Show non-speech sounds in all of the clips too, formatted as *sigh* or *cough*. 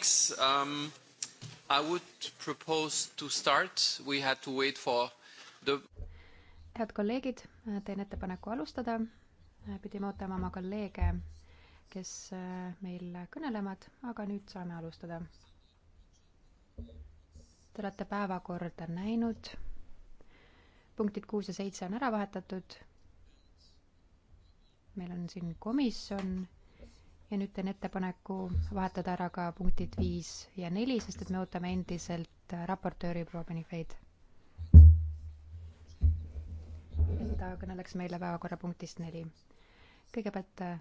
colleagues, um, I would propose to start. We had to wait for the head kolleegid, teen ettepaneku alustada. pidime ootama oma kolleege, kes äh, meil kõnelevad, aga nüüd saame alustada. Te olete päevakorda näinud. punktid kuus ja seitse on ära vahetatud. meil on siin komisjon ja nüüd teen ettepaneku vahetada ära ka punktid viis ja neli, sest et me ootame endiselt äh, raportööri proua Benifeid. et ta kõneleks meile päevakorrapunktist neli. kõigepealt äh,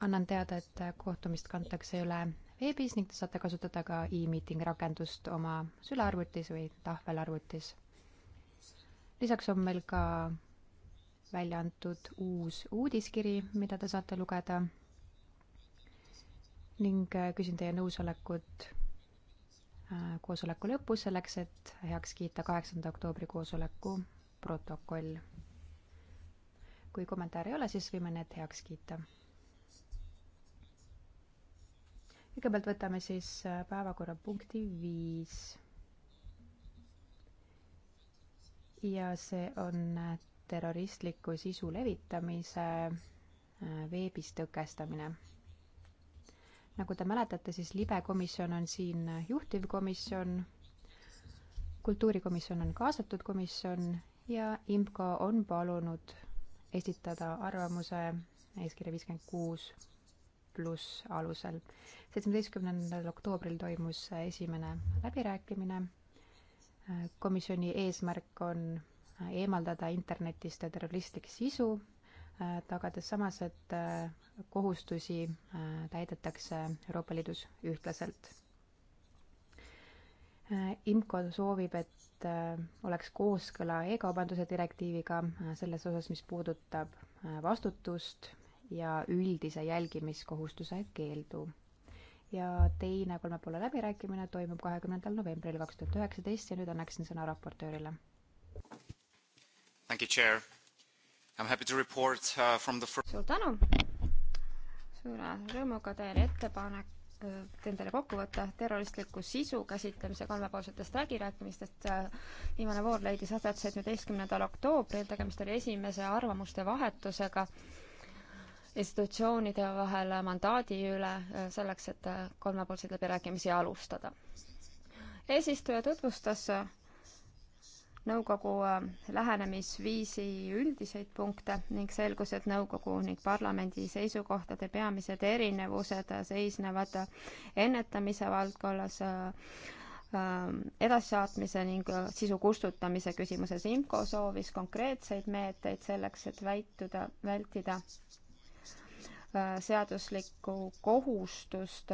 annan teada, et äh, kohtumist kantakse üle veebis ning te saate kasutada ka e-meeting rakendust oma sülearvutis või tahvelarvutis. lisaks on meil ka välja antud uus uudiskiri, mida te saate lugeda ning äh, küsin teie nõusolekut äh, koosoleku lõpus selleks, et heaks kiita kaheksanda oktoobri koosoleku protokoll. kui kommentaare ei ole, siis võime need heaks kiita. kõigepealt võtame siis äh, päevakorrapunkti viis. ja see on terroristliku sisu levitamise veebis tõkestamine nagu te mäletate, siis libekomisjon on siin juhtivkomisjon, kultuurikomisjon on kaasatud komisjon ja IMCO on palunud esitada arvamuse eeskirja viiskümmend kuus pluss alusel. seitsmeteistkümnendal oktoobril toimus esimene läbirääkimine. komisjoni eesmärk on eemaldada internetist terroristlik sisu Äh, tagades samas, et äh, kohustusi äh, täidetakse Euroopa Liidus ühtlaselt. IMCO soovib, et oleks kooskõla e-kaubanduse direktiiviga selles osas, mis puudutab vastutust ja üldise jälgimiskohustuse keeldu. ja teine kolmepoole läbirääkimine toimub kahekümnendal novembril kaks tuhat üheksateist ja nüüd annaksin sõna raportöörile. Thank you, Chair I am happy to report uh, from the first suur tänu! suure rõõmuga teen ettepaneku äh, teen teile kokkuvõtte terroristliku sisu käsitlemise kolmepoolsetest läbirääkimistest. Äh, viimane voor leidis aset seitsmeteistkümnendal oktoobril, tegemist oli esimese arvamuste vahetusega institutsioonide vahel mandaadi üle äh, selleks, et kolmepoolseid läbirääkimisi alustada. eesistuja tutvustas nõukogu äh, lähenemisviisi üldiseid punkte ning selgus, et nõukogu ning parlamendi seisukohtade peamised erinevused seisnevad ennetamise valdkonnas, äh, äh, edasisaatmise ning sisu kustutamise küsimuses. IMCO soovis konkreetseid meetmeid selleks, et vältuda, vältida seaduslikku kohustust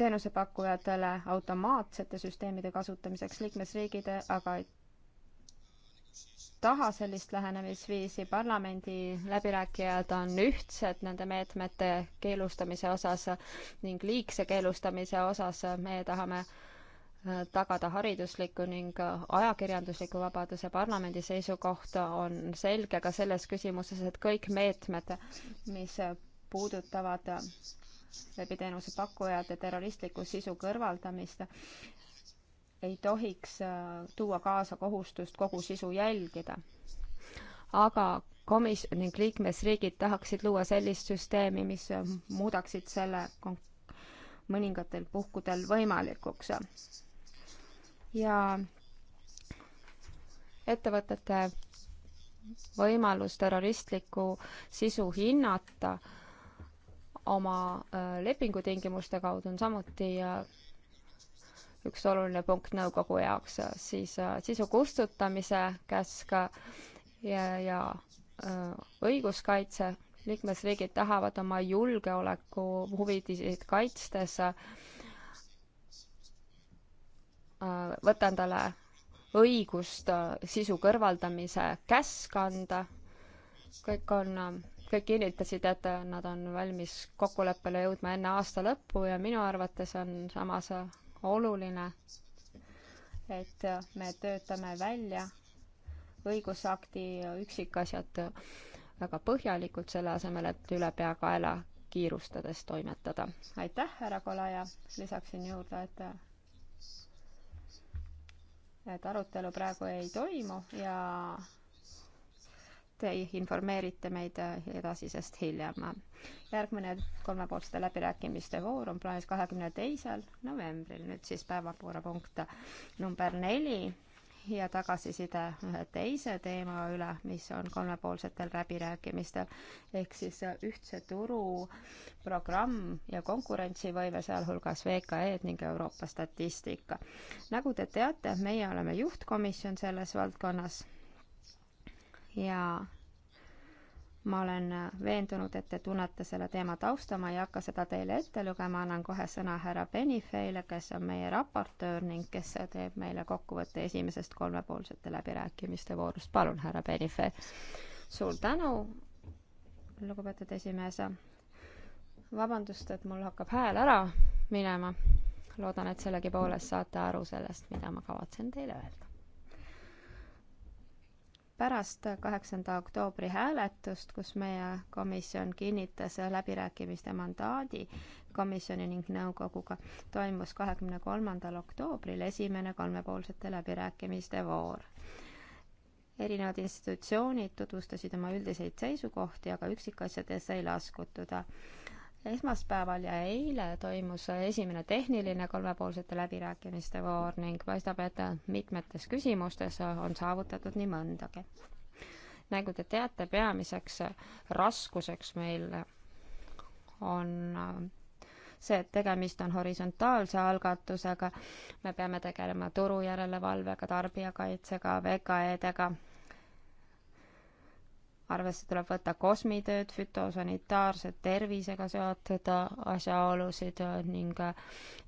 teenusepakkujatele automaatsete süsteemide kasutamiseks, liikmesriigid aga ei taha sellist lähenemisviisi, parlamendi läbirääkijad on ühtsed nende meetmete keelustamise osas ning liigse keelustamise osas me tahame äh, tagada haridusliku ning ajakirjandusliku vabaduse. parlamendi seisukoht on selge ka selles küsimuses, et kõik meetmed, mis puudutavad läbi teenusepakkujate terroristliku sisu kõrvaldamist ei tohiks äh, tuua kaasa kohustust kogu sisu jälgida. aga komis- ning liikmesriigid tahaksid luua sellist süsteemi, mis äh, muudaksid selle mõningatel puhkudel võimalikuks. ja ettevõtete võimalus terroristlikku sisu hinnata äh, oma äh, lepingutingimuste kaudu on samuti äh, üks oluline punkt nõukogu jaoks, äh, siis sisu kustutamise käsk ja, ja õiguskaitse, liikmesriigid tahavad oma julgeoleku huvisid kaitstes võtta endale õigust sisu kõrvaldamise käsk anda, kõik on kõik kinnitasid, et nad on valmis kokkuleppele jõudma enne aasta lõppu ja minu arvates on samas oluline, et me töötame välja õigusakti üksikasjad väga põhjalikult, selle asemel, et ülepeakaela kiirustades toimetada. aitäh, härra Kolaja, lisaksin juurde, et et arutelu praegu ei toimu ja te informeerite meid edasisest hiljem. järgmine kolmepoolsete läbirääkimiste voor on plaanis kahekümne teisel novembril, nüüd siis päevakorrapunkt number neli ja tagasiside ühe teise teema üle, mis on kolmepoolsetel läbirääkimistel, ehk siis ühtse turu programm ja konkurentsivõime, sealhulgas VKE-d ning Euroopa statistika. nagu te teate, meie oleme juhtkomisjon selles valdkonnas ja ma olen veendunud, et te tunnete selle teema tausta, ma ei hakka seda teile ette lugema, annan kohe sõna härra Benifeile, kes on meie raportöör ning kes teeb meile kokkuvõtte esimesest kolmepoolsete läbirääkimiste voorust. palun, härra Benifei. suur tänu, lugupeetud esimees. vabandust, et mul hakkab hääl ära minema. loodan, et sellegipoolest saate aru sellest, mida ma kavatsen teile öelda pärast kaheksanda oktoobri hääletust, kus meie komisjon kinnitas läbirääkimiste mandaadi komisjoni ning nõukoguga, toimus kahekümne kolmandal oktoobril esimene kolmepoolsete läbirääkimiste voor. erinevad institutsioonid tutvustasid oma üldiseid seisukohti, aga üksikasjades ei laskutud esmaspäeval ja eile toimus esimene tehniline kolmepoolsete läbirääkimiste voor ning paistab, et mitmetes küsimustes on saavutatud nii mõndagi. nagu te teate, peamiseks raskuseks meil on see, et tegemist on horisontaalse algatusega, me peame tegelema turujärelevalvega, tarbijakaitsega, VKE-dega arvesse tuleb võtta kosmitööd, fütosanitaarset tervisega seotud asjaolusid ning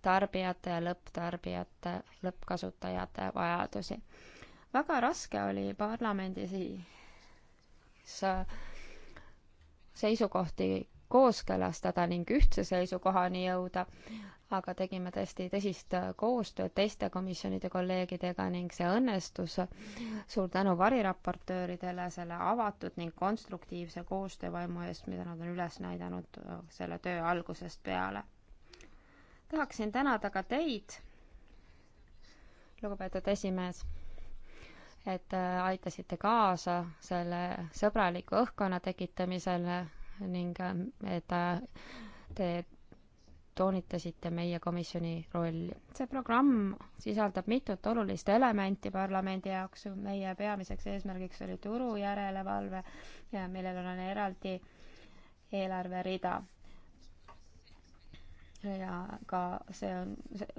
tarbijate ja lõpptarbijate, lõppkasutajate vajadusi. väga raske oli parlamendis seisukohti kooskõlastada ning ühtse seisukohani jõuda aga tegime tõesti tõsist äh, koostööd teiste komisjonide kolleegidega ning see õnnestus. suur tänu variraportööridele selle avatud ning konstruktiivse koostöövaimu eest, mida nad on üles näidanud äh, selle töö algusest peale. tahaksin tänada ka teid, lugupeetud esimees et äh, aitasite kaasa selle sõbraliku õhkkonna tekitamisele ning et te toonitasite meie komisjoni rolli. see programm sisaldab mitut olulist elementi parlamendi jaoks, meie peamiseks eesmärgiks oli turu järelevalve ja millel on eraldi eelarverida. ja ka see on,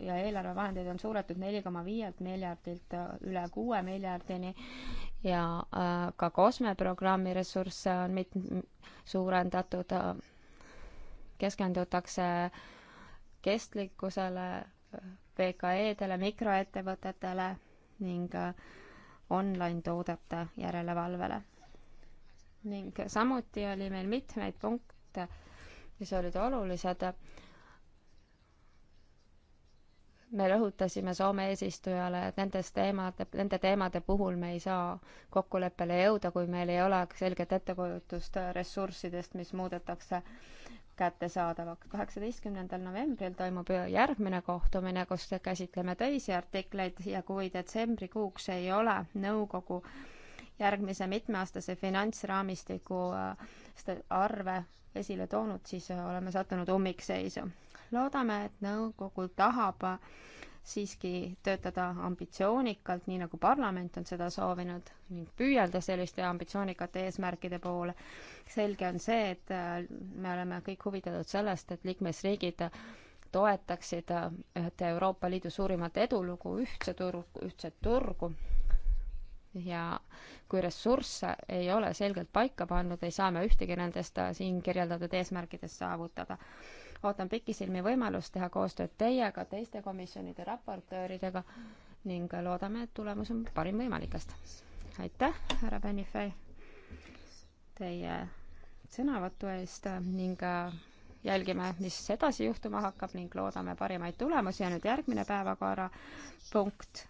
ja eelarvevahendeid on suuretud neli koma viielt miljardilt üle kuue miljardini ja äh, ka COSME programmi ressursse on mit-, suurendatud äh,, keskendutakse äh, kestlikkusele, VKE-dele, mikroettevõtetele ning äh, online-toodete järelevalvele. ning samuti oli meil mitmeid punkte, mis olid olulised. me rõhutasime Soome eesistujale, et nendes teemade, nende teemade puhul me ei saa kokkuleppele jõuda, kui meil ei ole selget ettekujutust ressurssidest, mis muudetakse äh, kättesaadavaks. kaheksateistkümnendal novembril toimub järgmine kohtumine, kus käsitleme teisi artikleid ja kui detsembrikuuks ei ole nõukogu järgmise mitmeaastase finantsraamistiku äh, arve esile toonud, siis oleme sattunud ummikseisu. loodame, et nõukogu tahab siiski töötada ambitsioonikalt, nii nagu parlament on seda soovinud ning püüelda selliste ambitsioonikate eesmärkide poole. selge on see, et äh, me oleme kõik huvitatud sellest, et liikmesriigid toetaksid ühte äh, Euroopa Liidu suurimat edulugu, ühtse turu, ühtset turgu ja kui ressursse ei ole selgelt paika pandud, ei saa me ühtegi nendest äh, siin kirjeldatud eesmärkidest saavutada ootan pikisilmi võimalust teha koostööd teiega, teiste komisjonide raportööridega ning loodame, et tulemus on parim võimalikest. aitäh, härra Benifei, teie sõnavõtu eest ning äh, jälgime, mis edasi juhtuma hakkab ning loodame parimaid tulemusi ja nüüd järgmine päevakorrapunkt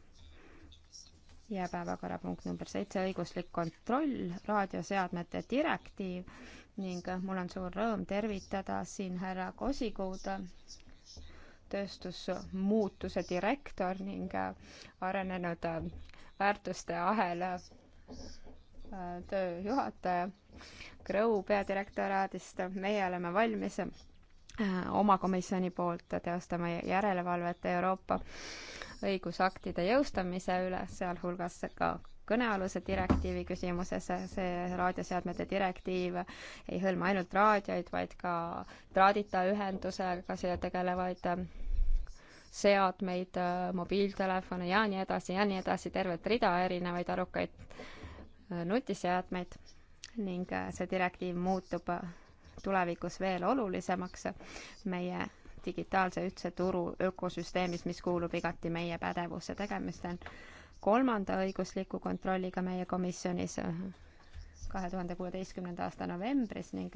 ja päevakorrapunkt number seitse, õiguslik kontroll, raadioseadmete direktiiv ning mul on suur rõõm tervitada siin härra Kosikuud, tööstusmuutuse direktor ning arenenud väärtuste ahela äh, töö juhataja Grõu peadirektoraadist. meie oleme valmis äh, oma komisjoni poolt teostama järelevalvet Euroopa õigusaktide jõustamise üle, sealhulgas ka kõnealuse direktiivi küsimuses, see raadioseadmete direktiiv ei hõlma ainult raadioid, vaid ka traadita ühendusega siia tegelevaid seadmeid, mobiiltelefone ja nii edasi ja nii edasi, tervet rida erinevaid arukaid nutiseadmeid ning see direktiiv muutub tulevikus veel olulisemaks meie digitaalse ühtse turu ökosüsteemis, mis kuulub igati meie pädevusse. tegemist on kolmanda õigusliku kontrolliga meie komisjonis kahe tuhande kuueteistkümnenda aasta novembris ning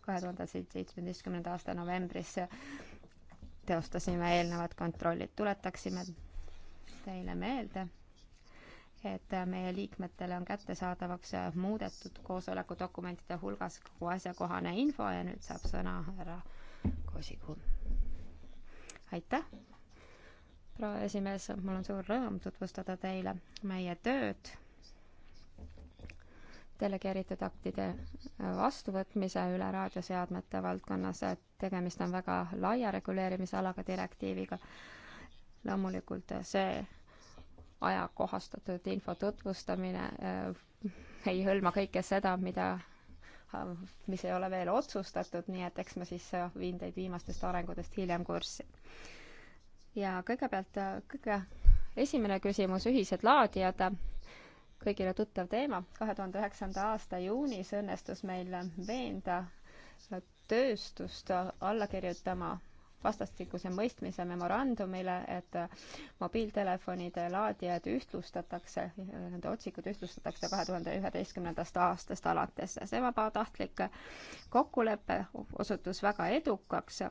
kahe tuhande seitsmeteistkümnenda aasta novembris teostasime eelnevad kontrollid. tuletaksime teile meelde, et meie liikmetele on kättesaadavaks muudetud koosolekudokumentide hulgas kogu asjakohane info ja nüüd saab sõna härra Kosiku aitäh, proua esimees, mul on suur rõõm tutvustada teile meie tööd delegeeritud aktide vastuvõtmise üle raadioseadmete valdkonnas, et tegemist on väga laia reguleerimisalaga direktiiviga. loomulikult see ajakohastatud info tutvustamine äh, ei hõlma kõike seda, mida Ähm, mis ei ole veel otsustatud, nii et eks ma siis äh, viin teid viimastest arengutest hiljem kurssi. ja kõigepealt äh, kõige esimene küsimus, ühised laadijad, äh, kõigile tuttav teema. kahe tuhande üheksanda aasta juunis õnnestus meil veenda tööstust alla kirjutama vastastikuse mõistmise memorandumile, et äh, mobiiltelefonide äh, laadijad ühtlustatakse, nende otsikud ühtlustatakse kahe tuhande üheteistkümnendast aastast alates. see vabatahtlik kokkulepe osutus väga edukaks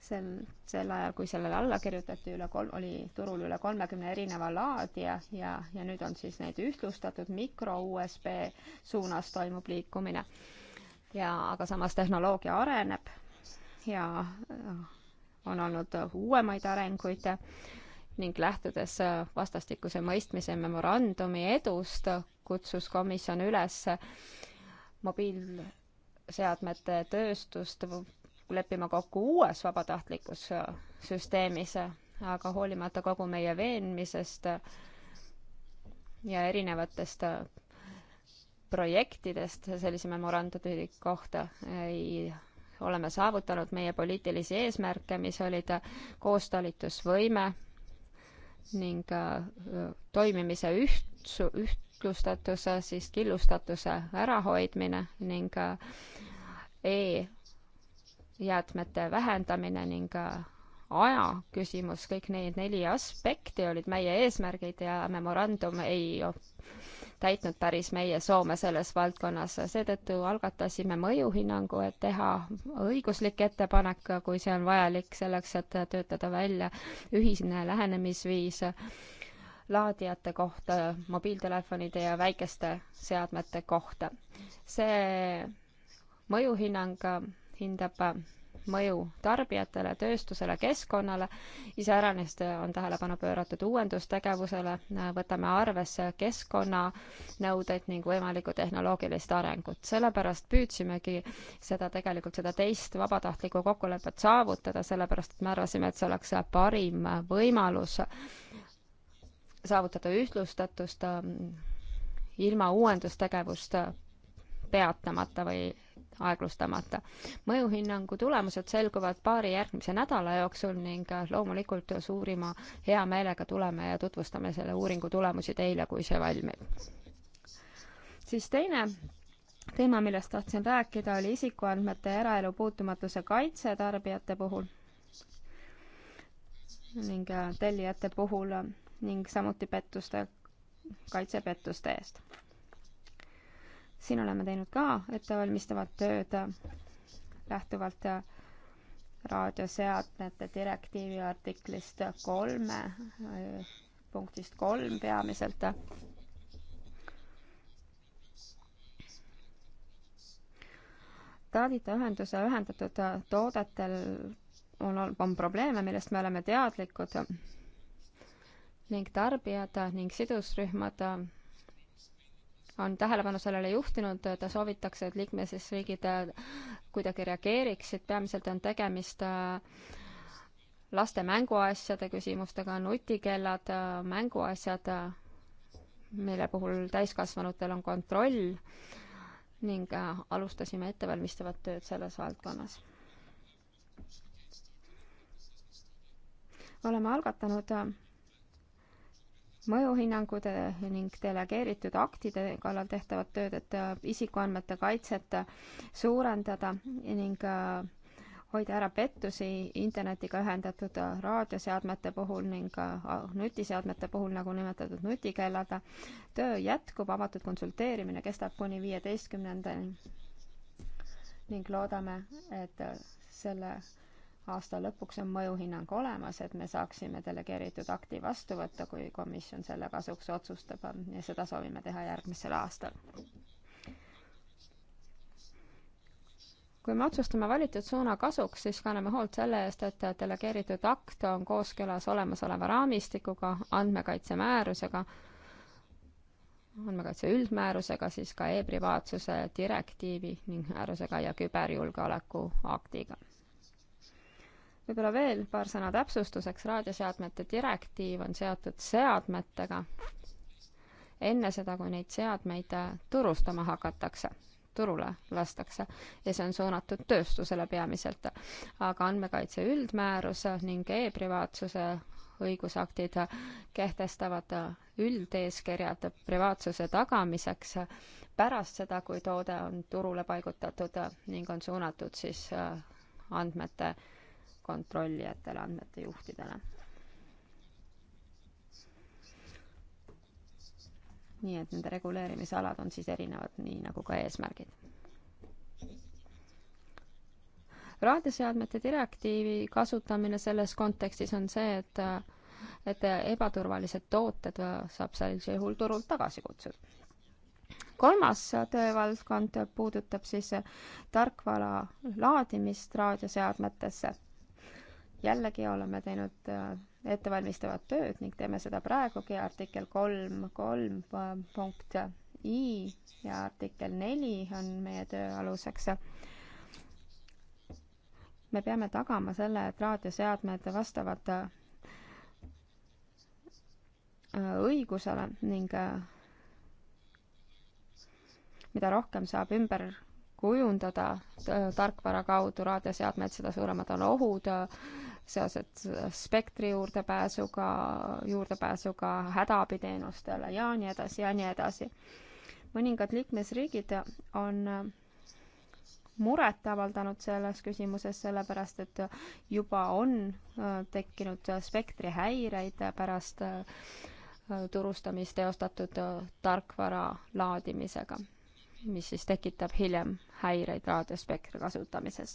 sel, sel ajal, kui sellele alla kirjutati, üle kolm, oli turul üle kolmekümne erineva laadija ja, ja, ja nüüd on siis neid ühtlustatud mikro USB suunas toimub liikumine. ja aga samas tehnoloogia areneb ja äh, on olnud uuemaid arenguid ning lähtudes äh, vastastikuse mõistmise memorandumi edust, kutsus komisjon üles mobiilseadmete tööstust leppima kokku uues vabatahtlikus äh, süsteemis, aga hoolimata kogu meie veenmisest ja erinevatest projektidest sellise memorandumi kohta ei oleme saavutanud meie poliitilisi eesmärke, mis olid koostalitusvõime ning äh, toimimise üht-, ühtlustatuse, siis killustatuse ärahoidmine ning äh, e-jäätmete vähendamine ning äh, aja küsimus, kõik need neli aspekti olid meie eesmärgid ja memorandum ei täitnud päris meie Soome selles valdkonnas, seetõttu algatasime mõjuhinnangu, et teha õiguslik ettepanek, kui see on vajalik, selleks et töötada välja ühisne lähenemisviis laadijate kohta, mobiiltelefonide ja väikeste seadmete kohta. see mõjuhinnang hindab mõju tarbijatele, tööstusele, keskkonnale, iseäranis on tähelepanu pööratud uuendustegevusele, võtame arvesse keskkonnanõudeid ning võimalikku tehnoloogilist arengut. sellepärast püüdsimegi seda tegelikult, seda teist vabatahtlikku kokkulepet saavutada, sellepärast et me arvasime, et see oleks parim võimalus saavutada ühtlustatust mm, ilma uuendustegevust peatamata või aeglustamata. mõjuhinnangu tulemused selguvad paari järgmise nädala jooksul ning loomulikult suurima heameelega tuleme ja tutvustame selle uuringu tulemusi teile, kui see valmib. siis teine teema, millest tahtsin rääkida, oli isikuandmete ja eraelu puutumatuse kaitse tarbijate puhul ning tellijate puhul ning samuti pettuste, kaitsepettuste eest siin oleme teinud ka ettevalmistavat tööd äh, lähtuvalt äh, raadioseadmete direktiivi artiklist kolme, äh, punktist kolm peamiselt. traadita ühenduse ühendatud toodetel on, on probleeme, millest me oleme teadlikud ning tarbijad ning sidusrühmad on tähelepanu sellele juhtinud, ta soovitakse, et liikmesriigid äh, kuidagi reageeriksid, peamiselt on tegemist äh, laste mänguasjade küsimustega, nutikellad, äh, mänguasjad, mille puhul täiskasvanutel on kontroll ning alustasime ettevalmistavat tööd selles valdkonnas. oleme algatanud mõjuhinnangud ning delegeeritud aktide kallal tehtavat tööd, et äh, isikuandmete kaitset äh, suurendada ning äh, hoida ära pettusi internetiga ühendatud raadioseadmete puhul ning nutiseadmete puhul, nagu nimetatud nutikellad. töö jätkub, avatud konsulteerimine kestab kuni viieteistkümnendani ning loodame, et selle aasta lõpuks on mõjuhinnang olemas, et me saaksime delegeeritud akti vastu võtta, kui komisjon selle kasuks otsustab ja seda soovime teha järgmisel aastal. kui me otsustame valitud suuna kasuks, siis kanname hoolt selle eest, et delegeeritud akt on kooskõlas olemasoleva raamistikuga, andmekaitse määrusega, andmekaitse üldmäärusega, siis ka e-privaatsuse direktiivi ning määrusega ja küberjulgeoleku aktiga võib-olla veel paar sõna täpsustuseks, raadioseadmete direktiiv on seotud seadmetega enne seda, kui neid seadmeid äh, turustama hakatakse, turule lastakse ja see on suunatud tööstusele peamiselt. aga andmekaitse üldmäärus ning e-privaatsuse õigusaktid kehtestavad äh, üldeeskirjad privaatsuse tagamiseks äh, pärast seda, kui toode on turule paigutatud ning on suunatud siis andmete kontrollijatele, andmete juhtidele. nii et nende reguleerimisalad on siis erinevad, nii nagu ka eesmärgid. raadioseadmete direktiivi kasutamine selles kontekstis on see, et et ebaturvalised tooted saab sellisel juhul turult tagasi kutsuda. kolmas töövaldkond puudutab siis tarkvara laadimist raadioseadmetesse jällegi oleme teinud äh, ettevalmistavat tööd ning teeme seda praegugi, artikkel kolm, kolm äh, punkt i ja artikkel neli on meie töö aluseks. me peame tagama selle, et raadioseadmed vastavad äh, õigusele ning mida rohkem saab ümber kujundada tarkvara kaudu raadioseadmeid, seda suuremad on ohud seoses spektri juurdepääsuga, juurdepääsuga hädaabiteenustele ja nii edasi ja nii edasi. mõningad liikmesriigid on muret avaldanud selles küsimuses, sellepärast et juba on äh, tekkinud spektrihäireid pärast äh, turustamist teostatud äh, tarkvara laadimisega, mis siis tekitab hiljem häireid raadiospektri kasutamises.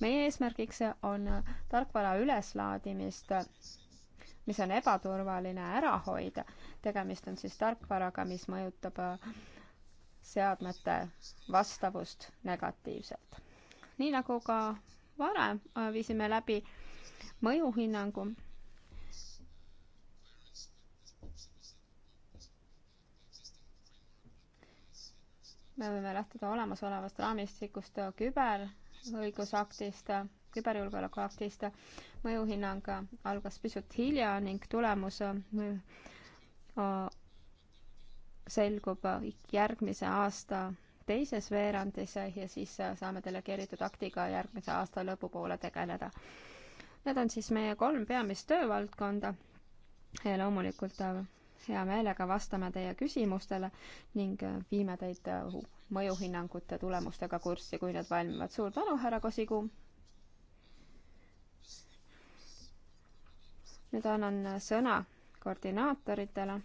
meie eesmärgiks on tarkvara üleslaadimist mis on ebaturvaline ära hoida. tegemist on siis tarkvaraga, mis mõjutab äh, seadmete vastavust negatiivselt. nii nagu ka varem äh, viisime läbi mõjuhinnangu me võime lähtuda olemasolevast raamistikust küberõigusaktist, küberjulgeoleku aktist. mõjuhinnang algas pisut hilja ning tulemus selgub järgmise aasta teises veerandis ja siis saame delegeeritud aktiga järgmise aasta lõpupoole tegeleda. Need on siis meie kolm peamist töövaldkonda ja loomulikult hea meelega vastame teie küsimustele ning äh, viime teid äh, mõjuhinnangute tulemustega kurssi, kui need valmivad. suur tänu, härra Kosigu! nüüd annan äh, sõna koordinaatoritele.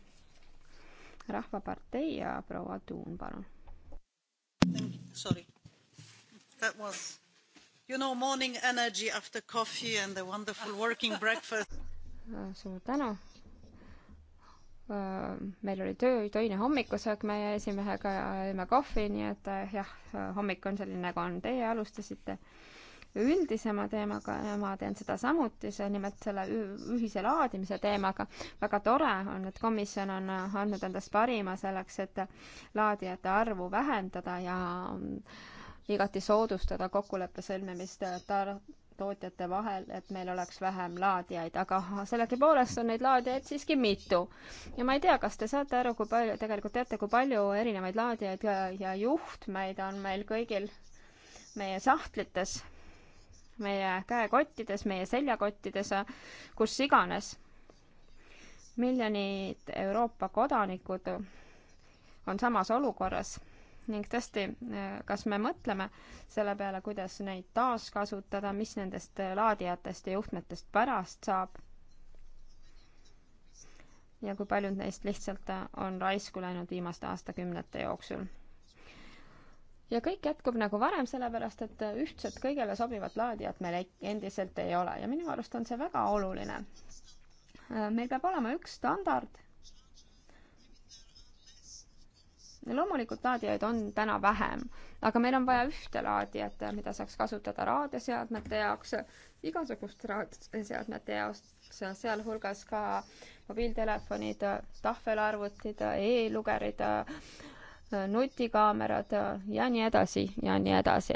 rahvapartei ja proua Tuun, palun. Sorry. That was, you know, morning energy after coffee and the wonderful working breakfast. suur tänu Äh, meil oli töö, töine hommikusöök meie esimehega ja jõime kohvi, nii et äh, jah, hommik on selline, nagu on. Teie alustasite üldisema teemaga ja ma teen seda samuti, see nimelt selle ühise laadimise teemaga. väga tore on, et komisjon on äh, andnud endast parima selleks, et laadijate arvu vähendada ja mm, igati soodustada kokkuleppe sõlmimist tar-, tootjate vahel, et meil oleks vähem laadijaid, aga sellegipoolest on neid laadijaid siiski mitu. ja ma ei tea, kas te saate aru, kui palju, tegelikult teate, kui palju erinevaid laadijaid ja, ja juhtmeid on meil kõigil meie sahtlites, meie käekottides, meie seljakottides, kus iganes. miljonid Euroopa kodanikud on samas olukorras ning tõesti, äh, kas me mõtleme selle peale, kuidas neid taaskasutada, mis nendest äh, laadijatest ja juhtmetest pärast saab? ja kui paljud neist lihtsalt äh, on raisku läinud viimaste aastakümnete jooksul? ja kõik jätkub nagu varem, sellepärast et ühtset kõigele sobivat laadijat meil endiselt ei ole ja minu arust on see väga oluline. meil peab olema üks standard loomulikult laadijaid on täna vähem, aga meil on vaja ühte laadijat, mida saaks kasutada raadioseadmete jaoks, igasuguste raadioseadmete jaoks, sealhulgas ka mobiiltelefonid, tahvelarvutid e, e-lugerid, nutikaamerad ja nii edasi ja nii edasi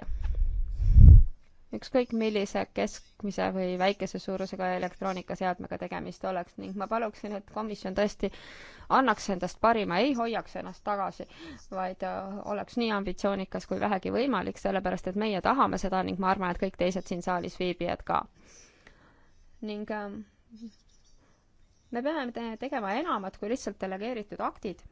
ükskõik millise keskmise või väikese suurusega elektroonikaseadmega tegemist oleks ning ma paluksin, et komisjon tõesti annaks endast parima, ei hoiaks ennast tagasi, vaid äh, oleks nii ambitsioonikas kui vähegi võimalik, sellepärast et meie tahame seda ning ma arvan, et kõik teised siin saalis viibijad ka. ning ähm, me peame tegema enamat kui lihtsalt delegeeritud aktid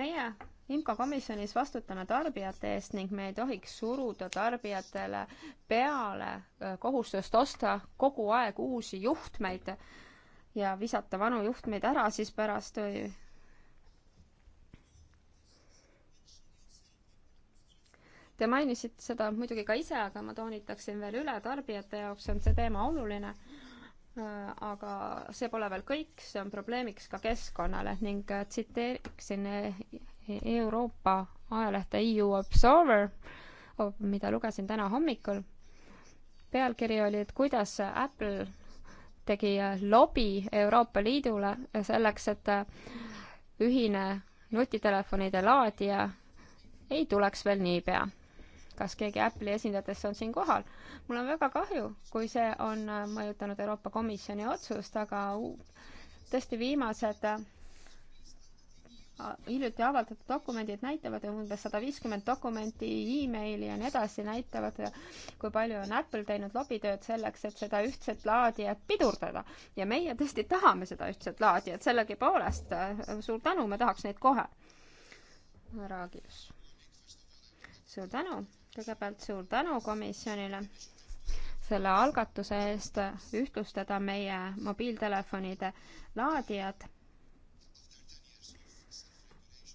meie IMCO komisjonis vastutame tarbijate eest ning me ei tohiks suruda tarbijatele peale kohustust osta kogu aeg uusi juhtmeid ja visata vanu juhtmeid ära siis pärast Te mainisite seda muidugi ka ise, aga ma toonitaksin veel üle, tarbijate jaoks on see teema oluline. aga see pole veel kõik, see on probleemiks ka keskkonnale ning äh, tsiteeriksin Euroopa ajalehte EU Observer, mida lugesin täna hommikul. pealkiri oli, et kuidas Apple tegi lobi Euroopa Liidule selleks, et ühine nutitelefonide laadija ei tuleks veel niipea kas keegi Apple'i esindajatest on siin kohal. mul on väga kahju, kui see on mõjutanud Euroopa Komisjoni otsust, aga tõesti viimased hiljuti avaldatud dokumendid näitavad, umbes sada viiskümmend dokumenti e, emaili ja nii edasi näitavad, kui palju on Apple teinud lobitööd selleks, et seda ühtset laadijat pidurdada. ja meie tõesti tahame seda ühtset laadijat, sellegipoolest suur tänu, me tahaks neid kohe. härra Agius. suur tänu, kõigepealt suur tänu komisjonile selle algatuse eest ühtlustada meie mobiiltelefonide laadijad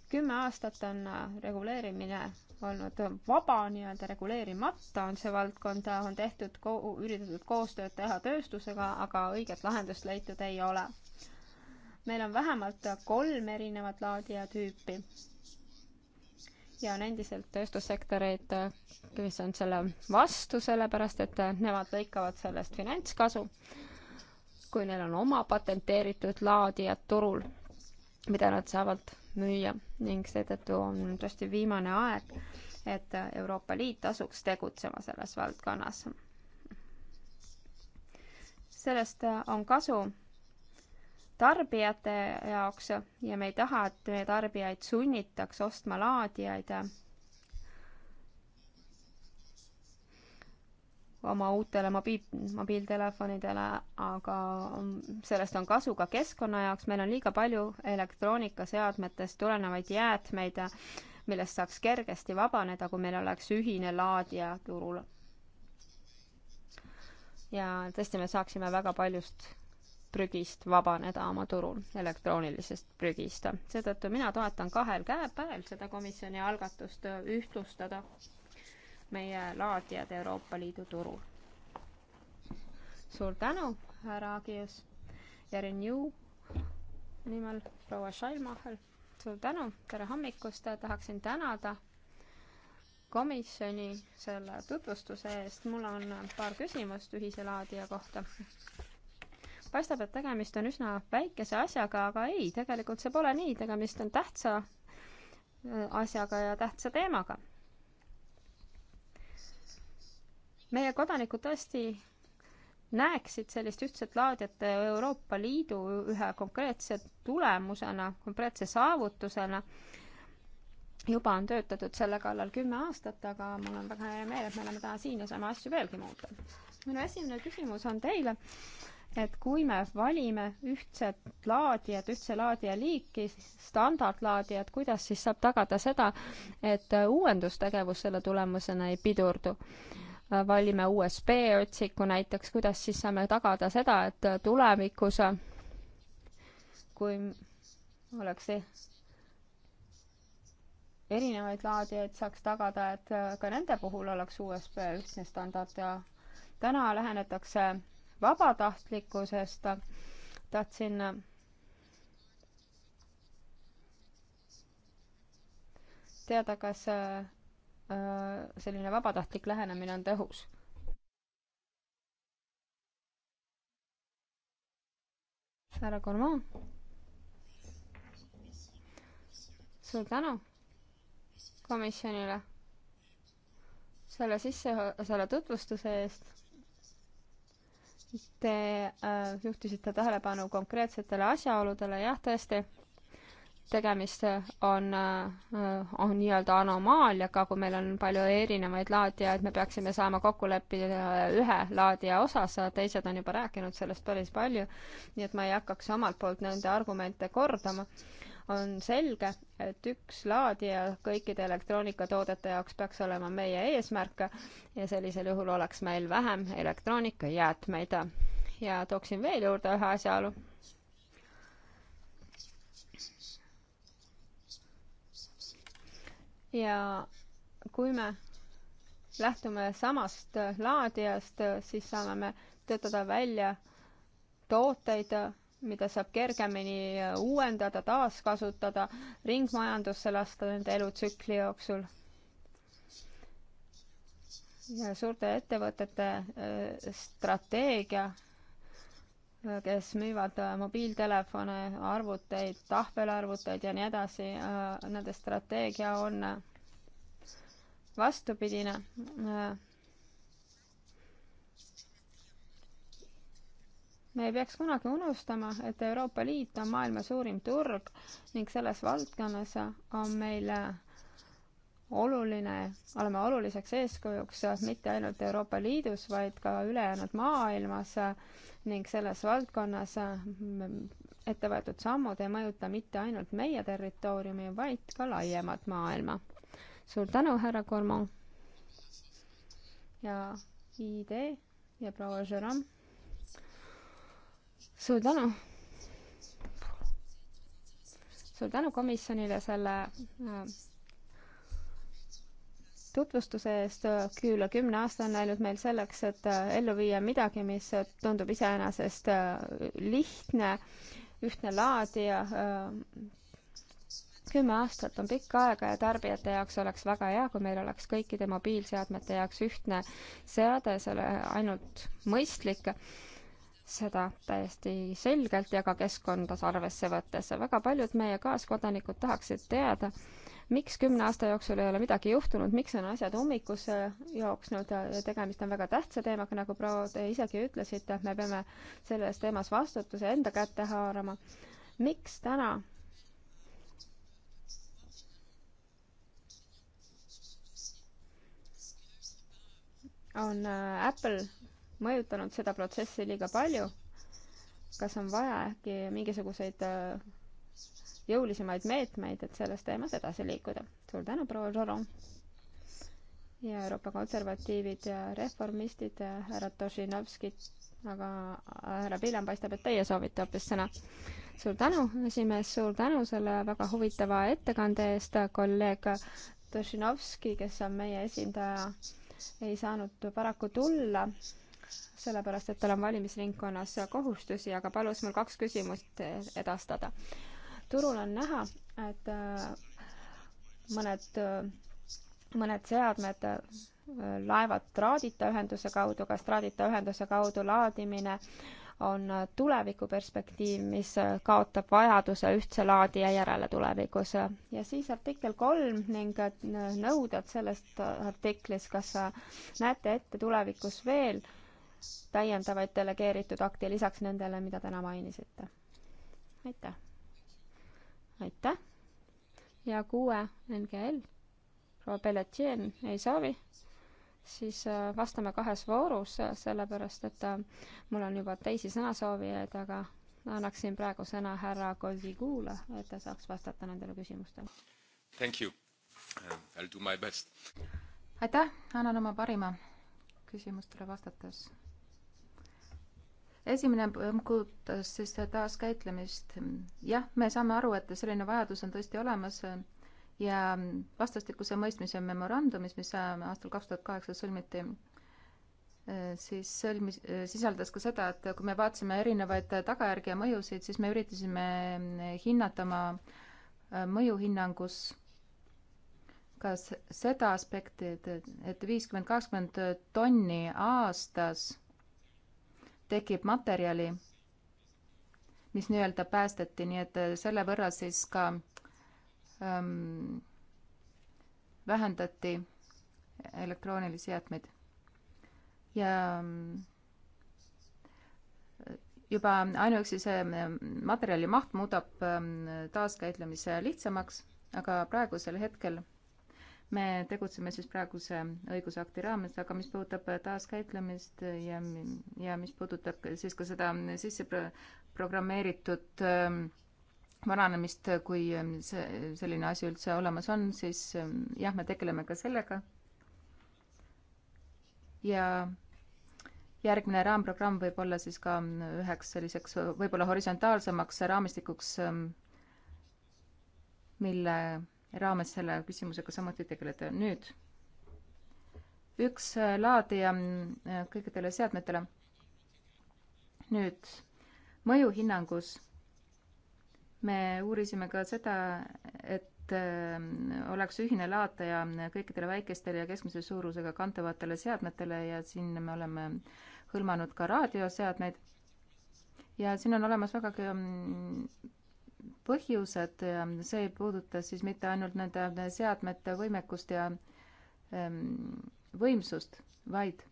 kümme aastat on äh, reguleerimine olnud vaba, nii-öelda reguleerimata on see valdkond, äh, on tehtud ko-, üritatud koostööd teha tööstusega, aga õiget lahendust leitud ei ole. meil on vähemalt kolm erinevat laadi ja tüüpi. ja on endiselt tööstussektoreid, äh, kes on selle vastu, sellepärast et nemad lõikavad sellest finantskasu, kui neil on oma patenteeritud laadijad turul, mida nad saavad müüa ning seetõttu on tõesti viimane aeg, et Euroopa Liit asuks tegutsema selles valdkonnas. sellest on kasu tarbijate jaoks ja me ei taha, et meie tarbijaid sunnitaks ostma laadijaid oma uutele mobiil, mobiiltelefonidele, aga sellest on kasu ka keskkonna jaoks, meil on liiga palju elektroonikaseadmetest tulenevaid jäätmeid, millest saaks kergesti vabaneda, kui meil oleks ühine laadija turul. ja tõesti, me saaksime väga paljust prügist vabaneda oma turul, elektroonilisest prügist. seetõttu mina toetan kahel käepäeval seda komisjoni algatust ühtlustada meie laadijad Euroopa Liidu turul. suur tänu, härra Agius ja Renew nimel proua Schallmacher, suur tänu, tere hommikust, tahaksin tänada komisjoni selle tutvustuse eest, mul on paar küsimust ühise laadija kohta. paistab, et tegemist on üsna väikese asjaga, aga ei, tegelikult see pole nii, tegemist on tähtsa äh, asjaga ja tähtsa teemaga. meie kodanikud tõesti näeksid sellist ühtset laadiat Euroopa Liidu ühe konkreetse tulemusena, konkreetse saavutusena. juba on töötatud selle kallal kümme aastat, aga mul on väga hea meel, et me oleme täna siin ja saame asju veelgi muuta. minu esimene küsimus on teile, et kui me valime ühtset laadijat, ühtse laadija liiki, standardlaadijat, kuidas siis saab tagada seda, et uuendustegevus selle tulemusena ei pidurdu? Äh, valime USB otsiku näiteks, kuidas siis saame tagada seda, et äh, tulevikus, äh, kui oleks e-, erinevaid laadijaid, saaks tagada, et ka nende puhul oleks USB ühtne standard ja täna lähenetakse vabatahtlikkusest. tahtsin teada, kas Äh, selline vabatahtlik lähenemine on tõhus härra Gormand. suur tänu komisjonile selle sisse, selle tutvustuse eest. Te äh, juhtisite tähelepanu konkreetsetele asjaoludele, jah, tõesti tegemist on, on nii-öelda anomaaliaga, kui meil on palju erinevaid laadijaid, me peaksime saama kokku leppida ühe laadija osas, teised on juba rääkinud sellest päris palju, nii et ma ei hakkaks omalt poolt nende argumente kordama. on selge, et üks laadija kõikide elektroonikatoodete jaoks peaks olema meie eesmärk ja sellisel juhul oleks meil vähem elektroonikajäätmeid. ja tooksin veel juurde ühe asjaolu ja kui me lähtume samast laadijast, siis saame me töötada välja tooteid, mida saab kergemini uuendada, taaskasutada, ringmajandusse lasta nende elutsükli jooksul. ja suurte ettevõtete äh, strateegia kes müüvad äh, mobiiltelefone, arvuteid, tahvelarvuteid ja nii edasi, äh, nende strateegia on äh, vastupidine. me ei peaks kunagi unustama, et Euroopa Liit on maailma suurim turg ning selles valdkonnas on meil oluline, oleme oluliseks eeskujuks mitte ainult Euroopa Liidus, vaid ka ülejäänud maailmas ning selles valdkonnas ette võetud sammud ei mõjuta mitte ainult meie territooriumi, vaid ka laiemat maailma. suur tänu, härra Cormon ja idee ja proua Jerome. suur tänu suur tänu komisjonile selle äh, tutvustuse eest, küll kümne aasta on läinud meil selleks, et äh, ellu viia midagi, mis tundub iseenesest äh, lihtne, ühtne laadi ja äh, kümme aastat on pikk aega ja tarbijate jaoks oleks väga hea, kui meil oleks kõikide mobiilseadmete jaoks ühtne seade, see ole ainult mõistlik, seda täiesti selgelt ja ka keskkonda arvesse võttes. väga paljud meie kaaskodanikud tahaksid teada, miks kümne aasta jooksul ei ole midagi juhtunud, miks on asjad ummikusse äh, jooksnud, äh, tegemist on väga tähtsa teemaga, nagu proua, te isegi ütlesite, et me peame selles teemas vastutuse enda kätte haarama. miks täna on äh, Apple mõjutanud seda protsessi liiga palju? kas on vaja äkki mingisuguseid jõulisemaid meetmeid, et selles teemas edasi liikuda. suur tänu, proua Žoro! ja Euroopa konservatiivid ja reformistid ja härra Tošinovskit, aga härra Pilem paistab, et teie soovite hoopis sõna. suur tänu, esimees, suur tänu selle väga huvitava ettekande eest, kolleeg Tošinovski, kes on meie esindaja, ei saanud paraku tulla, sellepärast et tal on valimisringkonnas kohustusi, aga palus mul kaks küsimust edastada turul on näha, et äh, mõned, äh, mõned seadmed äh, laevad traadita ühenduse kaudu, kas traadita ühenduse kaudu laadimine on tulevikuperspektiiv, mis kaotab vajaduse ühtse laadija järele tulevikus. ja siis artikkel kolm ning nõuded sellest artiklis, kas näete ette tulevikus veel täiendavaid delegeeritud akte lisaks nendele, mida täna mainisite? aitäh! aitäh. ja kuue NGL, proua Belletien ei soovi, siis äh, vastame kahes voorus, äh, sellepärast et äh, mul on juba teisi sõnasoovijaid, aga annaksin praegu sõna härra Kozigule, et ta saaks vastata nendele küsimustele. Thank you. I will do my best. aitäh, annan oma parima küsimustele vastates esimene puudutas siis taaskäitlemist. jah, me saame aru, et selline vajadus on tõesti olemas ja vastastikuse mõistmise memorandumis, mis aastal kaks tuhat kaheksa sõlmiti, siis sõlmis, sisaldas ka seda, et kui me vaatasime erinevaid tagajärgi ja mõjusid, siis me üritasime hinnata oma mõjuhinnangus ka seda aspekti, et, et viiskümmend, kakskümmend tonni aastas tekib materjali, mis nii-öelda päästeti, nii et äh, selle võrra siis ka ähm, vähendati elektroonilisi jäätmeid. ja äh, juba ainuüksi see äh, materjali maht muudab ähm, taaskäitlemise lihtsamaks, aga praegusel hetkel me tegutseme siis praeguse õigusakti raames, aga mis puudutab taaskäitlemist ja, ja mis puudutab siis ka seda sisse pro programmeeritud ähm, vananemist, kui ähm, see, selline asi üldse olemas on, siis ähm, jah, me tegeleme ka sellega. ja järgmine raamprogramm võib olla siis ka üheks selliseks võib-olla horisontaalsemaks raamistikuks, mille raames selle küsimusega samuti tegeleda. nüüd üks äh, laadija äh, kõikidele seadmetele. nüüd mõjuhinnangus me uurisime ka seda, et äh, oleks ühine laataja kõikidele väikestele ja keskmise suurusega kantavatele seadmetele ja siin me oleme hõlmanud ka raadioseadmeid. ja siin on olemas vägagi mm, põhjused, see ei puuduta siis mitte ainult nende seadmete võimekust ja ehm, võimsust, vaid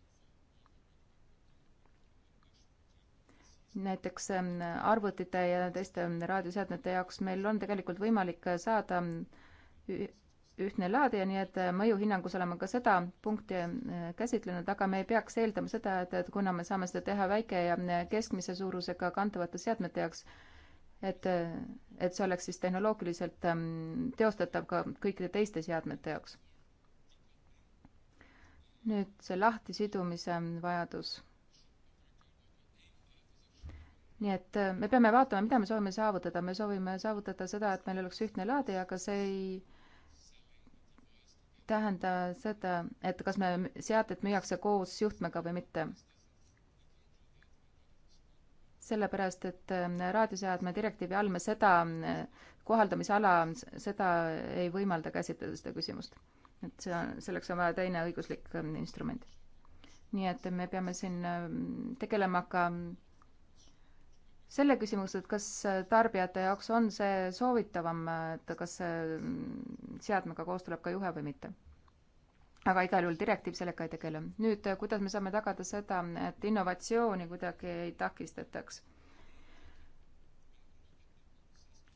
näiteks ehm, arvutite ja teiste raadioseadmete jaoks meil on tegelikult võimalik saada ühtne laadija, nii et mõjuhinnangus oleme ka seda punkti ehm, käsitlenud, aga me ei peaks eeldama seda, et, et kuna me saame seda teha väike ja keskmise suurusega kantavate seadmete jaoks, et, et see oleks siis tehnoloogiliselt ähm, teostatav ka kõikide teiste seadmete jaoks. nüüd see lahtisidumise vajadus. nii et äh, me peame vaatama, mida me soovime saavutada, me soovime saavutada seda, et meil oleks ühtne laadi, aga see ei tähenda seda, et kas me seadet müüakse koos juhtmega või mitte sellepärast, et äh, raadioseadme direktiivi all me seda äh, kohaldamisala, seda ei võimalda käsitleda, seda küsimust. et see on, selleks on vaja teine õiguslik äh, instrument. nii et me peame siin tegelema ka mm, selle küsimusega, et kas tarbijate jaoks on see soovitavam, et kas mm, seadmega koos tuleb ka juhe või mitte aga igal juhul direktiiv sellega ei tegele. nüüd, kuidas me saame tagada seda, et innovatsiooni kuidagi ei takistataks?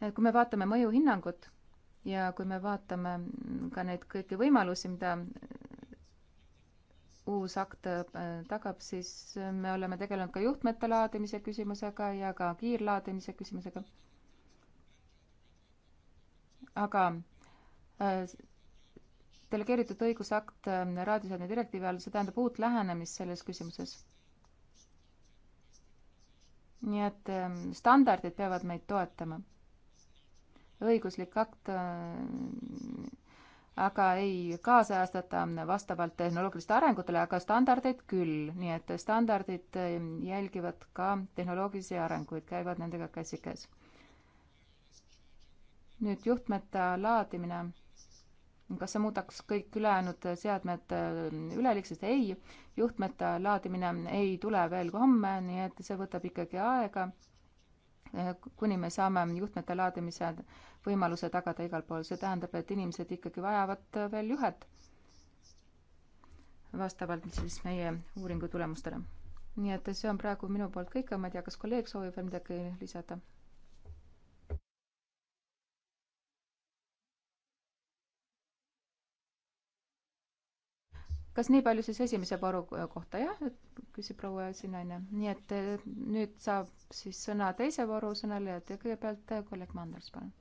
et kui me vaatame mõjuhinnangut ja kui me vaatame ka neid kõiki võimalusi, mida uus akt äh, tagab, siis me oleme tegelenud ka juhtmete laadimise küsimusega ja ka kiirlaadimise küsimusega. aga äh, delegeeritud õigusakt ähm, raadioseadme direktiivi all, see tähendab uut lähenemist selles küsimuses. nii et ähm, standardid peavad meid toetama. õiguslik akt äh, aga ei kaasajastata vastavalt tehnoloogilistele arengutele, aga standardeid küll, nii et standardid ähm, jälgivad ka tehnoloogilisi arenguid, käivad nendega käsikäes. nüüd juhtmete laadimine kas see muudaks kõik ülejäänud seadmed äh, üleliigseks? ei, juhtmete laadimine ei tule veel homme, nii et see võtab ikkagi aega, äh, kuni me saame juhtmete laadimise võimaluse tagada igal pool. see tähendab, et inimesed ikkagi vajavad äh, veel juhet vastavalt siis meie uuringu tulemustele. nii et see on praegu minu poolt kõik, ma ei tea, kas kolleeg soovib veel midagi lisada? kas nii palju siis esimese vooru kohta, jah, küsib proua Sinaine. nii et eh, nüüd saab siis sõna teise vooru sõnalejad ja kõigepealt eh, kolleeg Manders, palun.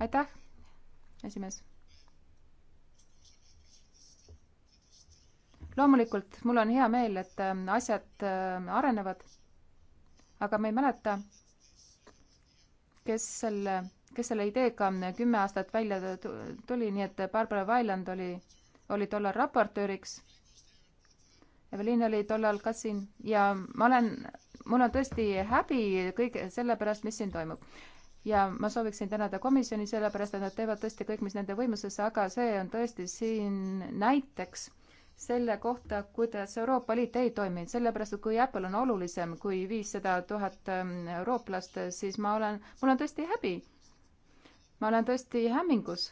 aitäh, esimees. loomulikult, mul on hea meel, et eh, asjad arenevad, aga ma ei mäleta, kes selle, kes selle ideega kümme aastat välja tuli, nii et Barbara Vailand oli oli tollal raportööriks. Evelin oli tollal ka siin ja ma olen, mul on tõesti häbi kõige selle pärast, mis siin toimub. ja ma sooviksin tänada komisjoni sellepärast, et nad teevad tõesti kõik, mis nende võimuses, aga see on tõesti siin näiteks selle kohta, kuidas Euroopa Liit ei toimi, sellepärast et kui Apple on olulisem kui viissada tuhat ähm, eurooplast, siis ma olen, mul on tõesti häbi. ma olen tõesti hämmingus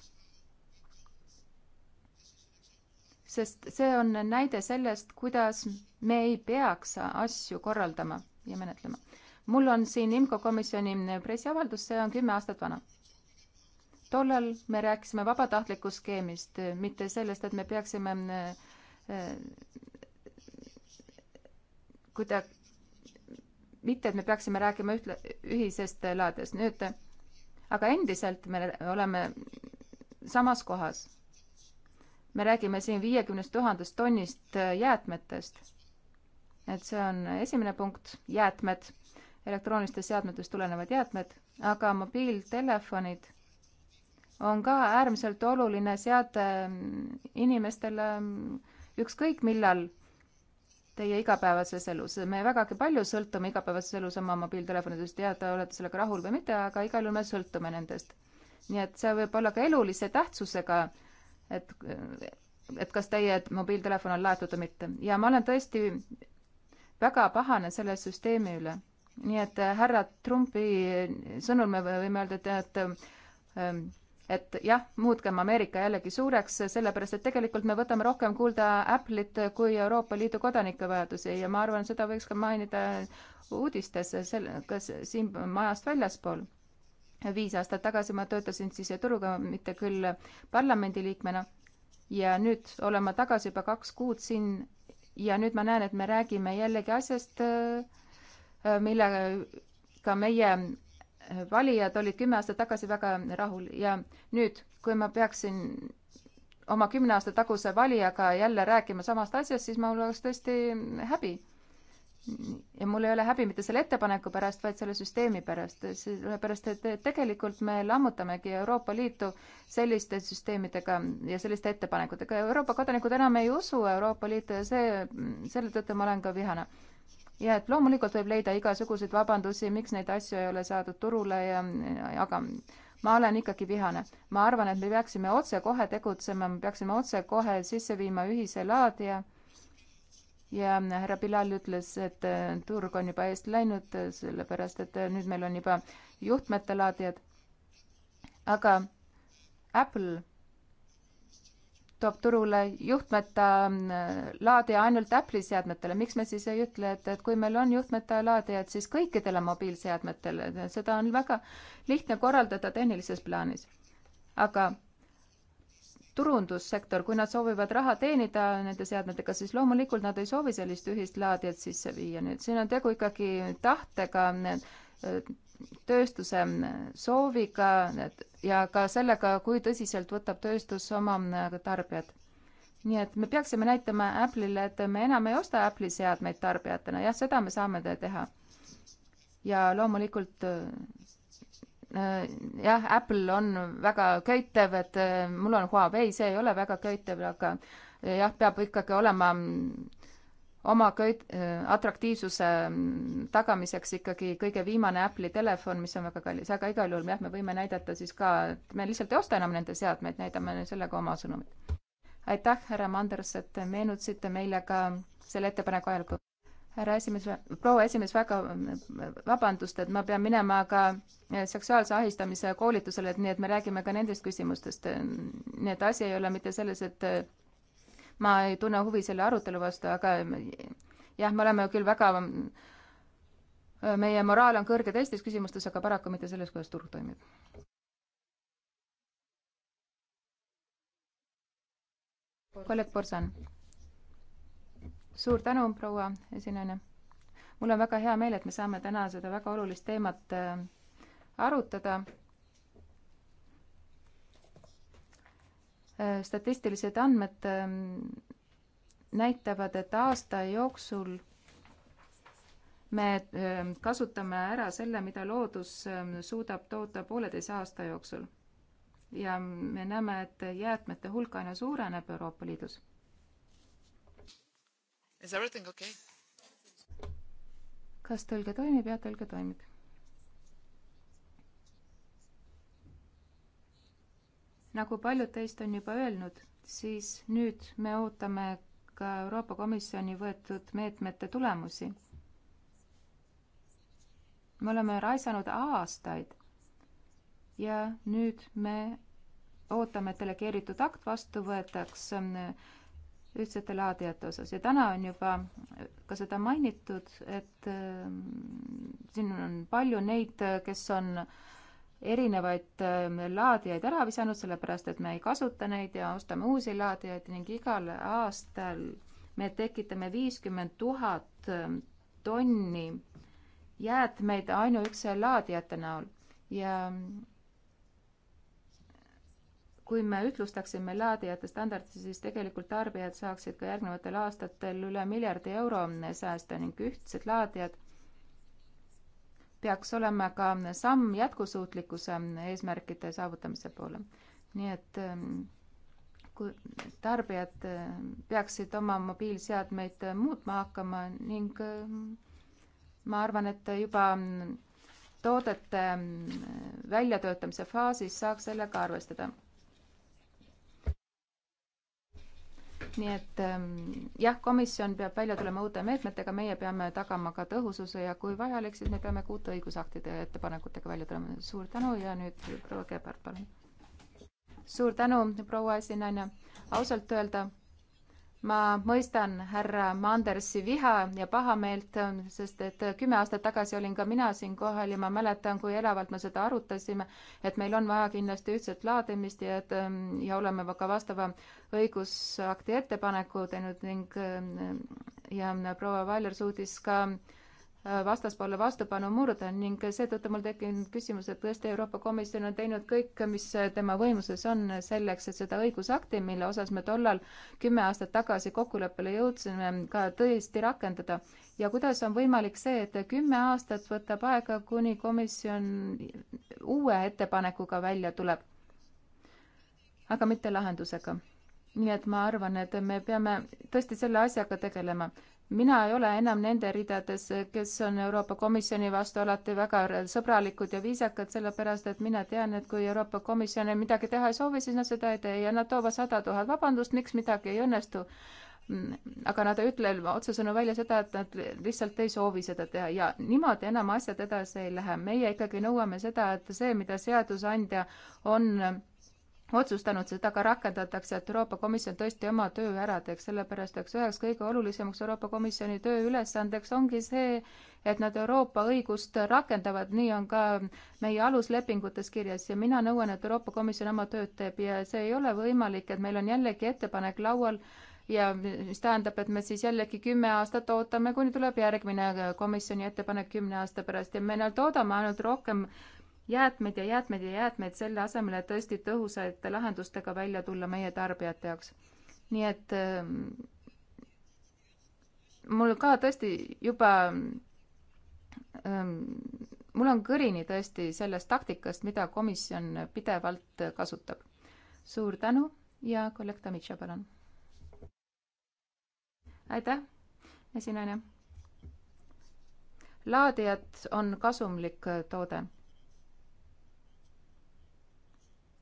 sest see on näide sellest, kuidas me ei peaks asju korraldama ja menetlema. mul on siin IMCO komisjoni pressiavaldus, see on kümme aastat vana. tollal me rääkisime vabatahtlikust skeemist, mitte sellest, et me peaksime kuida-, mitte, et me peaksime rääkima ühtle, ühisest laadest, nüüd aga endiselt me oleme samas kohas me räägime siin viiekümnest tuhandest tonnist äh, jäätmetest. et see on esimene punkt, jäätmed, elektroonilistest seadmetest tulenevad jäätmed, aga mobiiltelefonid on ka äärmiselt oluline seade mm, inimestele mm, ükskõik millal teie igapäevases elus. me vägagi palju sõltume igapäevases elus oma mobiiltelefonidest, jah, te olete sellega rahul või mitte, aga igal juhul me sõltume nendest. nii et see võib olla ka elulise tähtsusega äh, et, et kas teie mobiiltelefon on laetud või mitte. ja ma olen tõesti väga pahane selle süsteemi üle. nii et äh, härra Trumpi sõnul me võime öelda, et, et ähm, et jah, muutkem Ameerika jällegi suureks, sellepärast et tegelikult me võtame rohkem kuulda Apple'it kui Euroopa Liidu kodanike vajadusi ja ma arvan, seda võiks ka mainida uudistes, sel-, kas siin majast väljaspool viis aastat tagasi ma töötasin siseturuga, mitte küll parlamendiliikmena. ja nüüd olen ma tagasi juba kaks kuud siin ja nüüd ma näen, et me räägime jällegi asjast, äh, millega meie äh, valijad olid kümme aastat tagasi väga rahul ja nüüd, kui ma peaksin oma kümne aasta taguse valijaga jälle rääkima samast asjast, siis mul oleks tõesti häbi ja mul ei ole häbi mitte selle ettepaneku pärast, vaid selle süsteemi pärast, sellepärast et tegelikult me lammutamegi Euroopa Liitu selliste süsteemidega ja selliste ettepanekutega. Euroopa kodanikud enam ei usu Euroopa Liitu ja see, selle tõttu ma olen ka vihane. ja et loomulikult võib leida igasuguseid vabandusi, miks neid asju ei ole saadud turule ja, aga ma olen ikkagi vihane. ma arvan, et me peaksime otsekohe tegutsema, me peaksime otsekohe sisse viima ühise laadija ja härra Bilal ütles, et äh, turg on juba eest läinud, sellepärast et äh, nüüd meil on juba juhtmete laadijad. aga Apple toob turule juhtmeta äh, laadija ainult Apple'i seadmetele, miks me siis ei ütle, et, et kui meil on juhtmeta laadijad, siis kõikidele mobiilseadmetele, seda on väga lihtne korraldada tehnilises plaanis. aga turundussektor, kui nad soovivad raha teenida nende seadmetega, siis loomulikult nad ei soovi sellist ühist laadiat sisse viia, nii et siin on tegu ikkagi tahtega, äh, tööstuse sooviga ja ka sellega, kui tõsiselt võtab tööstus oma tarbijad. nii et me peaksime näitama Apple'ile, et me enam ei osta Apple'i seadmeid tarbijatena, jah, seda me saame teha. ja loomulikult äh, Äh, jah, Apple on väga köitev, et äh, mul on Huawei, see ei ole väga köitev, aga jah, peab ikkagi olema mm, oma köit-, äh, atraktiivsuse mm, tagamiseks ikkagi kõige viimane Apple'i telefon, mis on väga kallis, aga igal juhul jah, me võime näidata siis ka, et me lihtsalt ei osta enam nende seadmeid, näidame sellega oma sõnumit. aitäh, härra Manders, et meenutasite meile ka selle ettepaneku ajalugu härra esimees, proua esimees, väga vabandust, et ma pean minema ka seksuaalse ahistamise koolitusele, et nii, et me räägime ka nendest küsimustest. nii et asi ei ole mitte selles, et ma ei tunne huvi selle arutelu vastu, aga jah, me oleme küll väga, meie moraal on kõrge teistes küsimustes, aga paraku mitte selles, kuidas turg toimib. kolleeg Borsan suur tänu, proua esinejana. mul on väga hea meel, et me saame täna seda väga olulist teemat äh, arutada. Äh, statistilised andmed ähm, näitavad, et aasta jooksul me ähm, kasutame ära selle, mida loodus ähm, suudab toota pooleteise aasta jooksul. ja me näeme, et jäätmete hulk aina suureneb Euroopa Liidus Is everything okay? kas tõlge toimib? jah, tõlge toimib. nagu paljud teist on juba öelnud, siis nüüd me ootame ka Euroopa Komisjoni võetud meetmete tulemusi. me oleme raisanud aastaid ja nüüd me ootame, et delegeeritud akt vastu võetaks ühtsete laadijate osas ja täna on juba ka seda mainitud, et äh, siin on palju neid, kes on erinevaid äh, laadijaid ära visanud, sellepärast et me ei kasuta neid ja ostame uusi laadijaid ning igal aastal me tekitame viiskümmend tuhat ähm, tonni jäätmeid ainuüksi laadijate näol ja kui me ühtlustaksime laadijate standardid, siis tegelikult tarbijad saaksid ka järgnevatel aastatel üle miljardi euro säästa ning ühtsed laadijad peaks olema ka samm jätkusuutlikkuse eesmärkide saavutamise poole. nii et ähm, kui tarbijad ähm, peaksid oma mobiilseadmeid muutma hakkama ning ähm, ma arvan, et juba toodete väljatöötamise faasis saaks sellega arvestada nii et ähm, jah, komisjon peab välja tulema uute meetmetega, meie peame tagama ka tõhususe ja kui vajalik, siis me peame ka uute õigusaktide ettepanekutega välja tulema. suur tänu ja nüüd proua Kebert, palun. suur tänu, proua esinaine. ausalt öelda ma mõistan härra Mandersi viha ja pahameelt, sest et kümme aastat tagasi olin ka mina siinkohal ja ma mäletan, kui elavalt me seda arutasime, et meil on vaja kindlasti ühtset laadimist ja et ähm, ja oleme ka vastava õigusakti ettepaneku teinud ning ähm, ja proua Vailer suutis ka äh, Äh, vastaspoole vastupanu murda ning seetõttu mul tekkinud küsimus, et tõesti Euroopa Komisjon on teinud kõik, mis tema võimuses on selleks, et seda õigusakti, mille osas me tollal kümme aastat tagasi kokkuleppele jõudsime, ka tõesti rakendada. ja kuidas on võimalik see, et kümme aastat võtab aega, kuni komisjon uue ettepanekuga välja tuleb? aga mitte lahendusega nii et ma arvan, et me peame tõesti selle asjaga tegelema mina ei ole enam nende ridades, kes on Euroopa Komisjoni vastu alati väga sõbralikud ja viisakad, sellepärast et mina tean, et kui Euroopa Komisjon midagi teha ei soovi, siis nad seda ei tee ja nad toovad sada tuhat vabandust, miks midagi ei õnnestu. aga nad ei ütle otsesõnu välja seda, et nad lihtsalt ei soovi seda teha ja niimoodi enam asjad edasi ei lähe. meie ikkagi nõuame seda, et see, mida seadusandja on otsustanud, seda ka rakendatakse, et Euroopa Komisjon tõesti oma töö ära teeks, sellepärast et üheks kõige olulisemaks Euroopa Komisjoni töö ülesandeks ongi see, et nad Euroopa õigust rakendavad, nii on ka meie aluslepingutes kirjas ja mina nõuan, et Euroopa Komisjon oma tööd teeb ja see ei ole võimalik, et meil on jällegi ettepanek laual ja mis tähendab, et me siis jällegi kümme aastat ootame, kuni tuleb järgmine komisjoni ettepanek kümne aasta pärast ja me nüüd oodame ainult rohkem jäätmeid ja jäätmeid ja jäätmeid selle asemel, et tõesti tõhusate lahendustega välja tulla meie tarbijate jaoks. nii et ähm, mul ka tõesti juba, ähm, mul on kõrini tõesti sellest taktikast, mida komisjon pidevalt kasutab. suur tänu ja kolleeg Tamitša, palun. aitäh, esinaine. laadijad on kasumlik toode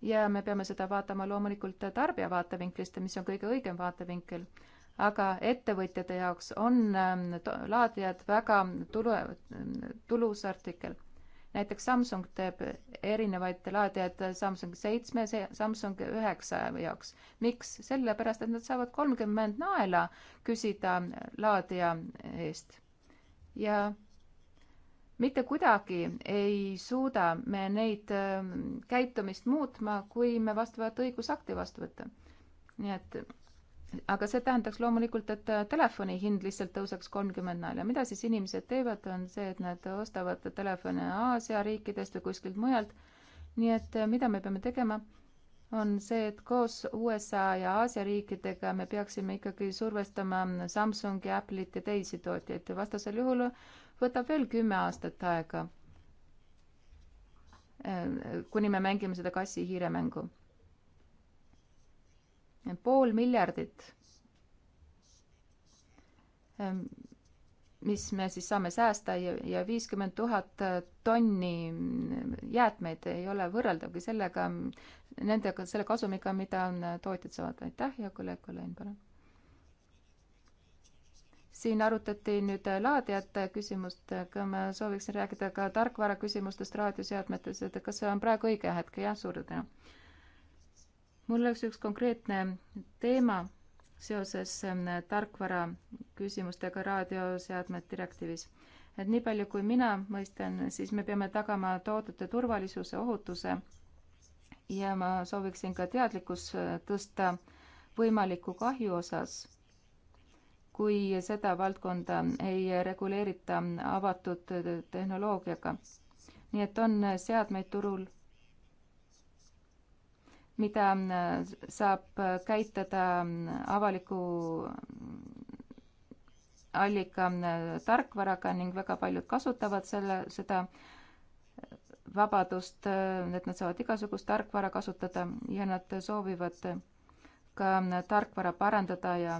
ja me peame seda vaatama loomulikult tarbija vaatevinklist, mis on kõige õigem vaatevinkel, aga ettevõtjate jaoks on ähm, laadijad väga tulu, tulus artikkel. näiteks Samsung teeb erinevaid laadijaid Samsung seitsme, Samsung üheksa jaoks. miks? sellepärast, et nad saavad kolmkümmend naela küsida laadija eest ja mitte kuidagi ei suuda me neid ähm, käitumist muutma, kui me vastavat õigusakti vastu võtta. nii et, aga see tähendaks loomulikult, et äh, telefoni hind lihtsalt tõuseks kolmkümmend nalja. mida siis inimesed teevad, on see, et nad ostavad telefone Aasia riikidest või kuskilt mujalt. nii et äh, mida me peame tegema? on see, et koos USA ja Aasia riikidega me peaksime ikkagi survestama Samsungi, Apple'it ja teisi tootjaid, vastasel juhul võtab veel kümme aastat aega, äh, kuni me mängime seda kassi-hiire mängu. pool miljardit, ähm, mis me siis saame säästa ja viiskümmend tuhat äh, tonni äh, jäätmeid ei ole võrreldavgi sellega, nendega, selle kasumiga, mida tootjad saavad. aitäh, hea kolleeg Olen, palun siin arutati nüüd äh, laadijate küsimust, aga äh, ma sooviksin rääkida ka tarkvara küsimustest raadioseadmetes, et kas see on praegu õige hetk, jah, suur tänu. mul oleks üks konkreetne teema seoses ähm, tarkvara küsimustega raadioseadmed direktiivis. et nii palju, kui mina mõistan, siis me peame tagama toodete turvalisuse, ohutuse ja ma sooviksin ka teadlikkust äh, tõsta võimaliku kahju osas kui seda valdkonda ei reguleerita avatud tehnoloogiaga. nii et on seadmeid turul, mida saab käitada avaliku allika tarkvaraga ning väga paljud kasutavad selle, seda vabadust, et nad saavad igasugust tarkvara kasutada ja nad soovivad ka tarkvara parandada ja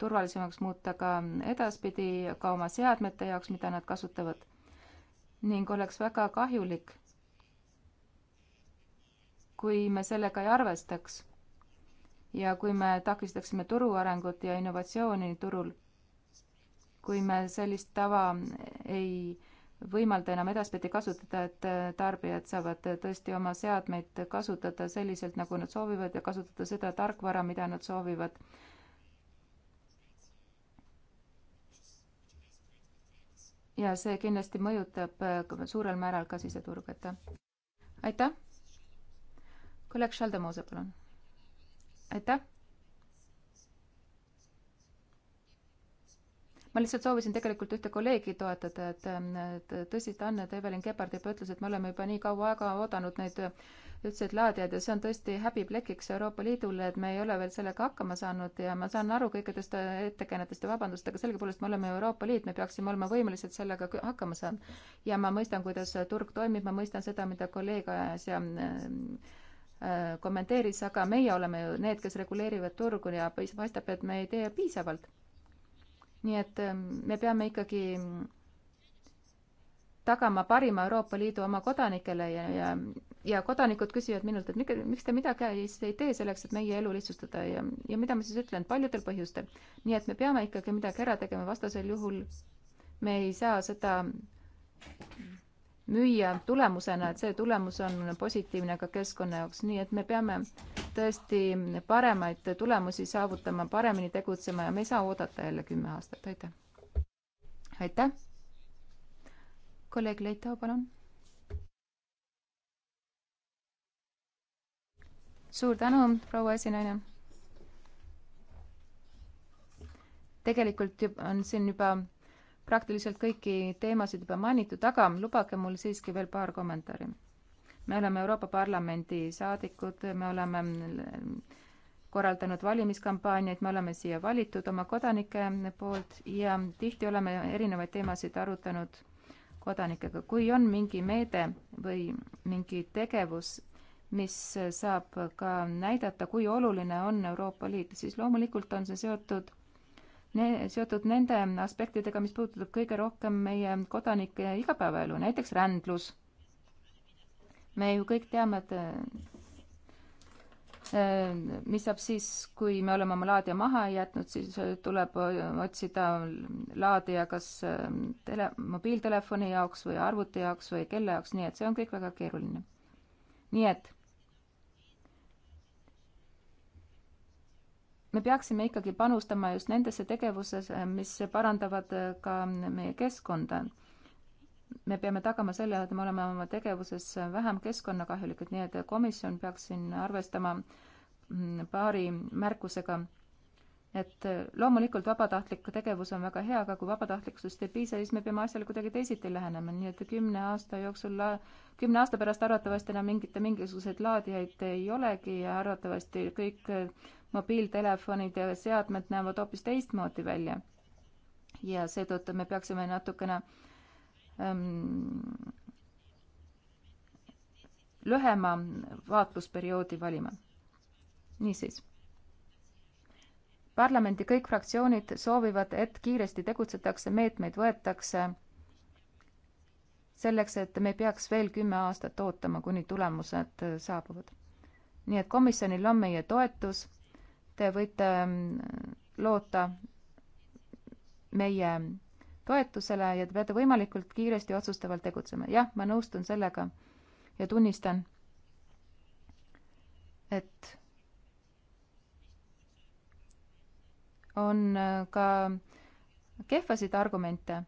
turvalisemaks muuta ka edaspidi ka oma seadmete jaoks, mida nad kasutavad. ning oleks väga kahjulik, kui me sellega ei arvestaks ja kui me takistaksime turu arengut ja innovatsiooni turul, kui me sellist tava ei äh, võimalda enam edaspidi kasutada, et äh, tarbijad saavad äh, tõesti oma seadmeid kasutada selliselt, nagu nad soovivad ja kasutada seda tarkvara, mida nad soovivad. ja see kindlasti mõjutab äh, suurel määral ka siseturgu, aitäh. aitäh. kolleeg Šaldemose, palun. aitäh ma lihtsalt soovisin tegelikult ühte kolleegi toetada, et, ähm, et tõsi ta on, et Evelyn Gebhard juba ütles, et me oleme juba nii kaua aega oodanud neid üldseid laadijaid ja see on tõesti häbiplekiks Euroopa Liidule, et me ei ole veel sellega hakkama saanud ja ma saan aru kõikidest ettekäänetest ja vabandust, aga sellegipoolest me oleme Euroopa Liit, me peaksime olema võimelised sellega hakkama saama. ja ma mõistan, kuidas turg toimib, ma mõistan seda, mida kolleeg ajas ja ähm, äh, kommenteeris, aga meie oleme ju need, kes reguleerivad turgu ja paistab, et me ei tee piisavalt nii et ähm, me peame ikkagi mm, tagama parima Euroopa Liidu oma kodanikele ja, ja, ja kodanikud küsivad minult, et miks, miks te midagi ei tee selleks, et meie elu lihtsustada ja, ja mida ma siis ütlen, paljudel põhjustel. nii et me peame ikkagi midagi ära tegema, vastasel juhul me ei saa seda müüa tulemusena, et see tulemus on positiivne ka keskkonna jaoks, nii et me peame tõesti paremaid tulemusi saavutama, paremini tegutsema ja me ei saa oodata jälle kümme aastat, aitäh. aitäh. kolleeg Leitau, palun. suur tänu, proua esinaine. tegelikult on siin juba praktiliselt kõiki teemasid juba mainitud, aga lubage mul siiski veel paar kommentaari. me oleme Euroopa Parlamendi saadikud, me oleme korraldanud valimiskampaaniaid, me oleme siia valitud oma kodanike poolt ja tihti oleme erinevaid teemasid arutanud kodanikega. kui on mingi meede või mingi tegevus, mis saab ka näidata, kui oluline on Euroopa Liit, siis loomulikult on see seotud ne-, seotud nende aspektidega, mis puudutab kõige rohkem meie kodanike igapäevaelu, näiteks rändlus. me ju kõik teame, et äh, mis saab siis, kui me oleme oma laadija maha jätnud, siis tuleb otsida laadija kas äh, tele, mobiiltelefoni jaoks või arvuti jaoks või kelle jaoks, nii et see on kõik väga keeruline. nii et me peaksime ikkagi panustama just nendesse tegevusesse, mis parandavad ka meie keskkonda. me peame tagama selle, et me oleme oma tegevuses vähem keskkonnakahjulikud, nii et komisjon peaks siin arvestama mm, paari märkusega et äh, loomulikult vabatahtlik tegevus on väga hea, aga kui vabatahtlikkust ei piisa, siis me peame asjale kuidagi teisiti lähenema, nii et kümne aasta jooksul, kümne aasta pärast arvatavasti enam mingit, mingisuguseid laadijaid ei olegi ja arvatavasti kõik äh, mobiiltelefonid ja seadmed näevad hoopis teistmoodi välja. ja seetõttu me peaksime natukene ähm, lühema vaatlusperioodi valima. niisiis parlamendi kõik fraktsioonid soovivad, et kiiresti tegutsetakse, meetmeid võetakse selleks, et me ei peaks veel kümme aastat ootama, kuni tulemused saabuvad. nii et komisjonil on meie toetus, te võite mm, loota meie toetusele ja te peate võimalikult kiiresti otsustavalt tegutsema. jah, ma nõustun sellega ja tunnistan, et on äh, ka kehvasid argumente.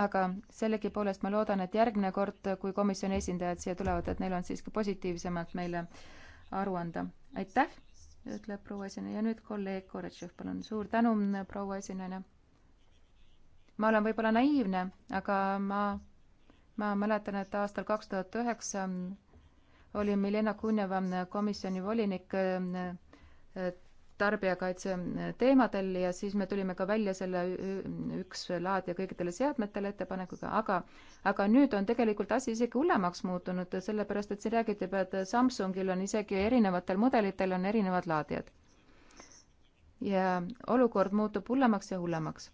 aga sellegipoolest ma loodan, et järgmine kord, kui komisjoni esindajad siia tulevad, et neil on siiski positiivsemalt meile aru anda. aitäh, ütleb proua esineja ja nüüd kolleeg Koretšev, palun. suur tänu, proua esineja. ma olen võib-olla naiivne, aga ma, ma mäletan, et aastal kaks tuhat üheksa oli Milena Kuneva komisjoni volinik äh, tarbijakaitse teemadel ja siis me tulime ka välja selle üks laad ja kõikidele seadmetele ettepanekuga, aga aga nüüd on tegelikult asi isegi hullemaks muutunud, sellepärast et siin räägiti juba, et Samsungil on isegi erinevatel mudelitel on erinevad laadijad. ja olukord muutub hullemaks ja hullemaks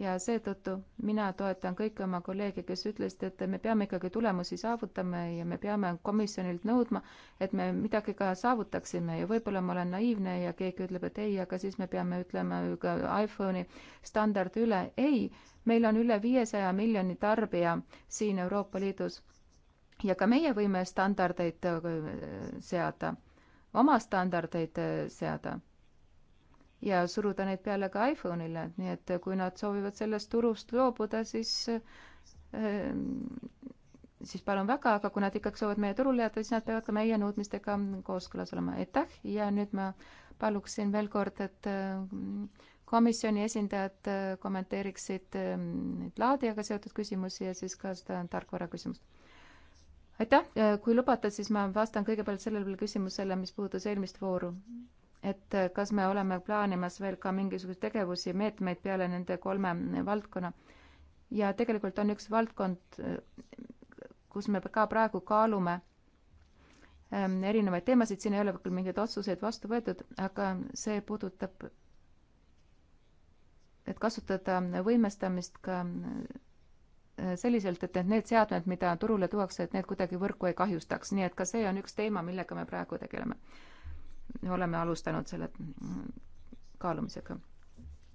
ja seetõttu mina toetan kõiki oma kolleege, kes ütlesid, et me peame ikkagi tulemusi saavutama ja me peame komisjonilt nõudma, et me midagi ka saavutaksime ja võib-olla ma olen naiivne ja keegi ütleb, et ei, aga siis me peame ütlema ka iPhone'i standard üle. ei, meil on üle viiesaja miljoni tarbija siin Euroopa Liidus ja ka meie võime standardeid äh, seada, oma standardeid äh, seada ja suruda neid peale ka iPhone'ile, nii et kui nad soovivad sellest turust loobuda, siis ehm, siis palun väga, aga kui nad ikkagi soovivad meie turule jääda, siis nad peavad ka meie nõudmistega kooskõlas olema. aitäh ja nüüd ma paluksin veel kord, et ehm, komisjoni esindajad ehm, kommenteeriksid neid laadijaga seotud küsimusi ja siis ka seda tarkvara küsimust. aitäh, kui lubate, siis ma vastan kõigepealt sellele küsimusele, mis puudutas eelmist vooru et kas me oleme plaanimas veel ka mingisuguseid tegevusi, meetmeid peale nende kolme valdkonna. ja tegelikult on üks valdkond, kus me ka praegu kaalume ähm, erinevaid teemasid, siin ei ole küll mingeid otsuseid vastu võetud, aga see puudutab, et kasutada võimestamist ka äh, selliselt, et need seadmed, mida turule tuuakse, et need kuidagi võrku ei kahjustaks, nii et ka see on üks teema, millega me praegu tegeleme oleme alustanud selle kaalumisega.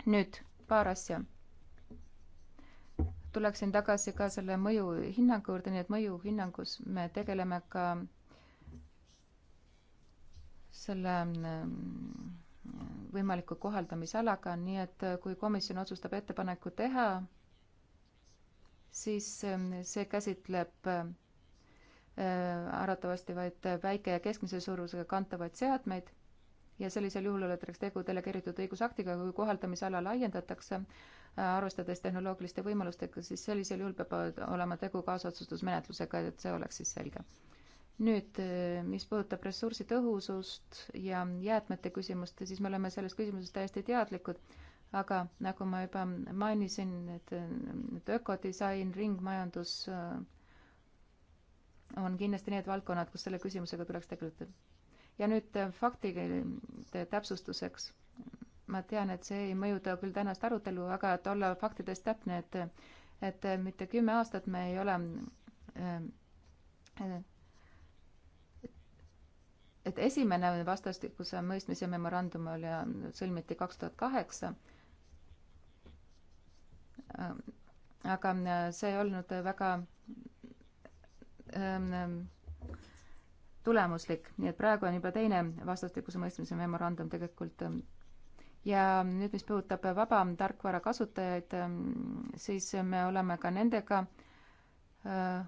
nüüd paar asja. tuleksin tagasi ka selle mõjuhinnangu juurde, nii et mõjuhinnangus me tegeleme ka selle võimaliku kohaldamisalaga, nii et kui komisjon otsustab ettepaneku teha, siis see käsitleb Äh, arvatavasti vaid väike ja keskmise suurusega kantavaid seadmeid ja sellisel juhul oleks tegu delegeeritud õigusaktiga, kui kohaldamisala laiendatakse, äh, arvestades tehnoloogiliste võimalustega, siis sellisel juhul peab olema tegu kaasotsustusmenetlusega, et see oleks siis selge. nüüd, äh, mis puudutab ressursi tõhusust ja jäätmete küsimust, siis me oleme selles küsimuses täiesti teadlikud, aga nagu ma juba mainisin, et, et ökodisain, ringmajandus äh, on kindlasti need valdkonnad, kus selle küsimusega tuleks tegeleda. ja nüüd äh, faktide täpsustuseks. ma tean, et see ei mõjuta küll tänast arutelu, aga et olla faktides täpne, et, et äh, mitte kümme aastat me ei ole äh, et esimene vastastikuse mõistmise memorandum oli, sõlmiti kaks tuhat kaheksa. aga see ei olnud väga Ähm, ähm, tulemuslik, nii et praegu on juba teine vastastikuse mõistmise memorandum tegelikult. Ähm, ja nüüd, mis puudutab vaba tarkvara kasutajaid, siis me oleme ka nendega äh,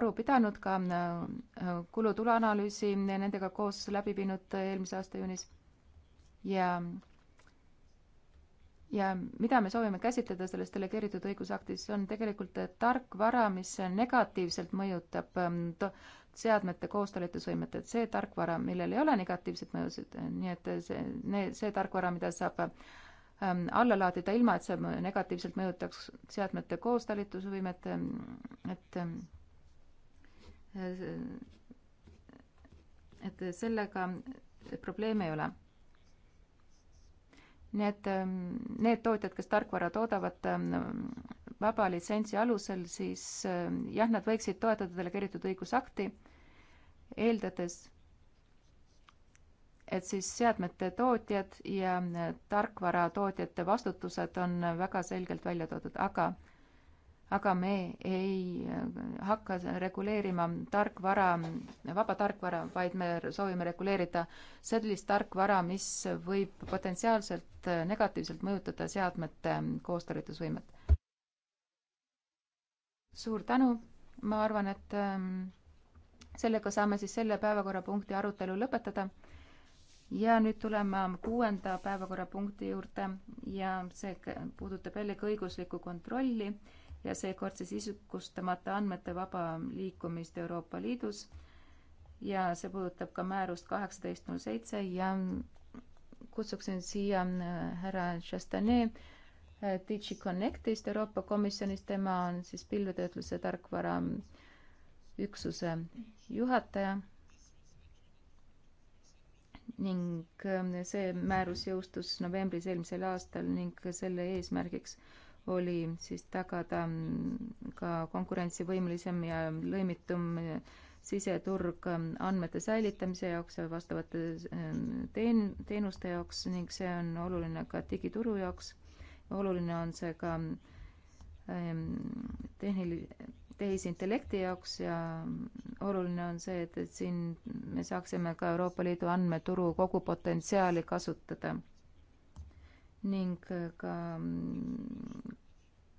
aru pidanud, ka äh, kulutuluanalüüsi nendega koos läbi viinud eelmise aasta juunis ja ja mida me soovime käsitleda selles delegeeritud õigusaktis, on tegelikult tarkvara, mis negatiivselt mõjutab ähm, seadmete koostalitusvõimet, et see tarkvara, millel ei ole negatiivset mõjusid, nii et see, see tarkvara, mida saab ähm, alla laadida, ilma et see negatiivselt mõjutaks seadmete koostalitusvõimet, ähm, et et sellega probleeme ei ole need, ähm, need tootjad, kes tarkvara toodavad ähm, vaba litsentsi alusel, siis ähm, jah, nad võiksid toetada delegeeritud õigusakti, eeldades, et siis seadmete tootjad ja äh, tarkvaratootjate vastutused on äh, väga selgelt välja toodud, aga aga me ei hakka reguleerima tarkvara, vaba tarkvara, vaid me soovime reguleerida sellist tarkvara, mis võib potentsiaalselt negatiivselt mõjutada seadmete koostööritusvõimet. suur tänu, ma arvan, et ähm, sellega saame siis selle päevakorrapunkti arutelu lõpetada ja nüüd tulema kuuenda päevakorrapunkti juurde ja see puudutab jällegi õiguslikku kontrolli ja seekord siis isikustamata andmete vaba liikumist Euroopa Liidus ja see puudutab ka määrust kaheksateist null seitse ja kutsuksin siia äh, härra Chastanet äh, DigiConnectist Euroopa Komisjonist, tema on siis pilvetöötluse tarkvara üksuse juhataja ning äh, see määrus jõustus novembris eelmisel aastal ning selle eesmärgiks oli siis tagada mm, ka konkurentsivõimelisem ja lõimitum siseturg mm, andmete säilitamise jaoks ja vastavate mm, teen-, teenuste jaoks ning see on oluline ka digituru jaoks. oluline on see ka ehm, tehnil-, tehisintellekti jaoks ja oluline on see, et, et siin me saaksime ka Euroopa Liidu andmeturu kogu potentsiaali kasutada ning äh, ka mm,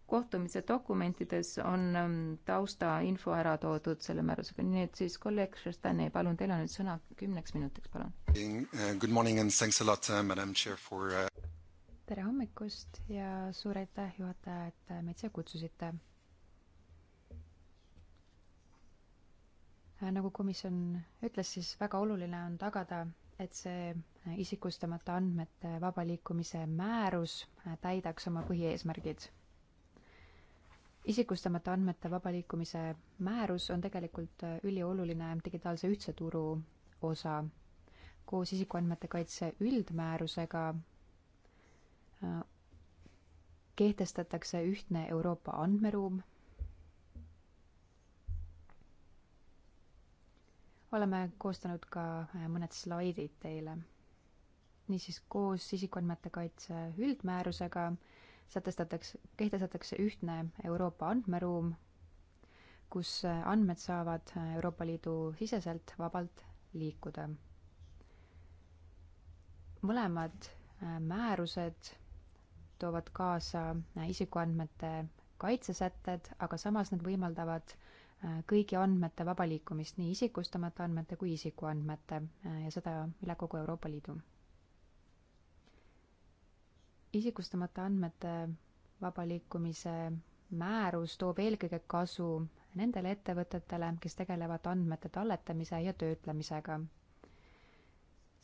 kohtumise dokumentides on mm, taustainfo ära toodud selle määrusega, nii et siis kolleeg Šestane, palun, teil on nüüd sõna kümneks minutiks, palun. Good morning and thanks a lot, uh, madam chair for uh tere hommikust ja suur aitäh, juhataja, et äh, meid siia kutsusite. Äh, nagu komisjon ütles, siis väga oluline on tagada et see isikustamata andmete vaba liikumise määrus täidaks oma põhieesmärgid. isikustamata andmete vaba liikumise määrus on tegelikult ülioluline digitaalse ühtse turu osa. koos isikuandmete kaitse üldmäärusega äh, kehtestatakse ühtne Euroopa andmeruum oleme koostanud ka äh, mõned slaidid teile. niisiis, koos isikuandmete kaitse üldmäärusega sätestatakse, kehtestatakse ühtne Euroopa andmeruum, kus äh, andmed saavad äh, Euroopa Liidu siseselt vabalt liikuda. mõlemad määrused toovad kaasa isikuandmete kaitsesätted, aga samas nad võimaldavad Äh, kõigi andmete vaba liikumist, nii isikustamata andmete kui isikuandmete äh, ja seda üle kogu Euroopa Liidu. isikustamata andmete vaba liikumise määrus toob eelkõige kasu nendele ettevõtetele, kes tegelevad andmete talletamise ja töötlemisega.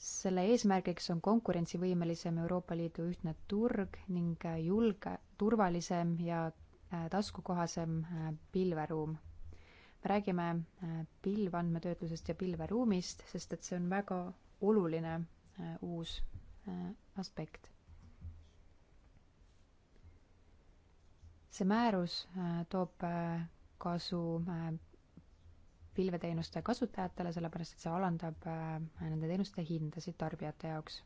selle eesmärgiks on konkurentsivõimelisem Euroopa Liidu ühtne turg ning äh, julge, turvalisem ja taskukohasem pilveruum me räägime äh, pilvandmetöötlusest ja pilveruumist, sest et see on väga oluline äh, uus äh, aspekt. see määrus toob kasu pilveteenuste kasutajatele, sellepärast et see alandab nende teenuste hindasid tarbijate jaoks.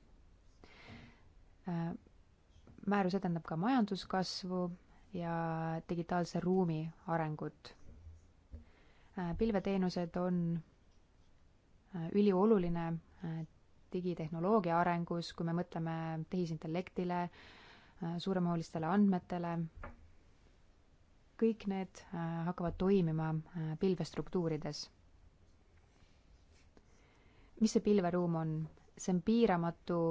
määrus edendab ka majanduskasvu ja digitaalse ruumi arengut Äh, pilveteenused on äh, ülioluline äh, digitehnoloogia arengus, kui me mõtleme tehisintellektile, suuremahulistele andmetele, kõik need hakkavad toimima pilvestruktuurides. mis see pilveruum on? see on piiramatu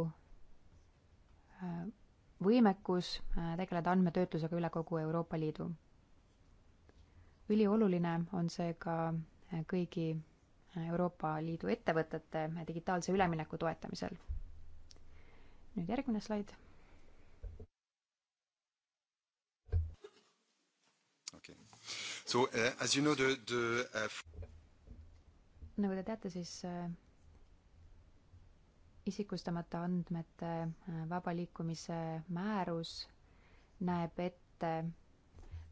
võimekus tegeleda andmetöötlusega üle kogu Euroopa Liidu ülioluline on see ka kõigi Euroopa Liidu ettevõtete digitaalse ülemineku toetamisel. nüüd järgmine slaid. okei okay., so uh, as you know the, the uh... nagu te teate, siis uh, isikustamata andmete vaba liikumise määrus näeb ette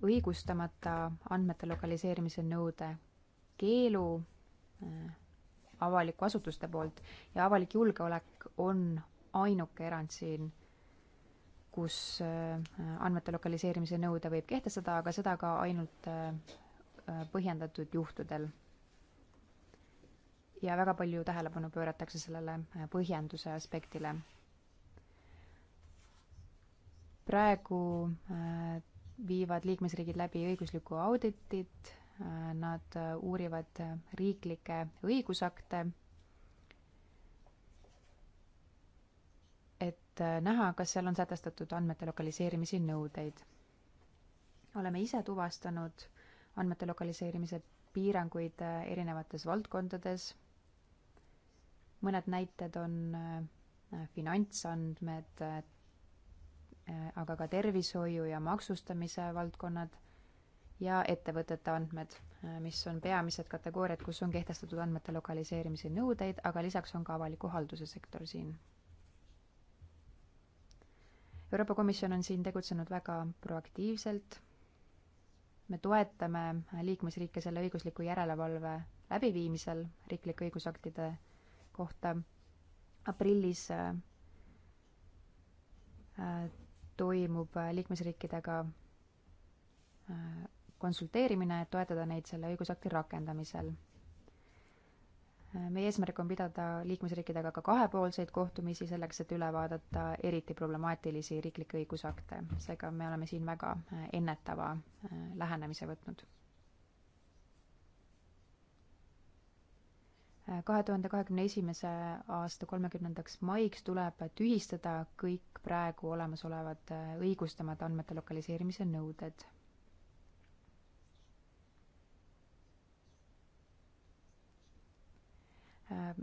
õigustamata andmete lokaliseerimise nõude keelu äh, avaliku asutuste poolt ja avalik julgeolek on ainuke erand siin, kus äh, andmete lokaliseerimise nõude võib kehtestada, aga seda ka ainult äh, põhjendatud juhtudel. ja väga palju tähelepanu pööratakse sellele põhjenduse aspektile. praegu viivad liikmesriigid läbi õiguslikku auditit, nad uurivad riiklikke õigusakte, et näha, kas seal on sätestatud andmete lokaliseerimise nõudeid. oleme ise tuvastanud andmete lokaliseerimise piiranguid erinevates valdkondades. mõned näited on äh, finantsandmed, Äh, aga ka tervishoiu ja maksustamise valdkonnad ja ettevõtete andmed, äh, mis on peamised kategooriad, kus on kehtestatud andmete lokaliseerimise nõudeid, aga lisaks on ka avaliku halduse sektor siin. Euroopa Komisjon on siin tegutsenud väga proaktiivselt. me toetame liikmesriike selle õigusliku järelevalve läbiviimisel riiklike õigusaktide kohta. aprillis äh, toimub äh, liikmesriikidega äh, konsulteerimine, et toetada neid selle õigusakti rakendamisel. Äh, meie eesmärk on pidada liikmesriikidega ka kahepoolseid kohtumisi selleks, et üle vaadata eriti problemaatilisi riiklikke õigusakte. seega me oleme siin väga ennetava lähenemise võtnud kahe tuhande kahekümne esimese aasta kolmekümnendaks maiks tuleb tühistada kõik praegu olemasolevad äh, õigustamata andmete lokaliseerimise nõuded. Äh,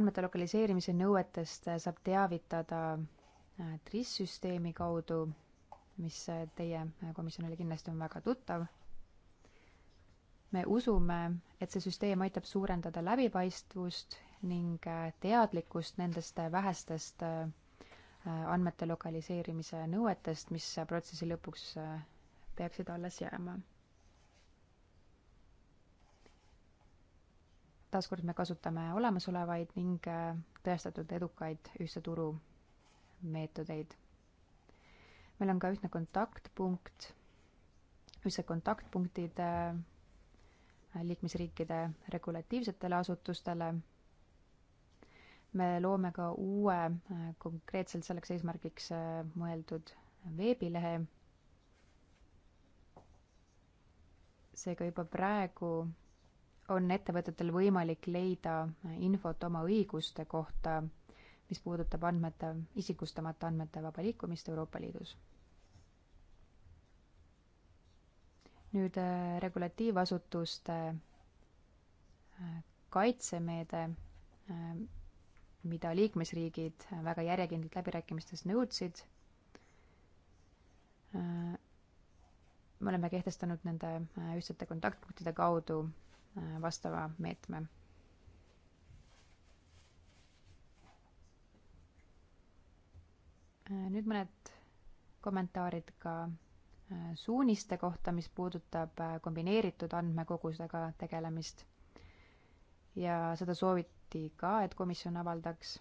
andmete lokaliseerimise nõuetest äh, saab teavitada TRIS-süsteemi kaudu, mis teie komisjonile kindlasti on väga tuttav me usume, et see süsteem aitab suurendada läbipaistvust ning äh, teadlikkust nendest äh, vähestest äh, andmete lokaliseerimise nõuetest, mis protsessi lõpuks peaksid alles jääma. taaskord me kasutame olemasolevaid ning tõestatud edukaid ühtse turu meetodeid. meil on ka ühtne kontaktpunkt, ühtsed kontaktpunktid äh, liikmesriikide regulatiivsetele asutustele. me loome ka uue äh, konkreetselt selleks eesmärgiks äh, mõeldud veebilehe. seega juba praegu on ettevõtetel võimalik leida äh, infot oma õiguste kohta, mis puudutab andmete, isikustamata andmete vaba liikumist Euroopa Liidus nüüd äh, regulatiivasutuste äh, kaitsemeede, äh, mida liikmesriigid väga järjekindlalt läbirääkimistes nõudsid. me oleme kehtestanud nende ühtsete kontaktpunktide kaudu vastava meetme. nüüd mõned kommentaarid ka suuniste kohta, mis puudutab äh, kombineeritud andmekogusega tegelemist. ja seda sooviti ka, et komisjon avaldaks.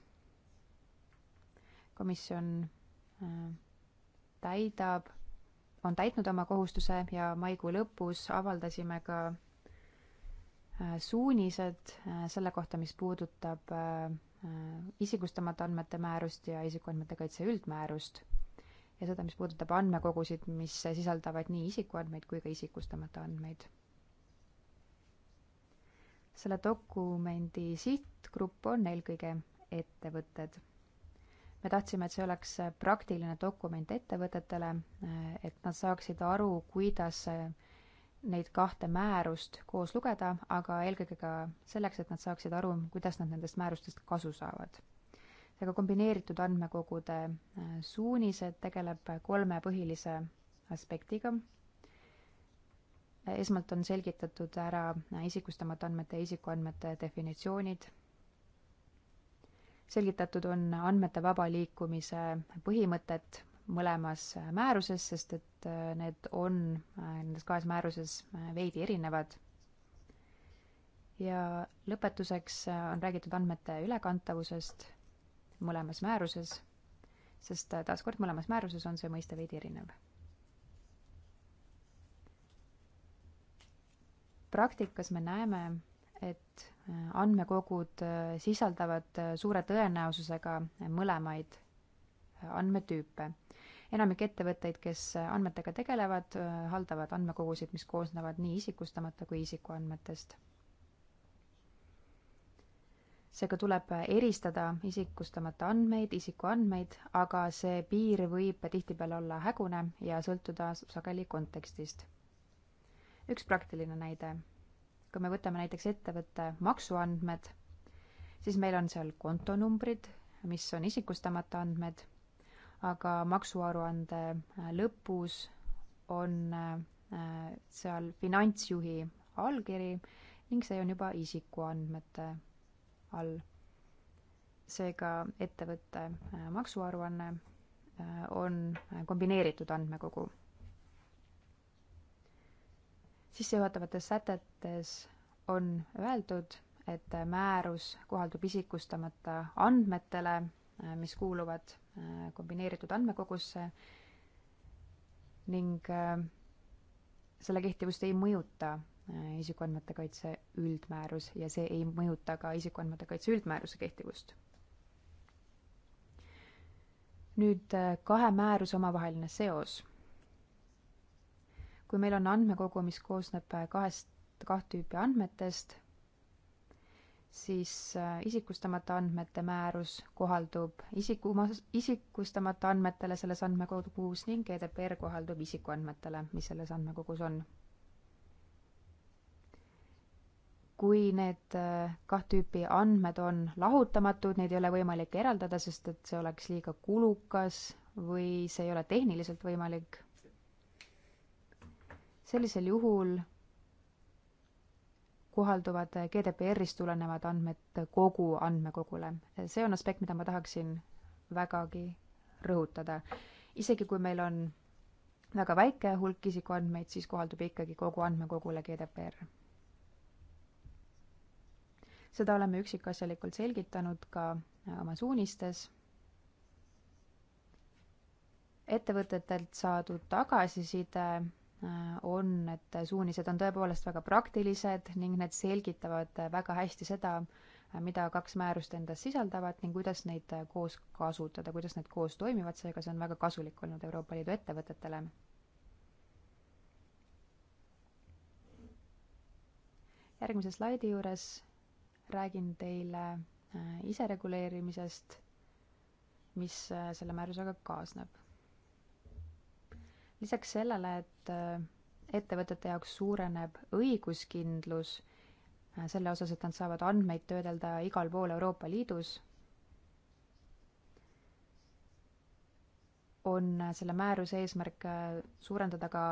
komisjon äh, täidab, on täitnud oma kohustuse ja maikuu lõpus avaldasime ka äh, suunised selle kohta, mis puudutab isikustamata andmete määrust ja isikuandmete kaitse üldmäärust ja seda, mis puudutab andmekogusid, mis sisaldavad nii isikuandmeid kui ka isikustamata andmeid. selle dokumendi sihtgrupp on eelkõige ettevõtted. me tahtsime, et see oleks praktiline dokument ettevõtetele, et nad saaksid aru, kuidas neid kahte määrust koos lugeda, aga eelkõige ka selleks, et nad saaksid aru, kuidas nad nendest määrustest kasu saavad ja ka kombineeritud andmekogude äh, suunised tegeleb kolme põhilise aspektiga. Äh, esmalt on selgitatud ära äh, isikustamata andmete ja isikuandmete definitsioonid. selgitatud on andmete vaba liikumise põhimõtet mõlemas määruses, sest et need on nendes kahes määruses veidi erinevad ja lõpetuseks on räägitud andmete ülekantavusest mõlemas määruses, sest äh, taaskord mõlemas määruses on see mõiste veidi erinev. praktikas me näeme, et äh, andmekogud äh, sisaldavad suure tõenäosusega mõlemaid andmetüüpe. enamik ettevõtteid, kes andmetega tegelevad, haldavad andmekogusid, mis koosnevad nii isikustamata kui isikuandmetest seega tuleb eristada isikustamata andmeid, isikuandmeid, aga see piir võib tihtipeale olla hägune ja sõltuda sageli kontekstist. üks praktiline näide. kui me võtame näiteks ettevõtte maksuandmed, siis meil on seal kontonumbrid, mis on isikustamata andmed, aga maksuaruande lõpus on äh, seal finantsjuhi allkiri ning see on juba isikuandmete all. seega ettevõtte äh, maksuaruanne äh, on äh, kombineeritud andmekogu. sissejuhatavates sätetes on öeldud, et määrus kohaldub isikustamata andmetele, mis kuuluvad kombineeritud andmekogusse ning selle kehtivust ei mõjuta Äh, isikuandmete kaitse üldmäärus ja see ei mõjuta ka isikuandmete kaitse üldmääruse kehtivust. nüüd äh, kahe määruse omavaheline seos. kui meil on andmekogu, mis koosneb äh, kahest, kaht tüüpi andmetest, siis isikustamata andmete määrus kohaldub isiku, isikustamata andmetele selles andmekogus ning GDPR e kohaldub isikuandmetele, mis selles andmekogus on kui need äh, kah tüüpi andmed on lahutamatud, neid ei ole võimalik eraldada, sest et see oleks liiga kulukas või see ei ole tehniliselt võimalik, sellisel juhul kohalduvad GDPR-ist tulenevad andmed kogu andmekogule. see on aspekt, mida ma tahaksin vägagi rõhutada. isegi kui meil on väga väike hulk isikuandmeid, siis kohaldub ikkagi kogu andmekogule GDPR seda oleme üksikasjalikult selgitanud ka äh, oma suunistes. ettevõtetelt saadud tagasiside äh, on, et suunised on tõepoolest väga praktilised ning need selgitavad äh, väga hästi seda, mida kaks määrust endas sisaldavad ning kuidas neid koos kasutada, kuidas need koos toimivad, seega see on väga kasulik olnud Euroopa Liidu ettevõtetele. järgmise slaidi juures räägin teile äh, isereguleerimisest, mis äh, selle määrusega kaasneb. lisaks sellele, et äh, ettevõtete jaoks suureneb õiguskindlus selle osas, et nad saavad andmeid töödelda igal pool Euroopa Liidus, on selle määruse eesmärk suurendada ka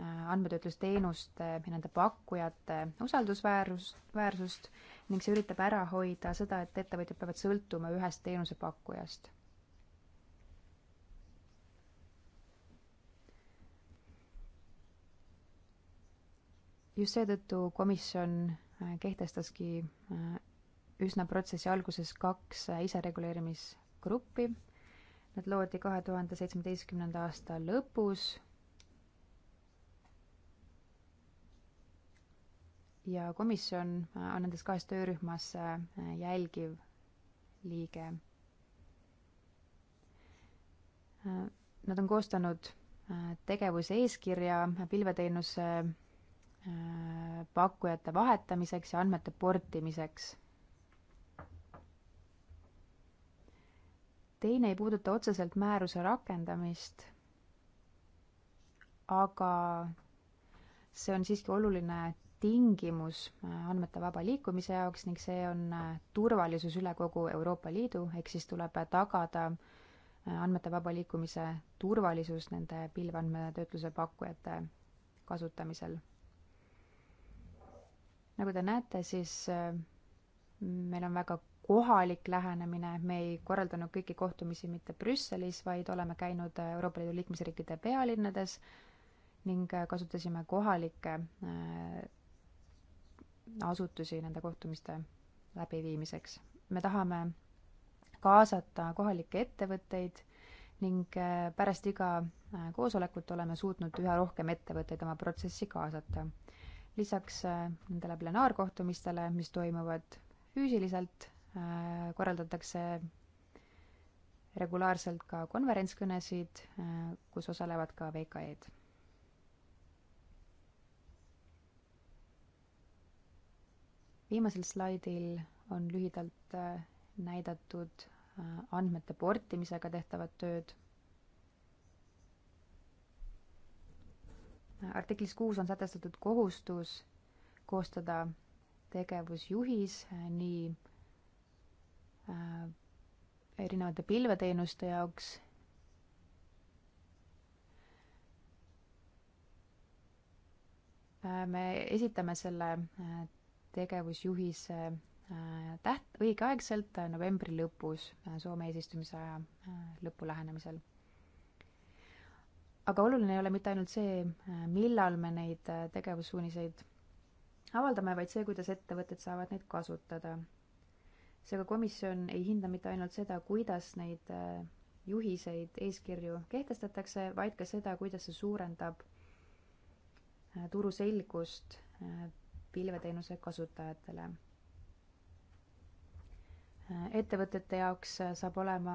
andmetöötlusteenuste ja nende pakkujate usaldusväärsust, väärsust ning see üritab ära hoida seda, et ettevõtjad peavad sõltuma ühest teenusepakkujast. just seetõttu komisjon äh, kehtestaski äh, üsna protsessi alguses kaks äh, isereguleerimisgruppi. Nad loodi kahe tuhande seitsmeteistkümnenda aasta lõpus ja komisjon äh, on nendes kahes töörühmas äh, jälgiv liige. Äh, nad on koostanud tegevuse eeskirja pilveteenuse pakkujate vahetamiseks ja andmete portimiseks. teine ei puuduta otseselt määruse rakendamist, aga see on siiski oluline tingimus äh, andmete vaba liikumise jaoks ning see on äh, turvalisus üle kogu Euroopa Liidu, ehk siis tuleb tagada äh, andmete vaba liikumise turvalisus nende pilveandmetöötluse pakkujate kasutamisel. nagu te näete, siis meil on väga kohalik lähenemine, me ei korraldanud kõiki kohtumisi mitte Brüsselis, vaid oleme käinud Euroopa Liidu liikmesriikide pealinnades ning kasutasime kohalikke asutusi nende kohtumiste läbiviimiseks. me tahame kaasata kohalikke ettevõtteid ning äh, pärast iga äh, koosolekut oleme suutnud üha rohkem ettevõtteid oma protsessi kaasata. lisaks äh, nendele plenaarkohtumistele, mis toimuvad füüsiliselt, korraldatakse regulaarselt ka konverentskõnesid, kus osalevad ka VKE-d viimasel slaidil on lühidalt äh, näidatud äh, andmete portimisega tehtavat tööd. artiklis kuus on sätestatud kohustus koostada tegevusjuhis äh, nii erinevate pilveteenuste jaoks me esitame selle tegevusjuhise äh, täht-, õigeaegselt äh, novembri lõpus, äh, Soome eesistumise aja lõpu lähenemisel. aga oluline ei ole mitte ainult see, millal me neid tegevussuuniseid avaldame, vaid see, kuidas ettevõtted saavad neid kasutada. seega komisjon ei hinda mitte ainult seda, kuidas neid juhiseid, eeskirju kehtestatakse, vaid ka seda, kuidas see suurendab turu selgust pilveteenuse kasutajatele. ettevõtete jaoks saab olema,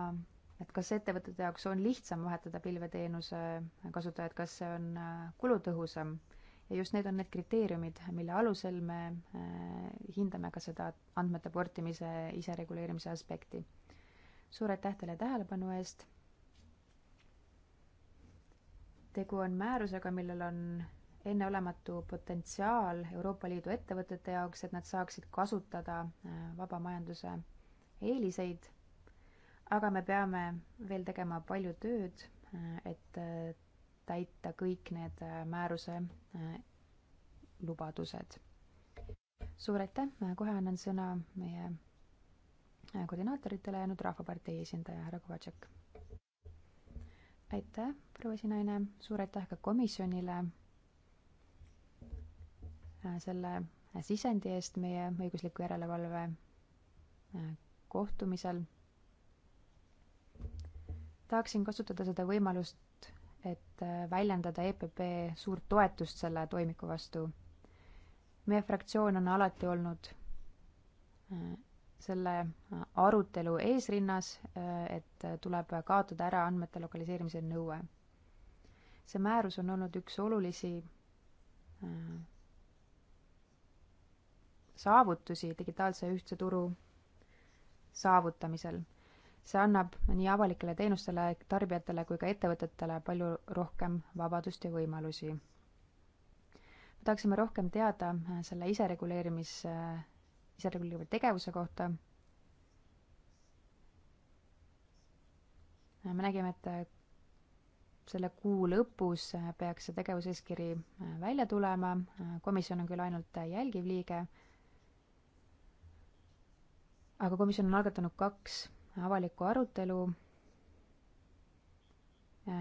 et kas ettevõtete jaoks on lihtsam vahetada pilveteenuse kasutajat, kas see on kulutõhusam ja just need on need kriteeriumid, mille alusel me äh, hindame ka seda andmete portimise isereguleerimise aspekti. suur aitäh teile tähelepanu eest. tegu on määrusega, millel on enneolematu potentsiaal Euroopa Liidu ettevõtete jaoks, et nad saaksid kasutada äh, vaba majanduse eeliseid. aga me peame veel tegema palju tööd, äh, et äh, täita kõik need määruse lubadused. suur aitäh, kohe annan sõna meie koordinaatoritele ja nüüd Rahvapartei esindaja härra Kovatšek. aitäh, proua esinaine, suur aitäh ka komisjonile Äh, selle sisendi eest meie õigusliku järelevalve äh, kohtumisel. tahaksin kasutada seda võimalust, et äh, väljendada EPP suurt toetust selle toimiku vastu. meie fraktsioon on alati olnud selle arutelu eesrinnas, et tuleb kaotada ära andmete lokaliseerimise nõue. see määrus on olnud üks olulisi saavutusi digitaalse ühtse turu saavutamisel. see annab nii avalikele teenustele, tarbijatele kui ka ettevõtetele palju rohkem vabadust ja võimalusi. me tahaksime rohkem teada selle isereguleerimis, isereguleeriva tegevuse kohta. me nägime, et selle kuu lõpus peaks see tegevuseeskiri välja tulema, komisjon on küll ainult jälgiv liige aga komisjon on algatanud kaks avalikku arutelu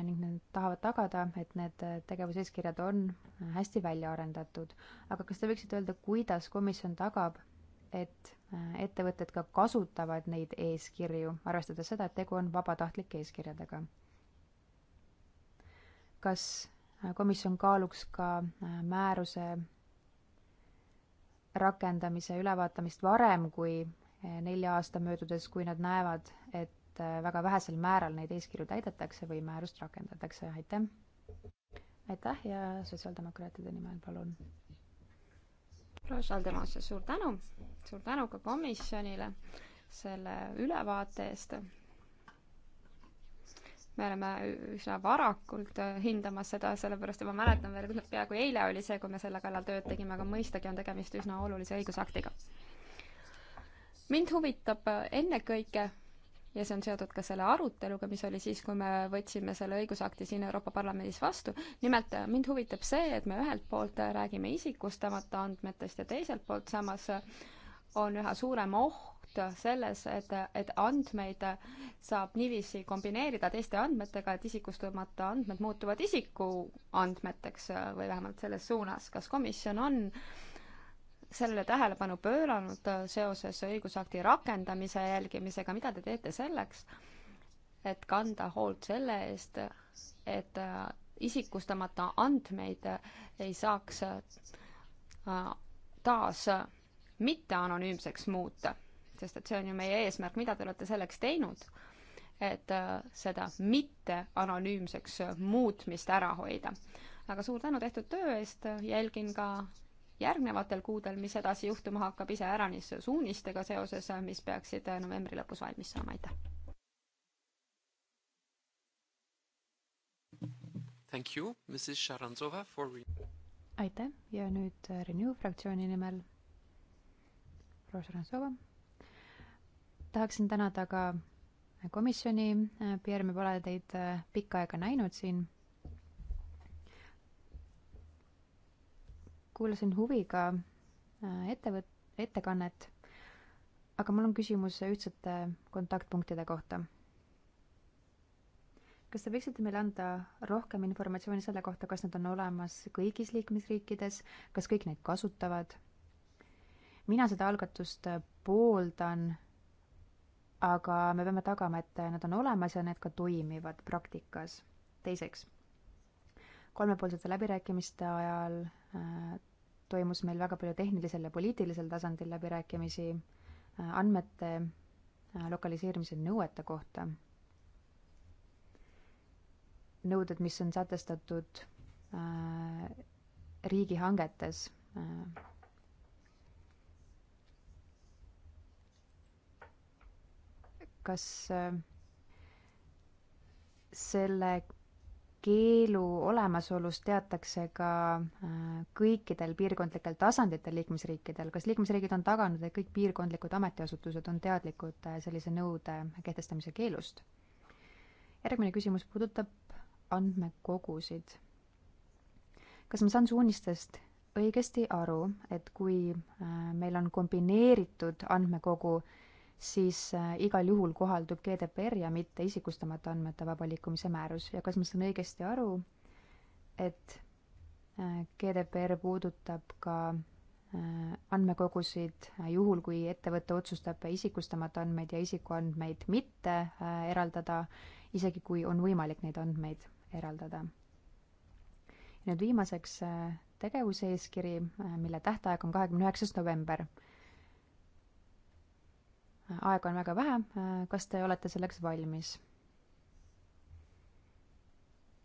ning nad tahavad tagada, et need tegevuseeskirjad on hästi välja arendatud. aga kas te võiksite öelda, kuidas komisjon tagab, et ettevõtted ka kasutavad neid eeskirju, arvestades seda, et tegu on vabatahtlike eeskirjadega? kas komisjon kaaluks ka määruse rakendamise ülevaatamist varem, kui nelja aasta möödudes, kui nad näevad, et äh, väga vähesel määral neid eeskirju täidetakse või määrust rakendatakse, aitäh! aitäh ja sotsiaaldemokraatide nimel palun. Rosaldemosse, suur tänu, suur tänu ka komisjonile selle ülevaate eest. me oleme üsna varakult äh, hindamas seda, sellepärast et ma mäletan veel, peaaegu eile oli see, kui me selle kallal tööd tegime, aga mõistagi on tegemist üsna olulise õigusaktiga mind huvitab äh, ennekõike ja see on seotud ka selle aruteluga, mis oli siis, kui me võtsime selle õigusakti siin Euroopa Parlamendis vastu. nimelt äh, mind huvitab see, et me ühelt poolt äh, räägime isikustamata andmetest ja teiselt poolt samas on üha suurem oht selles, et, et andmeid saab niiviisi kombineerida teiste andmetega, et isikustamata andmed muutuvad isikuandmeteks või vähemalt selles suunas. kas komisjon on äh, sellele tähelepanu pööranud äh, seoses õigusakti rakendamise jälgimisega, mida te teete selleks, et kanda hoolt selle eest, et äh, isikustamata andmeid äh, ei saaks taas mitteanonüümseks muuta, sest et see on ju meie eesmärk, mida te olete selleks teinud, et seda mitteanonüümseks muutmist ära hoida. aga suur tänu tehtud töö eest, jälgin ka järgnevatel kuudel, mis edasi juhtuma hakkab, iseäranis suunistega seoses, mis peaksid äh, novembri lõpus valmis saama, aitäh! Thank you, Mrs Šarantsova for aitäh ja nüüd äh, Renew fraktsiooni nimel proua Šarantsova. tahaksin tänada ka komisjoni, äh, Pierre, me pole teid pikka aega näinud siin kuulasin huviga äh, ettevõt-, ettekannet, aga mul on küsimus ühtsete kontaktpunktide kohta. kas te võiksite meile anda rohkem informatsiooni selle kohta, kas nad on olemas kõigis liikmesriikides, kas kõik neid kasutavad? mina seda algatust äh, pooldan, aga me peame tagama, et nad on olemas ja need ka toimivad praktikas. teiseks, kolmepoolsete läbirääkimiste ajal äh, toimus meil väga palju tehnilisel ja poliitilisel tasandil läbirääkimisi äh, andmete äh, lokaliseerimise nõuete kohta. nõuded, mis on sätestatud äh, riigihangetes. kas selle keelu olemasolust teatakse ka äh, kõikidel piirkondlikel tasanditel liikmesriikidel. kas liikmesriigid on taganud, et kõik piirkondlikud ametiasutused on teadlikud äh, sellise nõude kehtestamise keelust? järgmine küsimus puudutab andmekogusid. kas ma saan suunistest õigesti aru, et kui äh, meil on kombineeritud andmekogu, siis äh, igal juhul kohaldub GDPR ja mitte isikustamata andmete vaba liikumise määrus ja kas ma saan õigesti aru, et äh, GDPR puudutab ka äh, andmekogusid juhul, kui ettevõte otsustab isikustamata andmeid ja isikuandmeid mitte eraldada, isegi kui on võimalik neid andmeid eraldada. nüüd viimaseks tegevuseeskiri, mille tähtaeg on kahekümne üheksas november aega on väga vähe, kas te olete selleks valmis?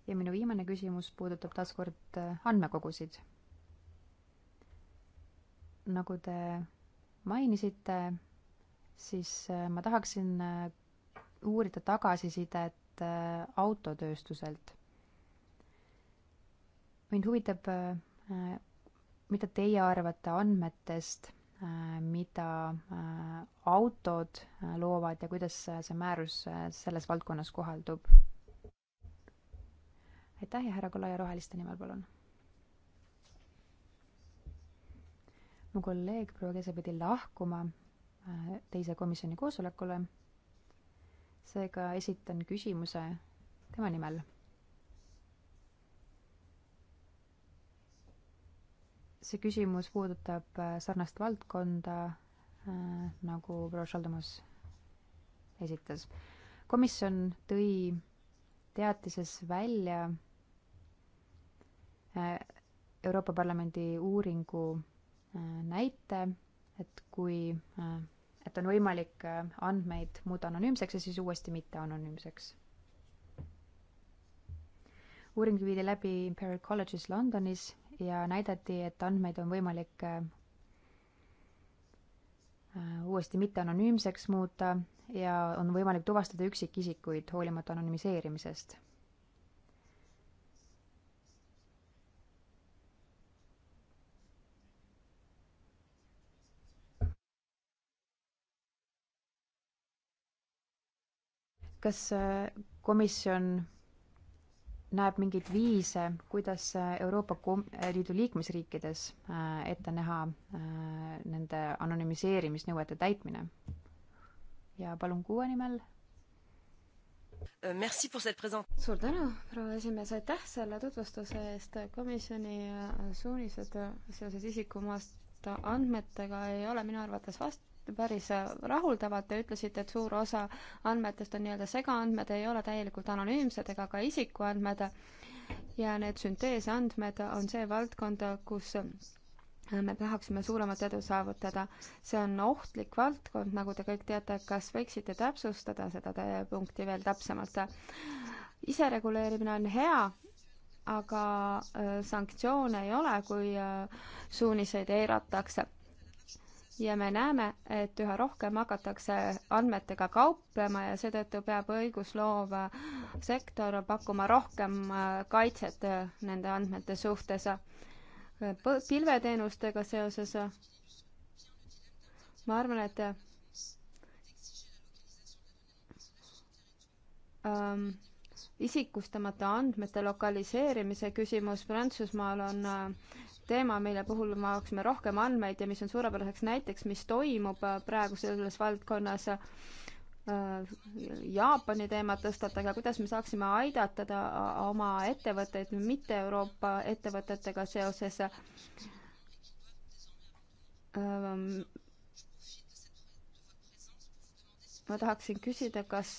ja minu viimane küsimus puudutab taaskord äh, andmekogusid. nagu te mainisite, siis äh, ma tahaksin äh, uurida tagasisidet autotööstuselt. mind huvitab, mida teie arvate andmetest Äh, mida äh, autod äh, loovad ja kuidas see määrus selles valdkonnas kohaldub. aitäh ja härra Kolaja Roheliste nimel, palun. mu kolleeg proua Kese pidi lahkuma teise komisjoni koosolekule. seega esitan küsimuse tema nimel see küsimus puudutab äh, sarnast valdkonda äh,, nagu proua Šaldemus esitas. komisjon tõi teatises välja äh, Euroopa Parlamendi uuringu äh, näite, et kui, äh, et on võimalik äh, andmeid muuta anonüümseks ja siis uuesti mitteanonüümseks uuring viidi läbi Imperial College'is Londonis ja näidati, et andmeid on võimalik äh, äh, uuesti mitteanonüümseks muuta ja on võimalik tuvastada üksikisikuid hoolimata anonüümiseerimisest. kas äh, komisjon näeb mingeid viise, kuidas Euroopa Liidu liikmesriikides äh, ette näha äh, nende anonüümiseerimisnõuete täitmine? ja palun kuue nimel. Äh, suur tänu, proua esimees, aitäh selle tutvustuse eest. komisjoni suunised seoses isikumaast andmetega ei ole minu arvates vast-, päris äh, rahuldavad, te ütlesite, et suur osa andmetest on nii-öelda segaandmed, ei ole täielikult anonüümsed ega ka isikuandmed ja need sünteesandmed on see valdkond, kus äh, me tahaksime suuremat edu saavutada. see on ohtlik valdkond, nagu te kõik teate, kas võiksite täpsustada seda punkti veel täpsemalt? isereguleerimine on hea, aga äh, sanktsioone ei ole, kui suuniseid eiratakse ja me näeme, et üha rohkem hakatakse andmetega kauplema ja seetõttu peab õigusloov sektor pakkuma rohkem äh, kaitset äh, nende andmete suhtes. pilveteenustega seoses äh, ma arvan, et ähm, isikustamata andmete lokaliseerimise küsimus Prantsusmaal on äh, teema, mille puhul me vajaksime rohkem andmeid ja mis on suurepäraseks näiteks, mis toimub äh, praegu selles valdkonnas. Äh, Jaapani teemat tõstatage, kuidas me saaksime aidata oma ettevõtteid mitte Euroopa ettevõtetega seoses äh, ma tahaksin küsida, kas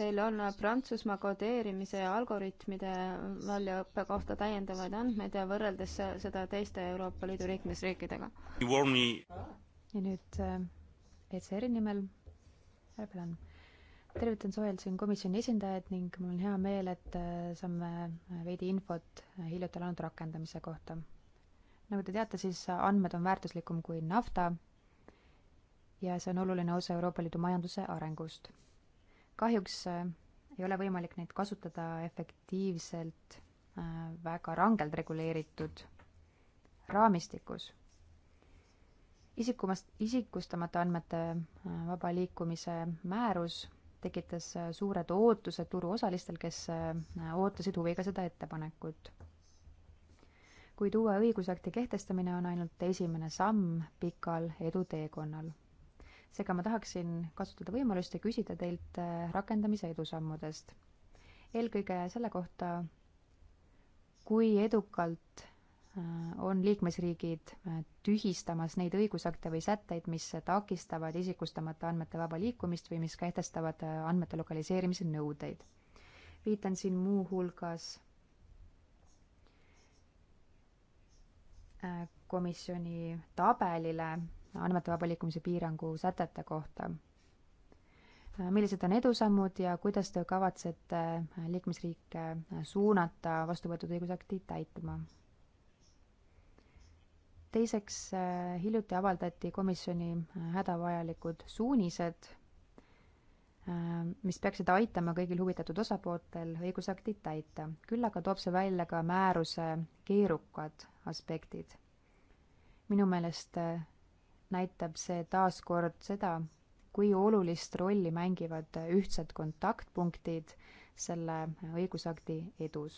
teil on Prantsusmaa kodeerimise algoritmide väljaõppe kohta täiendavaid andmeid ja võrreldes seda teiste Euroopa Liidu liikmesriikidega? ja nüüd äh, ECR-i nimel härra Pelan. tervitan soojalt siin komisjoni esindajaid ning mul on hea meel, et äh, saame äh, veidi infot hiljuti laenude rakendamise kohta. nagu te teate, siis andmed on väärtuslikum kui nafta ja see on oluline osa Euroopa Liidu majanduse arengust kahjuks äh, ei ole võimalik neid kasutada efektiivselt äh, väga rangelt reguleeritud raamistikus. isikumast, isikustamata andmete äh, vaba liikumise määrus tekitas suured ootused turuosalistel, kes ootasid huviga seda ettepanekut. kuid uue õigusakti kehtestamine on ainult esimene samm pikal eduteekonnal seega ma tahaksin kasutada võimalust ja küsida teilt äh, rakendamise edusammudest. eelkõige selle kohta, kui edukalt äh, on liikmesriigid äh, tühistamas neid õigusakte või sätteid, mis takistavad isikustamata andmete vaba liikumist või mis kehtestavad andmete lokaliseerimise nõudeid. viitan siin muuhulgas komisjoni tabelile andmete vaba liikumise piirangu sätete kohta. millised on edusammud ja kuidas te kavatsete liikmesriike suunata vastu võetud õigusakti täitma? teiseks, hiljuti avaldati komisjoni hädavajalikud suunised, mis peaksid aitama kõigil huvitatud osapooltel õigusakti täita. küll aga toob see välja ka määruse keerukad aspektid. minu meelest näitab see taaskord seda, kui olulist rolli mängivad ühtsed kontaktpunktid selle õigusakti edus.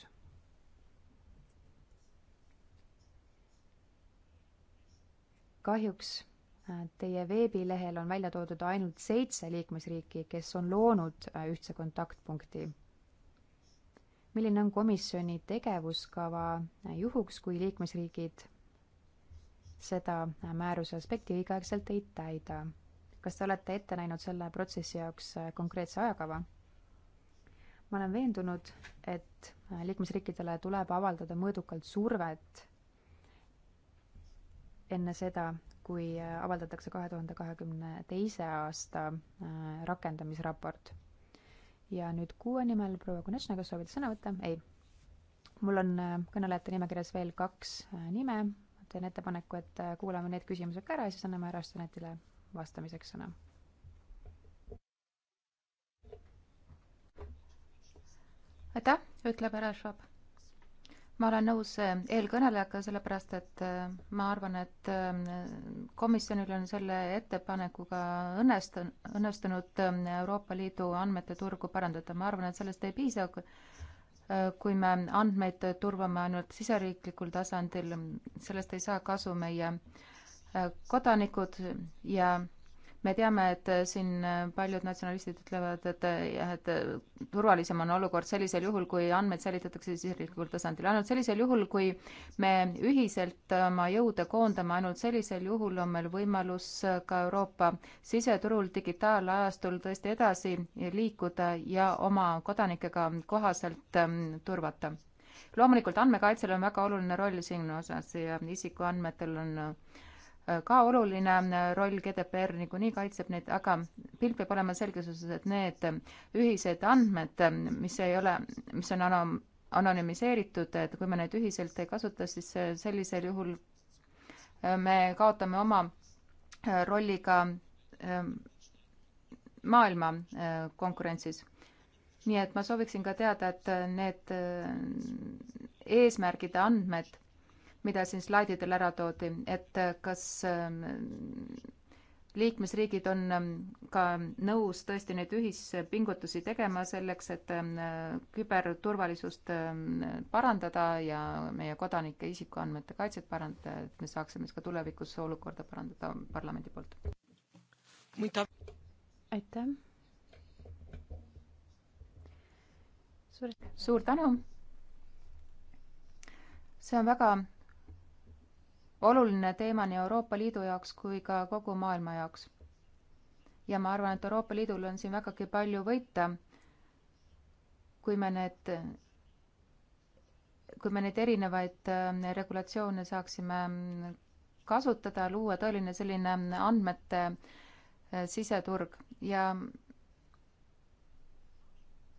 kahjuks äh, teie veebilehel on välja toodud ainult seitse liikmesriiki, kes on loonud äh, ühtse kontaktpunkti. milline on komisjoni tegevuskava äh, juhuks, kui liikmesriigid seda määruse aspekti õigeaegselt ei täida. kas te olete ette näinud selle protsessi jaoks äh, konkreetse ajakava? ma olen veendunud, et äh, liikmesriikidele tuleb avaldada mõõdukalt survet enne seda, kui äh, avaldatakse kahe tuhande kahekümne teise aasta rakendamisraport. ja nüüd kuue nimel proua Konechna, kas soovite sõna võtta? ei. mul on kõnelejate nimekirjas veel kaks nime, teen ettepaneku, et äh, kuulame need küsimused ka ära ja siis anname härra Stenetile vastamiseks sõna. aitäh, ütleb härra Schwab. ma olen nõus äh, eelkõnelejaga, sellepärast et äh, ma arvan, et komisjonil on selle ettepanekuga õnnest-, õnnestunud Euroopa Liidu andmete turgu parandada. ma arvan, et sellest ei piisa, Äh, kui me andmeid turvame ainult siseriiklikul tasandil, sellest ei saa kasu meie äh, kodanikud ja me teame, et äh, siin äh, paljud natsionalistid ütlevad, et äh, jah, et turvalisem on olukord sellisel juhul, kui andmeid säilitatakse siseriiklikul tasandil. ainult sellisel juhul, kui me ühiselt oma jõude koondame, ainult sellisel juhul on meil võimalus ka Euroopa siseturul digitaalajastul tõesti edasi liikuda ja oma kodanikega kohaselt ähm, turvata loomulikult andmekaitsel on väga oluline roll siin osas ja isikuandmetel on äh, Äh, ka oluline äh, roll, GDPR niikuinii kaitseb neid, aga pilt peab olema selges osas, et need äh, ühised andmed, mis ei ole, mis on anom-, anonüümiseeritud, et kui me neid ühiselt ei kasuta, siis sellisel juhul me kaotame oma rolli ka maailma konkurentsis. nii et ma sooviksin ka teada, et need eesmärgid, andmed mida siin slaididel ära toodi, et kas ähm, liikmesriigid on ähm, ka nõus tõesti neid ühispingutusi tegema selleks, et ähm, küberturvalisust parandada ja meie kodanike isikuandmete kaitset parandada, et me saaksime siis ka tulevikus olukorda parandada parlamendi poolt. aitäh. suur tänu. see on väga oluline teema nii Euroopa Liidu jaoks kui ka kogu maailma jaoks. ja ma arvan, et Euroopa Liidul on siin vägagi palju võita, kui me need, kui me neid erinevaid äh, regulatsioone saaksime kasutada, luua tõeline selline andmete äh, siseturg ja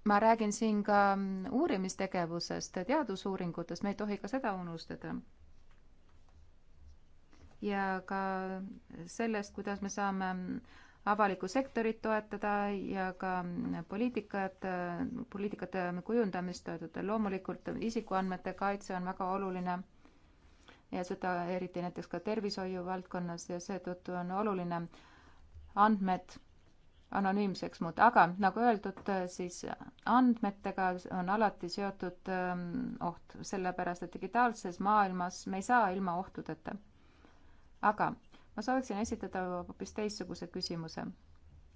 ma räägin siin ka mm, uurimistegevusest, teadusuuringutest, me ei tohi ka seda unustada ja ka sellest, kuidas me saame avalikku sektorit toetada ja ka poliitikat, poliitikate kujundamist toetada. loomulikult isikuandmete kaitse on väga oluline ja seda eriti näiteks ka tervishoiu valdkonnas ja seetõttu on oluline andmed anonüümseks muuta, aga nagu öeldud, siis andmetega on alati seotud ähm, oht, sellepärast et digitaalses maailmas me ei saa ilma ohtudeta aga ma sooviksin esitada hoopis teistsuguse küsimuse.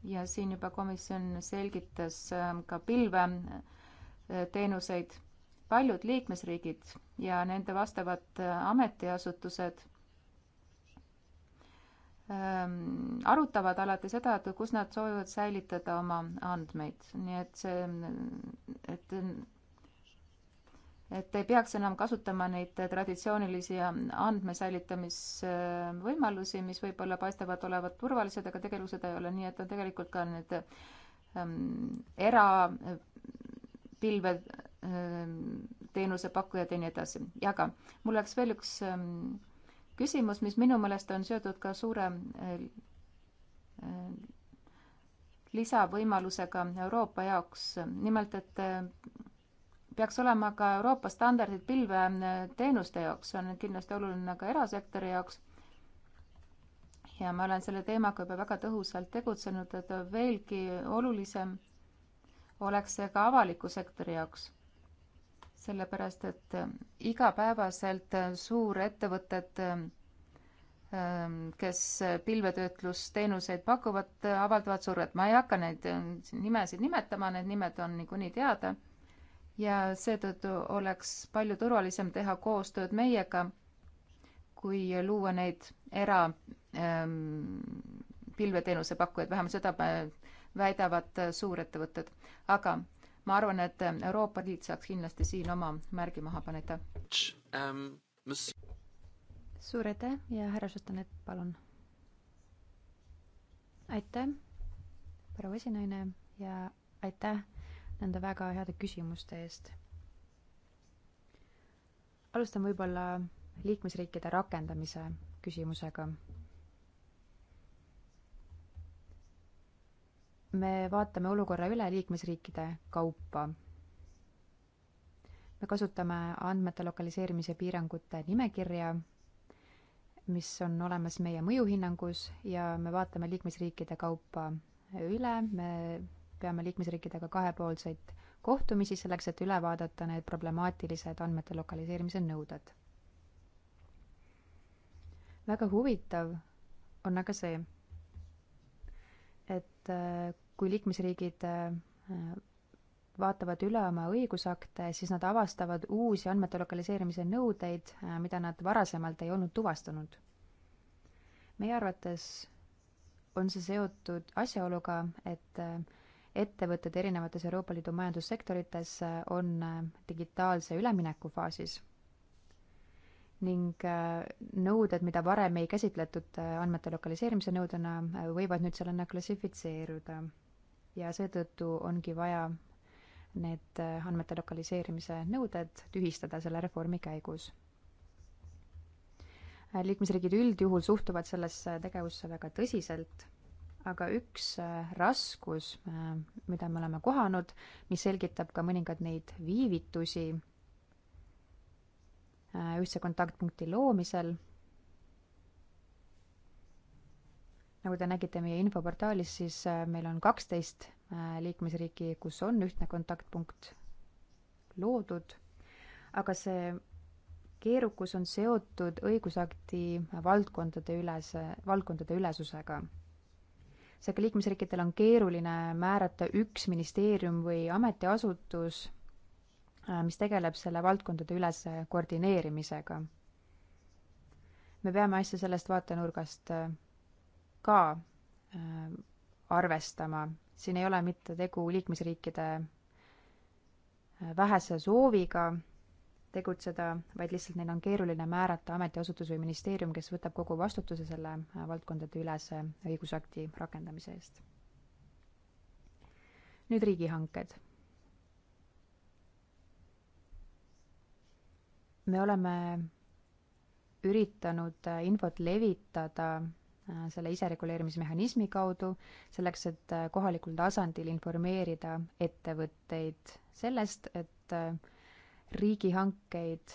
ja siin juba komisjon selgitas ähm, ka pilveteenuseid. Äh, paljud liikmesriigid ja nende vastavad äh, ametiasutused ähm, arutavad alati seda, et kus nad soovivad säilitada oma andmeid, nii et see, äh, et et ei peaks enam kasutama neid traditsioonilisi andmesäilitamisvõimalusi, mis võib-olla paistavad olevat turvalised, aga tegelikult seda ei ole, nii et on tegelikult ka need ähm, erapilve ähm, teenusepakkujad ja nii edasi. ja aga mul oleks veel üks ähm, küsimus, mis minu meelest on seotud ka suure äh, äh lisavõimalusega Euroopa jaoks, nimelt et äh, peaks olema ka Euroopa standardid pilveteenuste äh, jaoks, see on kindlasti oluline ka erasektori jaoks. ja ma olen selle teemaga juba väga tõhusalt tegutsenud, et veelgi olulisem oleks see ka avaliku sektori jaoks. sellepärast, et äh, igapäevaselt äh, suurettevõtted, ähm, kes pilvetöötlusteenuseid pakuvad, avaldavad survet. ma ei hakka neid nimesid nimetama, need nimed on niikuinii teada ja seetõttu oleks palju turvalisem teha koostööd meiega, kui luua neid erapilveteenuse ähm, pakkujaid, vähemalt seda väidavad suurettevõtted. aga ma arvan, et Euroopa Liit saaks kindlasti siin oma märgi maha paneda um,. Mis... suur aitäh ja härra Šostanet, palun. aitäh, proua esinaine ja aitäh nende väga heade küsimuste eest. alustan võib-olla liikmesriikide rakendamise küsimusega. me vaatame olukorra üle liikmesriikide kaupa. me kasutame andmete lokaliseerimise piirangute nimekirja, mis on olemas meie mõjuhinnangus ja me vaatame liikmesriikide kaupa üle, me peame liikmesriikidega kahepoolseid kohtumisi selleks, et üle vaadata need problemaatilised andmete lokaliseerimise nõuded. väga huvitav on aga see, et äh, kui liikmesriigid äh, vaatavad üle oma õigusakte, siis nad avastavad uusi andmete lokaliseerimise nõudeid, äh, mida nad varasemalt ei olnud tuvastanud. meie arvates on see seotud asjaoluga, et ettevõtted erinevates Euroopa Liidu majandussektorites äh, on äh, digitaalse ülemineku faasis ning äh, nõuded, mida varem ei käsitletud andmete lokaliseerimise nõudena, võivad nüüd sellena klassifitseeruda. ja seetõttu ongi vaja need andmete lokaliseerimise nõuded tühistada selle reformi käigus. liikmesriigid üldjuhul suhtuvad sellesse tegevusse väga tõsiselt aga üks äh, raskus, äh, mida me oleme kohanud, mis selgitab ka mõningaid neid viivitusi äh, ühtse kontaktpunkti loomisel, nagu te nägite meie infoportaalis, siis meil on kaksteist liikmesriiki, kus on ühtne kontaktpunkt loodud, aga see keerukus on seotud õigusakti valdkondade üles, valdkondade ülesusega seega liikmesriikidel on keeruline määrata üks ministeerium või ametiasutus, äh, mis tegeleb selle valdkondade ülese koordineerimisega. me peame asja sellest vaatenurgast äh, ka äh, arvestama, siin ei ole mitte tegu liikmesriikide vähese sooviga tegutseda, vaid lihtsalt neil on keeruline määrata ametiasutus või ministeerium, kes võtab kogu vastutuse selle äh, valdkondadeülese õigusakti rakendamise eest. nüüd riigihanked. me oleme üritanud äh, infot levitada äh, selle isereguleerimismehhanismi kaudu, selleks et kohalikul tasandil informeerida ettevõtteid sellest, et riigihankeid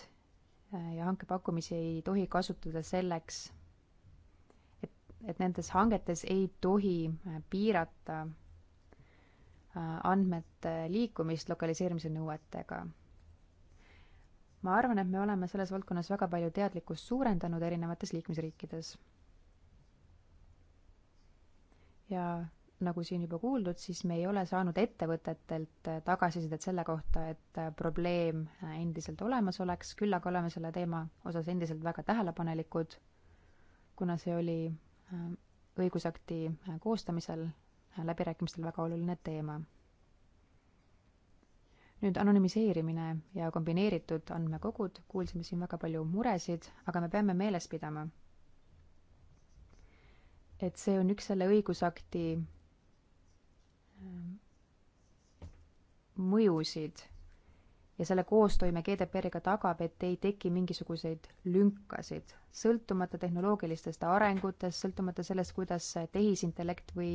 äh, ja hankepakkumisi ei tohi kasutada selleks, et, et nendes hangetes ei tohi äh, piirata äh, andmete liikumist lokaliseerimise nõuetega. ma arvan, et me oleme selles valdkonnas väga palju teadlikkust suurendanud erinevates liikmesriikides. ja nagu siin juba kuuldud, siis me ei ole saanud ettevõtetelt tagasisidet selle kohta, et probleem endiselt olemas oleks, küll aga oleme selle teema osas endiselt väga tähelepanelikud, kuna see oli äh, õigusakti äh, koostamisel äh, läbirääkimistel väga oluline teema. nüüd anonüümiseerimine ja kombineeritud andmekogud, kuulsime siin väga palju muresid, aga me peame meeles pidama, et see on üks selle õigusakti Ähm, mõjusid ja selle koostoime GDPR-iga tagab, et ei teki mingisuguseid lünkasid, sõltumata tehnoloogilistest arengutest, sõltumata sellest, kuidas tehisintellekt või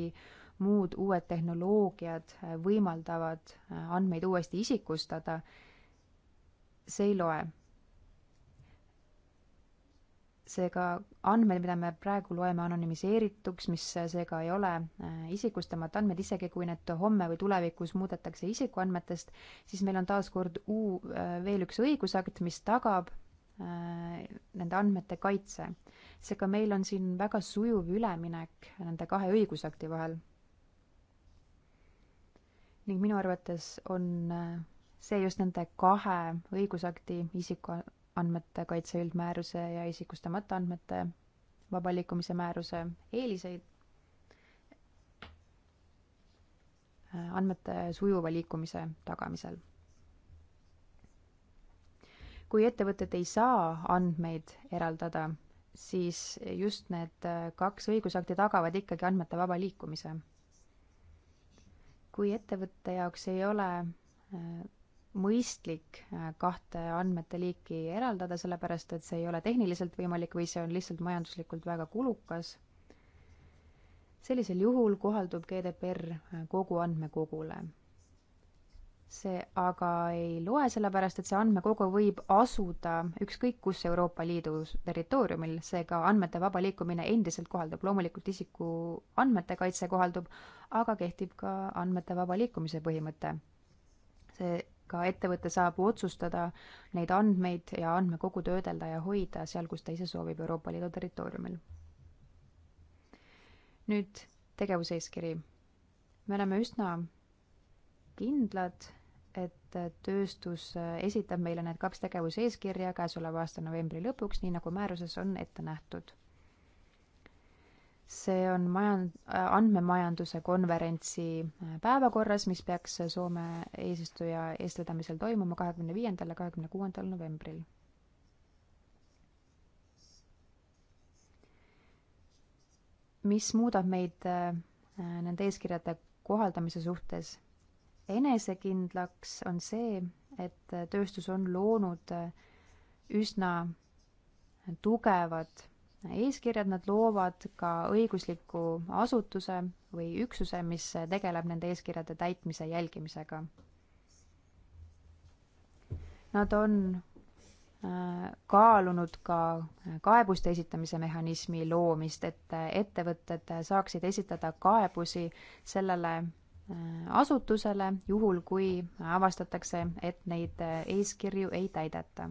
muud uued tehnoloogiad äh, võimaldavad äh, andmeid uuesti isikustada, see ei loe seega andmed, mida me praegu loeme anonüümiseerituks, mis seega ei ole äh, isikustamata andmed, isegi kui need homme või tulevikus muudetakse isikuandmetest, siis meil on taaskord uu-, äh, veel üks õigusakt, mis tagab äh, nende andmete kaitse. seega meil on siin väga sujuv üleminek nende kahe õigusakti vahel. ning minu arvates on see just nende kahe õigusakti isiku andmete kaitse üldmääruse ja isikustamata andmete vaba liikumise määruse eeliseid, andmete sujuva liikumise tagamisel. kui ettevõtted ei saa andmeid eraldada, siis just need kaks õigusakti tagavad ikkagi andmete vaba liikumise. kui ettevõtte jaoks ei ole mõistlik äh, kahte andmete liiki eraldada, sellepärast et see ei ole tehniliselt võimalik või see on lihtsalt majanduslikult väga kulukas. sellisel juhul kohaldub GDPR äh, kogu andmekogule. see aga ei loe, sellepärast et see andmekogu võib asuda ükskõik kus Euroopa Liidu territooriumil, seega andmete vaba liikumine endiselt kohaldub, loomulikult isiku andmete kaitse kohaldub, aga kehtib ka andmete vaba liikumise põhimõte. see ka ettevõte saab otsustada neid andmeid ja andmekogu töödelda ja hoida seal, kus ta ise soovib Euroopa Liidu territooriumil. nüüd tegevuseeskiri. me oleme üsna kindlad, et tööstus esitab meile need kaks tegevuseeskirja käesoleva aasta novembri lõpuks, nii nagu määruses on ette nähtud see on majan-, andmemajanduse konverentsi äh, päevakorras, mis peaks äh, Soome eesistuja eestvedamisel toimuma kahekümne viiendal ja kahekümne kuuendal novembril. mis muudab meid äh, nende eeskirjade kohaldamise suhtes enesekindlaks, on see, et tööstus on loonud üsna tugevad eeskirjad, nad loovad ka õigusliku asutuse või üksuse, mis tegeleb nende eeskirjade täitmise jälgimisega. Nad on äh, kaalunud ka kaebuste esitamise mehhanismi loomist, et ettevõtted saaksid esitada kaebusi sellele äh, asutusele, juhul kui avastatakse, et neid äh, eeskirju ei täideta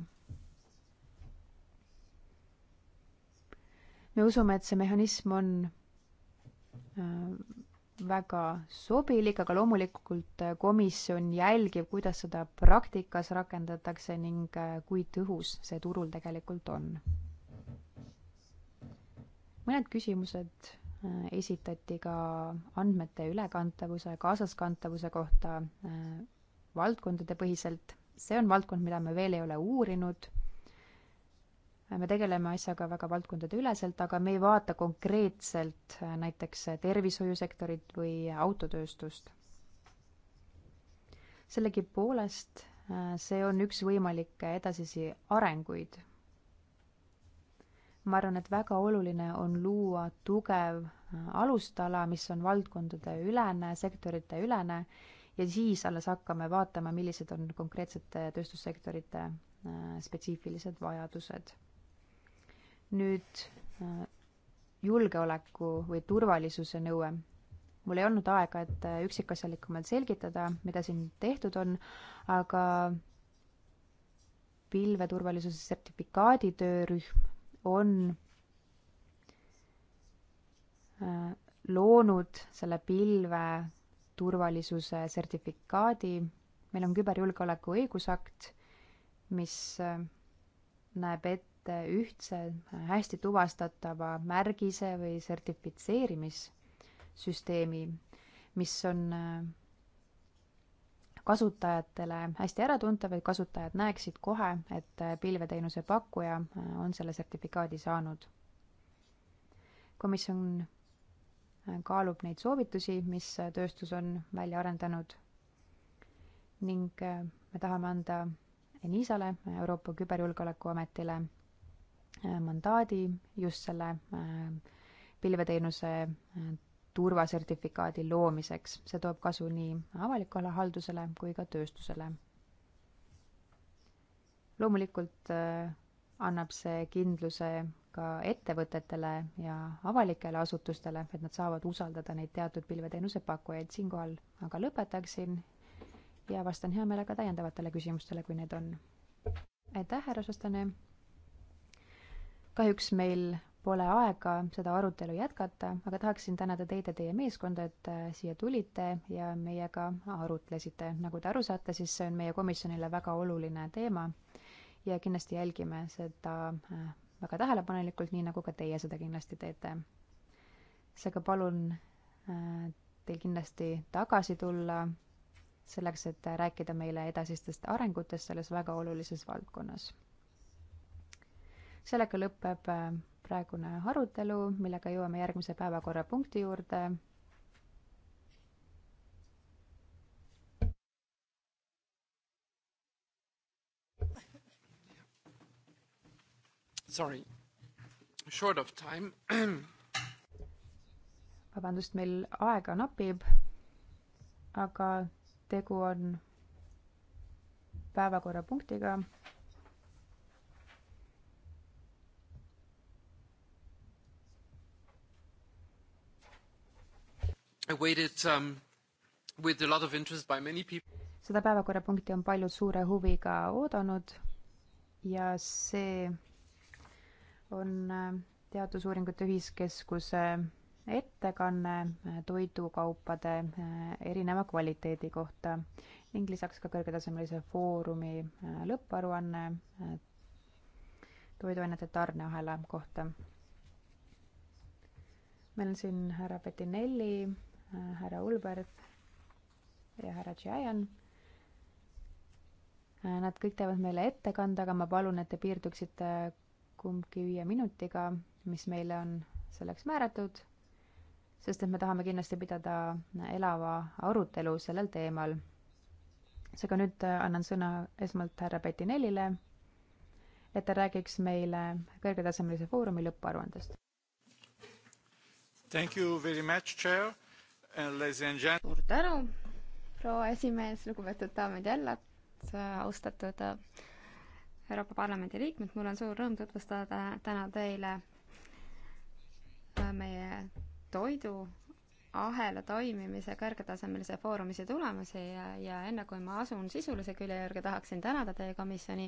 me usume, et see mehhanism on äh, väga sobilik, aga loomulikult äh, komisjon jälgib, kuidas seda praktikas rakendatakse ning äh, kui tõhus see turul tegelikult on. mõned küsimused esitati ka andmete ülekantavuse, kaasaskantavuse kohta valdkondade põhiselt. see on valdkond, mida me veel ei ole uurinud me tegeleme asjaga väga valdkondadeüleselt, aga me ei vaata konkreetselt äh, näiteks äh, tervishoiusektorit või autotööstust. sellegipoolest äh, see on üks võimalikke edasisi arenguid. ma arvan, et väga oluline on luua tugev alustala, mis on valdkondadeülene, sektoriteülene ja siis alles hakkame vaatama, millised on konkreetsete tööstussektorite spetsiifilised vajadused nüüd äh, julgeoleku või turvalisuse nõue. mul ei olnud aega, et äh, üksikasjalikumalt selgitada, mida siin tehtud on, aga pilveturvalisuse sertifikaadi töörühm on äh, loonud selle pilve turvalisuse sertifikaadi. meil on küberjulgeoleku õigusakt, mis näeb ette ette ühtse, hästi tuvastatava märgise või sertifitseerimissüsteemi, mis on äh, kasutajatele hästi äratuntav, et kasutajad näeksid kohe, et äh, pilveteenuse pakkuja äh, on selle sertifikaadi saanud. komisjon kaalub neid soovitusi, mis tööstus on välja arendanud ning me tahame anda Enisale, Euroopa Küberjulgeolekuametile Äh, mandaadi just selle äh, pilveteenuse äh, turvasertifikaadi loomiseks. see toob kasu nii avaliku ala haldusele kui ka tööstusele. loomulikult annab see kindluse ka ettevõtetele ja avalikele asutustele, et nad saavad usaldada neid teatud pilveteenuse pakkujaid. siinkohal aga lõpetaksin ja vastan hea meelega täiendavatele küsimustele, kui need on. aitäh, härra Sostane kahjuks meil pole aega seda arutelu jätkata, aga tahaksin tänada teid ja teie meeskonda, et äh, siia tulite ja meiega arutlesite. nagu te aru saate, siis see on meie komisjonile väga oluline teema ja kindlasti jälgime seda äh, väga tähelepanelikult, nii nagu ka teie seda kindlasti teete. seega palun äh, teil kindlasti tagasi tulla selleks, et rääkida meile edasistest arengutest selles väga olulises valdkonnas sellega lõpeb äh, praegune arutelu, millega jõuame järgmise päevakorrapunkti juurde. Sorry, short of time. *clears throat* vabandust, meil aega napib, aga tegu on päevakorrapunktiga awaited um, with a lot of interest by many people. seda päevakorrapunkti on paljud suure huviga oodanud ja see on äh, Teadusuuringute Ühiskeskuse ettekanne äh, toidukaupade äh, erineva kvaliteedi kohta ning lisaks ka kõrgetasemelise foorumi lõpparuanne toiduainete tarneahela kohta. meil on siin härra Petinelli Äh, härra Ulberg ja härra Tšajan. Äh, nad kõik teevad meile ettekande, aga ma palun, et te piirduksite kumbki viie minutiga, mis meile on selleks määratud, sest et me tahame kindlasti pidada äh, elava arutelu sellel teemal. seega nüüd annan sõna esmalt härra Petinellile, et ta räägiks meile kõrgetasemelise foorumi lõpparuandest. Thank you very much, chair suur tänu, proua esimees, lugupeetud daamid ja härrad, austatud äh, Euroopa Parlamendi liikmed, mul on suur rõõm tutvustada täna teile äh, meie toidu ahela toimimise kõrgetasemelise foorumise tulemusi ja, ja enne kui ma asun sisulise külje juurde, tahaksin tänada teie komisjoni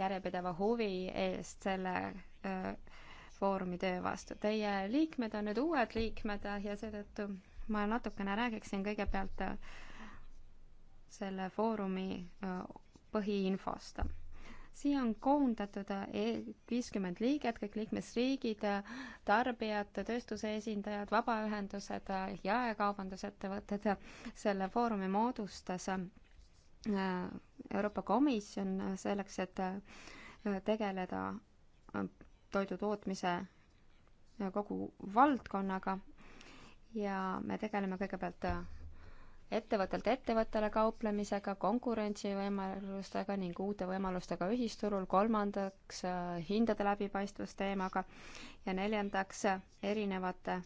järjepideva huvi eest selle öö, äh, foorumi töö vastu. Teie liikmed on nüüd uued liikmed ja seetõttu ma natukene räägiksin kõigepealt äh, selle foorumi äh, põhiinfost. siia on koondatud äh, e, viiskümmend liiget, kõik liikmesriigid, tarbijad, tööstuse esindajad, vabaühendused, jaekaubandusettevõtted. selle foorumi moodustas Euroopa Komisjon selleks, et tegeleda toidu tootmise kogu valdkonnaga ja me tegeleme kõigepealt äh, ettevõttelt ettevõttele kauplemisega, konkurentsivõimalustega ning uute võimalustega ühisturul, kolmandaks äh, hindade läbipaistvusteemaga ja neljandaks erinevate,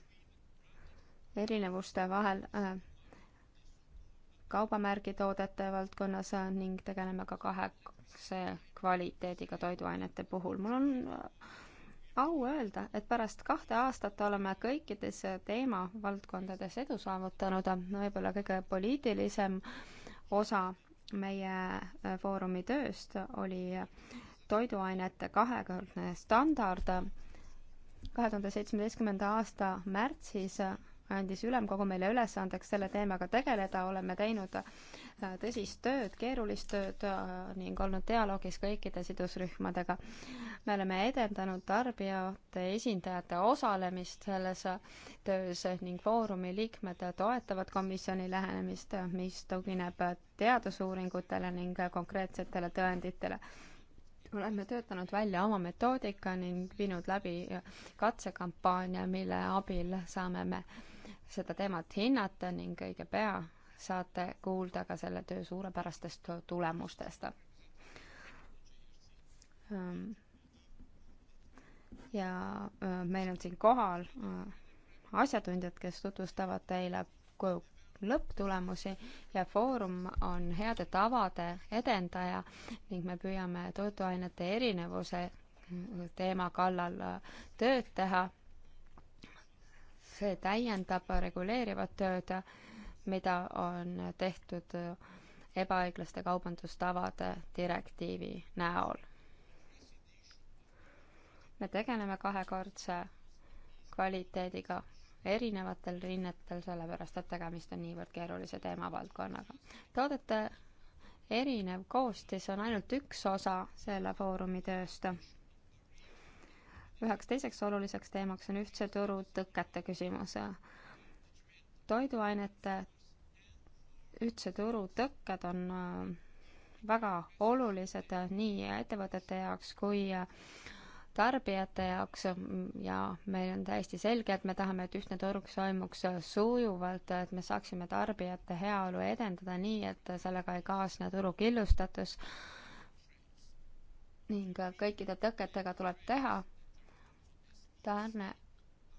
erinevuste vahel äh, kaubamärgitoodete valdkonnas äh, ning tegeleme ka kaheksa kvaliteediga toiduainete puhul. mul on au öelda, et pärast kahte aastat oleme kõikides teemavaldkondades edu saavutanud, võib-olla kõige poliitilisem osa meie äh, foorumi tööst oli toiduainete kahekordne standard. kahe tuhande seitsmeteistkümnenda aasta märtsis andis ülemkogu meile ülesandeks selle teemaga tegeleda, oleme teinud äh, tõsist tööd, keerulist tööd äh, ning olnud dialoogis kõikide sidusrühmadega. me oleme edendanud tarbijate esindajate osalemist selles äh, töös ning Foorumi liikmed toetavad komisjoni lähenemist, mis tugineb teadusuuringutele ning konkreetsetele tõenditele oleme töötanud välja oma metoodika ning viinud läbi katsekampaania, mille abil saame me äh, seda teemat hinnata ning õige pea saate kuulda ka selle töö suurepärastest tulemustest. Ehm, ja ehm, meil on siin kohal ehm, asjatundjad, kes tutvustavad teile lõpptulemusi ja Foorum on heade tavade edendaja ning me püüame toiduainete erinevuse teema kallal tööd teha see täiendab reguleerivat tööd, mida on tehtud ebaõiglaste kaubandustavade direktiivi näol. me tegeleme kahekordse kvaliteediga erinevatel rinnetel, sellepärast et tegemist on niivõrd keerulise teemavaldkonnaga. toodete erinev koostis on ainult üks osa selle foorumi tööst üheks teiseks oluliseks teemaks on ühtse turu tõkete küsimus. toiduainete ühtse turu tõkked on äh, väga olulised äh, nii ettevõtete jaoks kui äh, tarbijate jaoks ja meil on täiesti selge, et me tahame, et ühtne turg toimuks sujuvalt, et me saaksime tarbijate heaolu edendada nii, et sellega ei kaasne turu killustatus ning kõikide tõketega tuleb teha tarne,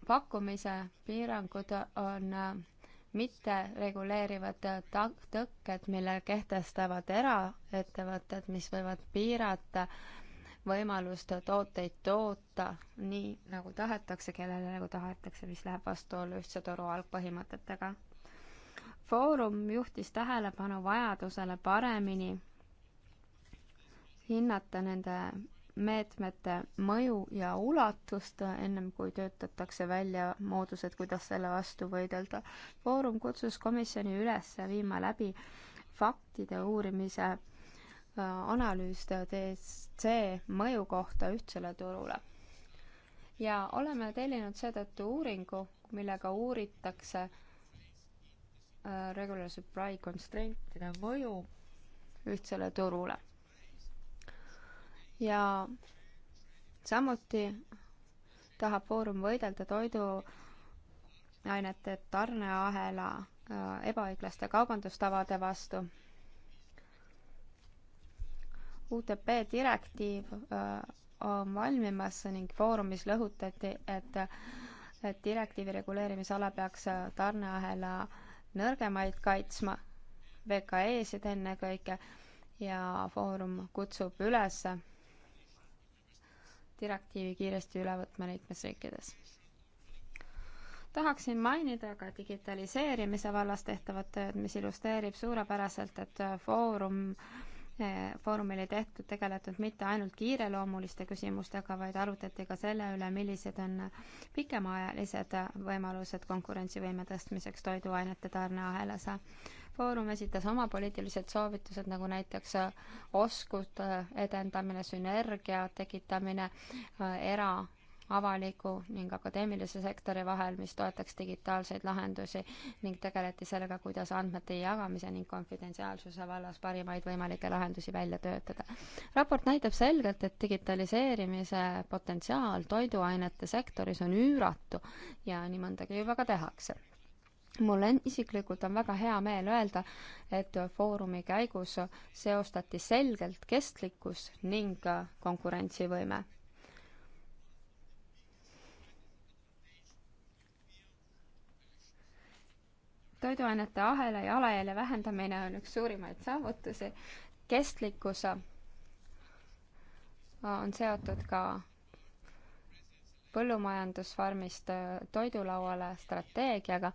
pakkumise piirangud on äh, mitte reguleerivad äh, tõkked, mille kehtestavad eraettevõtted, mis võivad piirata võimalust tooteid toota nii, nagu tahetakse, kellele nagu tahetakse, mis läheb vastuollu ühtse turu algpõhimõtetega. Foorum juhtis tähelepanu vajadusele paremini hinnata nende meetmete mõju ja ulatust, ennem kui töötatakse välja moodused, kuidas selle vastu võidelda. Foorum kutsus komisjoni üles viima läbi faktide uurimise äh, analüüs DSC mõju kohta ühtsele turule. ja oleme tellinud seetõttu uuringu, millega uuritakse äh, regular supply constraint'ide mõju ühtsele turule ja samuti tahab Foorum võidelda toiduainete tarneahela äh, ebaõiglaste kaubandustavade vastu. UTP direktiiv äh, on valmimas ning Foorumis lõhutati, et, et direktiivi reguleerimisala peaks äh, tarneahela nõrgemaid kaitsma, VKE-sid ennekõike, ja Foorum kutsub üles direktiivi kiiresti üle võtma liikmesriikides. tahaksin mainida ka digitaliseerimise vallas tehtavat tööd, mis illustreerib suurepäraselt, et Foorum foorumil ei tehtud, tegeletud mitte ainult kiireloomuliste küsimustega, vaid arutati ka selle üle, millised on pikemaajalised võimalused konkurentsivõime tõstmiseks toiduainete tarneahelas. Foorum esitas oma poliitilised soovitused, nagu näiteks oskuste edendamine, sünergia tekitamine era- avaliku ning akadeemilise sektori vahel, mis toetaks digitaalseid lahendusi ning tegeleti sellega, kuidas andmete jagamise ning konfidentsiaalsuse vallas parimaid võimalikke lahendusi välja töötada. raport näitab selgelt, et digitaliseerimise potentsiaal toiduainete sektoris on üüratu ja nii mõndagi juba ka tehakse mul en-, isiklikult on väga hea meel öelda, et foorumi käigus seostati selgelt kestlikkus ning konkurentsivõime toiduainete ahela ja alajälje vähendamine on üks suurimaid saavutusi. kestlikkus on seotud ka põllumajandusfarmist äh, toidulauale strateegiaga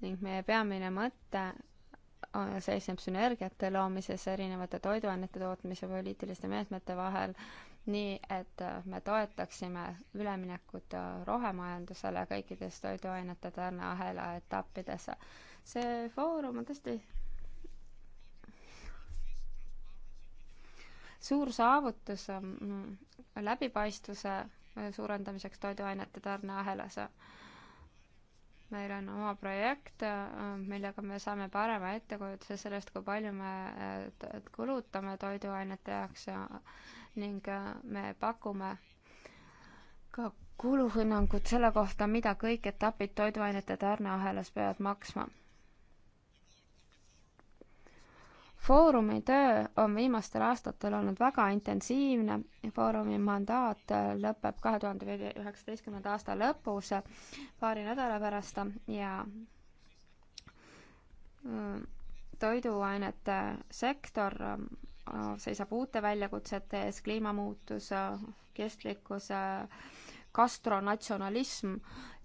ning meie peamine mõte äh, seisneb sünergiate loomises erinevate toiduainete tootmise poliitiliste meetmete vahel nii et äh, me toetaksime üleminekut äh, rohemajandusele kõikides toiduainete tarneahela etappides. see foorum on tõesti suur saavutus ähm, läbipaistvuse äh, suurendamiseks toiduainete tarneahelas. meil on oma projekt, millega me saame parema ettekujutuse sellest, kui palju me kulutame toiduainete jaoks ja ning äh, me pakume ka kuluhinnangut selle kohta, mida kõik etapid toiduainete tarneahelas peavad maksma. Foorumi töö on viimastel aastatel olnud väga intensiivne, Foorumi mandaat äh, lõpeb kahe tuhande üheksateistkümnenda aasta lõpus, äh, paari nädala pärast ja toiduainete sektor seisab uute väljakutsete ees, kliimamuutus, kestlikkus, gastronatsionalism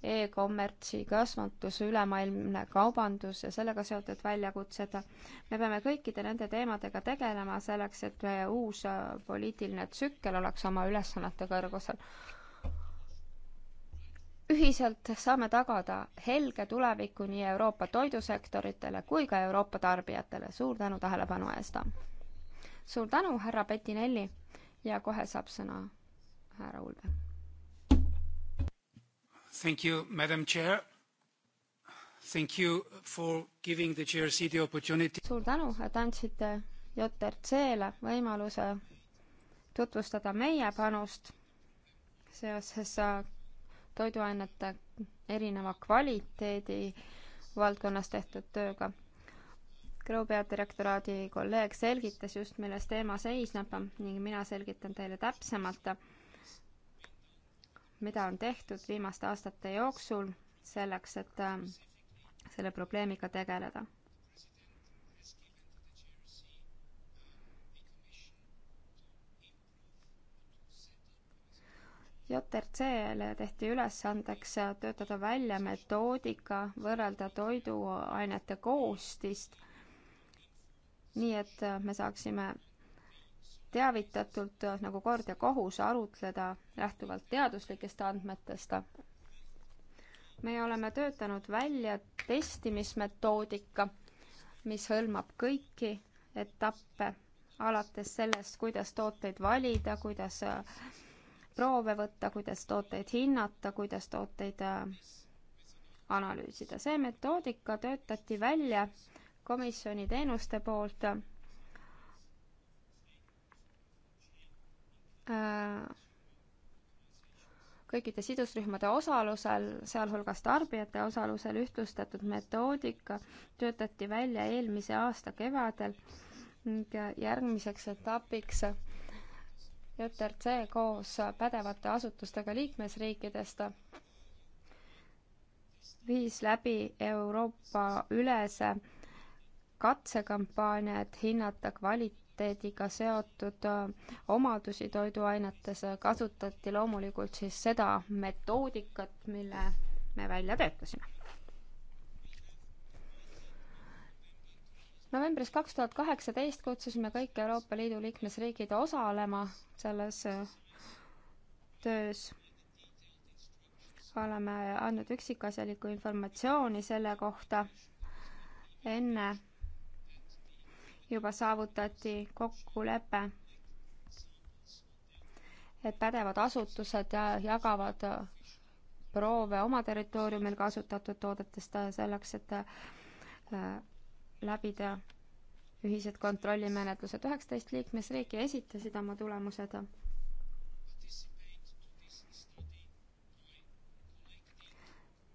e, e-kommertsi kasvatus, ülemaailmne kaubandus ja sellega seotud väljakutsed. me peame kõikide nende teemadega tegelema selleks, et uus poliitiline tsükkel oleks oma ülesannete kõrgusel. ühiselt saame tagada helge tuleviku nii Euroopa toidusektoritele kui ka Euroopa tarbijatele. suur tänu tähelepanu eest! suur tänu, härra Petinelli ja kohe saab sõna härra Ulbe. Thank you, madam chair. Thank you for giving the GRC the opportunity. suur tänu, et andsite JRC-le võimaluse tutvustada meie panust seoses toiduainete erineva kvaliteedi valdkonnas tehtud tööga Grow peadirektoraadi kolleeg selgitas just, milles teema seisneb ning mina selgitan teile täpsemalt, mida on tehtud viimaste aastate jooksul selleks, et selle probleemiga tegeleda. JRC-le tehti ülesandeks töötada välja metoodika võrrelda toiduainete koostist nii et äh, me saaksime teavitatult äh, nagu kord ja kohus arutleda lähtuvalt teaduslikest andmetest. me oleme töötanud välja testimismetoodika, mis hõlmab kõiki etappe, alates sellest, kuidas tooteid valida, kuidas äh, proove võtta, kuidas tooteid hinnata, kuidas tooteid analüüsida. see metoodika töötati välja äh, komisjoni teenuste poolt kõikide sidusrühmade osalusel, sealhulgas tarbijate osalusel ühtlustatud metoodika töötati välja eelmise aasta kevadel ning järgmiseks etapiks JRC koos pädevate asutustega liikmesriikidest viis läbi Euroopa ülese katsekampaania, et hinnata kvaliteediga seotud äh, omadusi toiduainetes, äh, kasutati loomulikult siis seda metoodikat, mille me välja töötasime. novembris kaks tuhat kaheksateist kutsusime kõik Euroopa Liidu liikmesriigid osalema selles äh, töös oleme andnud üksikasjalikku informatsiooni selle kohta enne juba saavutati kokkulepe, et pädevad asutused jagavad proove oma territooriumil kasutatud toodetest selleks, et äh, läbida ühised kontrollimenetlused. üheksateist liikmesriiki esitasid oma tulemused.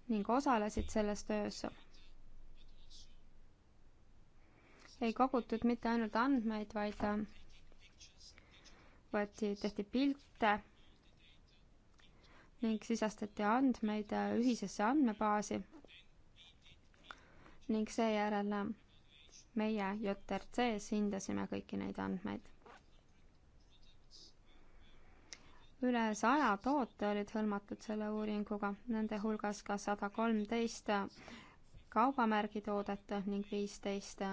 ning osalesid selles töös ei kogutud mitte ainult andmeid, vaid võeti, tehti pilte ning sisestati andmeid äh, ühisesse andmebaasi ning seejärel äh, meie JRC-s hindasime kõiki neid andmeid. üle saja toote olid hõlmatud selle uuringuga, nende hulgas ka sada kolmteist äh, kaubamärgitoodet ning viisteist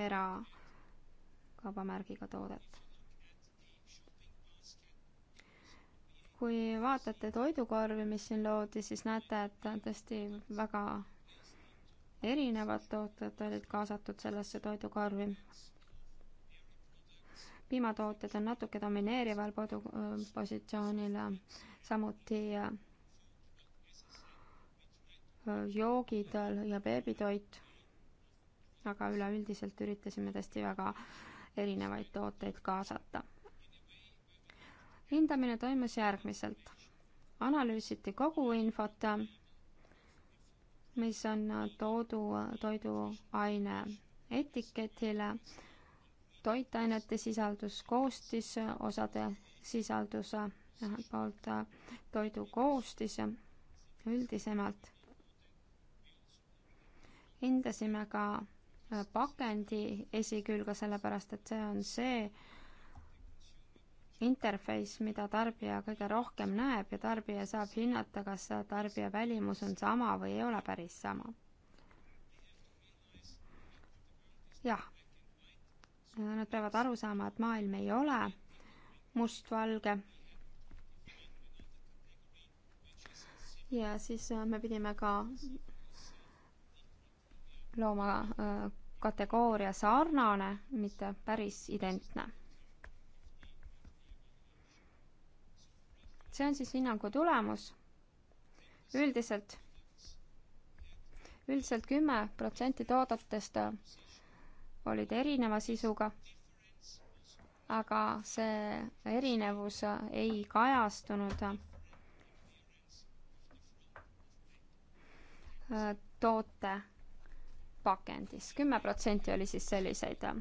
erakaubamärgiga toodet. kui vaatate toidukorvi, mis siin loodi, siis näete, et tõesti väga erinevad tooted olid kaasatud sellesse toidukorvi. piimatooted on natuke domineerival podu-, positsioonil, samuti äh, joogid ja beebitoit aga üleüldiselt üritasime tõesti väga erinevaid tooteid kaasata. hindamine toimus järgmiselt. analüüsiti kogu infot, mis on toodu, toiduaine etiketile, toitainete sisaldus, koostisosade sisalduse ühelt poolt toidukoostis üldisemalt. hindasime ka pakendi esikülge, sellepärast et see on see interface, mida tarbija kõige rohkem näeb ja tarbija saab hinnata, kas tarbija välimus on sama või ei ole päris sama. jah, nad peavad aru saama, et maailm ei ole mustvalge ja siis me pidime ka looma äh, kategooria sarnane, mitte päris identne. see on siis hinnangu tulemus. üldiselt, üldiselt kümme protsenti toodetest olid erineva sisuga, aga see erinevus ei kajastunud äh, toote pakendis. kümme protsenti oli siis selliseid äh,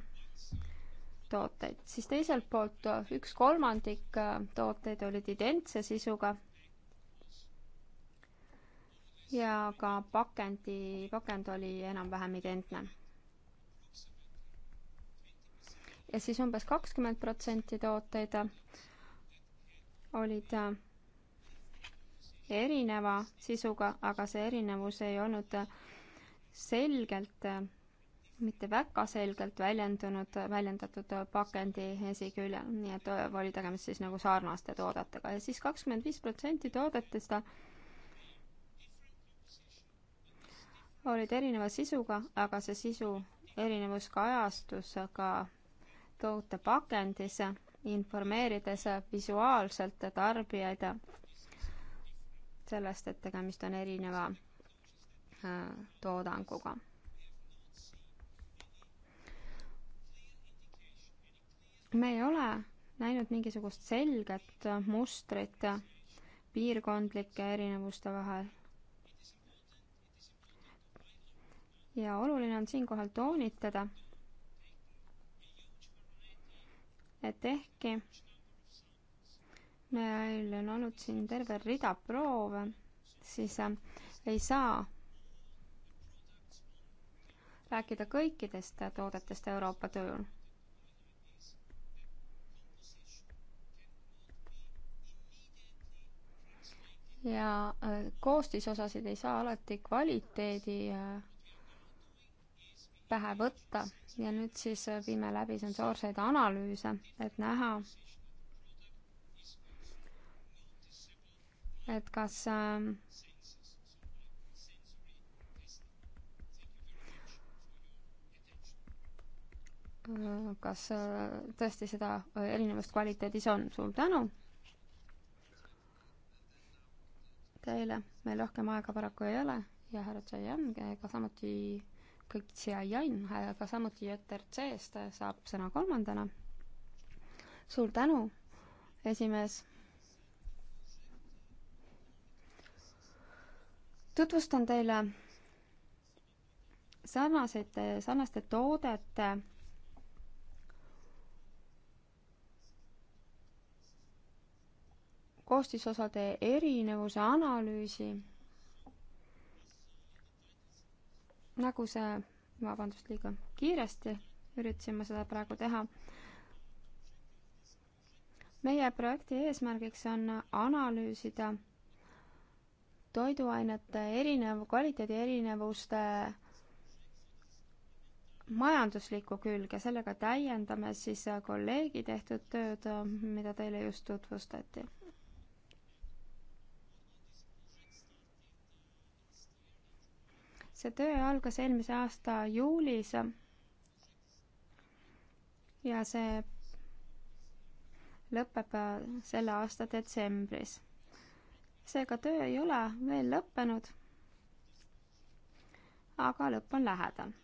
tooteid, siis teiselt poolt äh, üks kolmandik äh, tooteid olid identse sisuga. ja ka pakendi, pakend oli enam-vähem identne. ja siis umbes kakskümmend protsenti tooteid olid erineva sisuga, aga see erinevus ei olnud äh, selgelt, äh, mitte väga selgelt väljendunud, väljendatud pakendi esiküljel, nii et äh, oli tegemist siis nagu sarnaste toodetega ja siis kakskümmend viis protsenti toodetest olid erineva sisuga, aga see sisu erinevus kajastus ka toote pakendis, informeerides visuaalselt tarbijaid sellest, et tegemist on erineva toodanguga. me ei ole näinud mingisugust selget mustrit piirkondlike erinevuste vahel. ja oluline on siinkohal toonitada, et ehkki meil on olnud siin terve rida proove, siis ei saa rääkida kõikidest toodetest Euroopa tööl. ja äh, koostisosasid ei saa alati kvaliteedi äh, pähe võtta ja nüüd siis äh, viime läbi sensoorseid analüüse, et näha, et kas äh, kas äh, tõesti seda äh, erinevust kvaliteedis on. suur tänu teile, meil rohkem aega paraku ei ole ja härra Tšaian, ka samuti kõik Tšaian, ka samuti JTRC-st saab sõna kolmandana. suur tänu, esimees. tutvustan teile sarnaseid, sarnaste toodete koostisosade erinevuse analüüsi, nagu see, vabandust, liiga kiiresti üritasin ma seda praegu teha. meie projekti eesmärgiks on analüüsida toiduainete erinev, kvaliteedi erinevuste majanduslikku külge, sellega täiendame siis kolleegi tehtud tööd, mida teile just tutvustati see töö algas eelmise aasta juulis ja see lõpeb äh, selle aasta detsembris. seega töö ei ole veel lõppenud, aga lõpp on lähedal.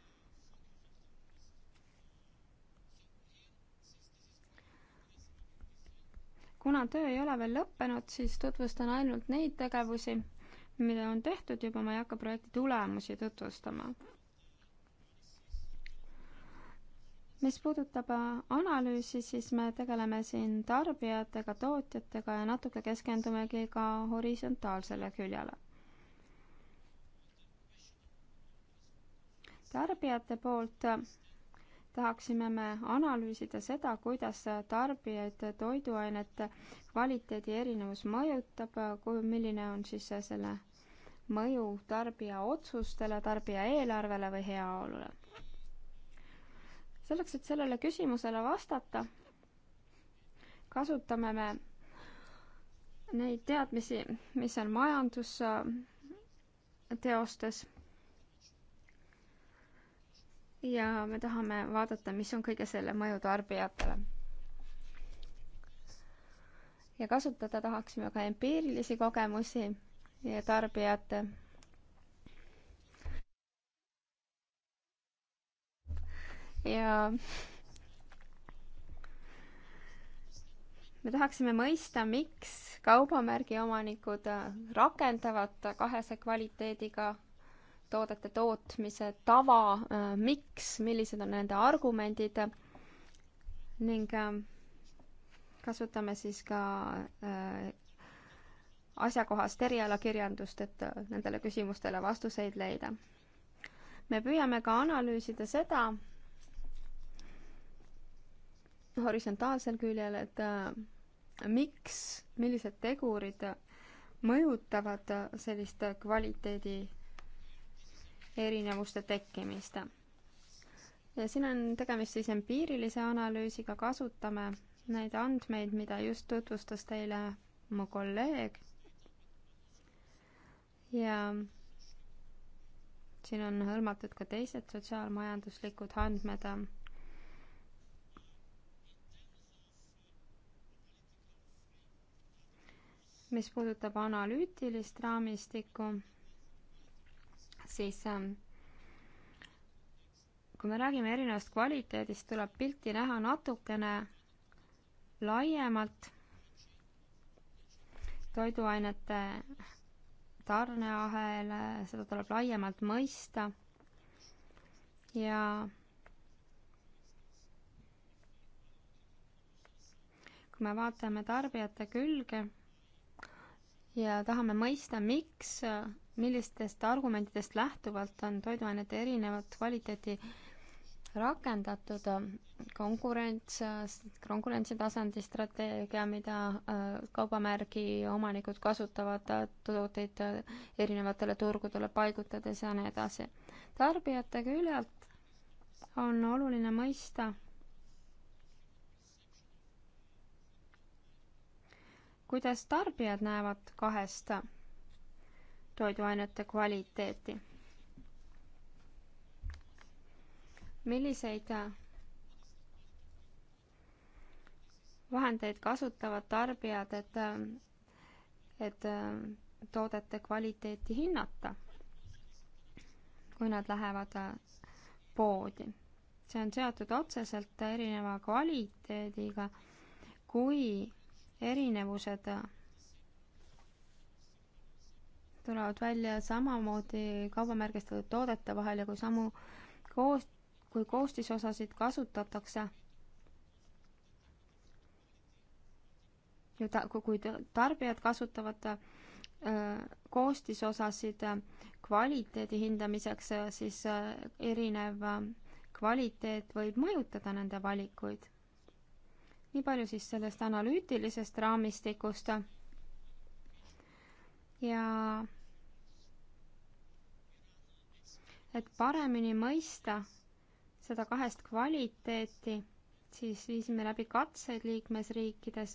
kuna töö ei ole veel lõppenud, siis tutvustan ainult neid tegevusi mida on tehtud juba, ma ei hakka projekti tulemusi tutvustama. mis puudutab äh, analüüsi, siis me tegeleme siin tarbijatega, tootjatega ja natuke keskendumegi ka horisontaalsele küljele. tarbijate poolt äh, tahaksime me analüüsida seda, kuidas tarbijaid toiduainete kvaliteedi erinevus mõjutab, äh, milline on siis selle mõju tarbija otsustele, tarbija eelarvele või heaolule. selleks, et sellele küsimusele vastata, kasutame me neid teadmisi, mis on majandusteostes. ja me tahame vaadata, mis on kõige selle mõju tarbijatele ja kasutada tahaksime ka empiirilisi kogemusi ja tarbijate ja me tahaksime mõista, miks kaubamärgi omanikud rakendavad kahese kvaliteediga toodete tootmise tava, miks, millised on nende argumendid ning kasutame siis ka äh, asjakohast erialakirjandust, et nendele küsimustele vastuseid leida. me püüame ka analüüsida seda horisontaalsel küljel, et äh, miks, millised tegurid mõjutavad sellist kvaliteedi erinevuste tekkimist. ja siin on tegemist siis empiirilise analüüsiga, kasutame neid andmeid, mida just tutvustas teile mu kolleeg ja siin on hõlmatud ka teised sotsiaalmajanduslikud andmed. mis puudutab analüütilist raamistikku, siis ähm, kui me räägime erinevast kvaliteedist, tuleb pilti näha natukene laiemalt toiduainete tarneahel, seda tuleb laiemalt mõista ja kui me vaatame tarbijate külge ja tahame mõista, miks, millistest argumentidest lähtuvalt on toiduainete erinevad kvaliteedi äh, rakendatud äh, konkurents, äh, konkurentsi tasandi strateegia, mida äh, kaubamärgi omanikud kasutavad tooteid erinevatele turgudele paigutades ja nii edasi. tarbijate küljelt on oluline mõista, kuidas tarbijad näevad kahest toiduainete kvaliteeti milliseid äh, vahendeid kasutavad tarbijad, et, äh, et äh, toodete kvaliteeti hinnata, kui nad lähevad poodi. see on seotud otseselt erineva kvaliteediga, kui erinevused tulevad välja samamoodi kaubamärgistatud toodete vahel ja kui samu koos, kui koostisosasid kasutatakse ja ta-, kui tarbijad kasutavad äh, koostisosasid äh, kvaliteedi hindamiseks, äh, siis erinev kvaliteet võib mõjutada nende valikuid. nii palju siis sellest analüütilisest raamistikust. ja et paremini mõista seda kahest kvaliteeti, siis viisime läbi katseid liikmesriikides.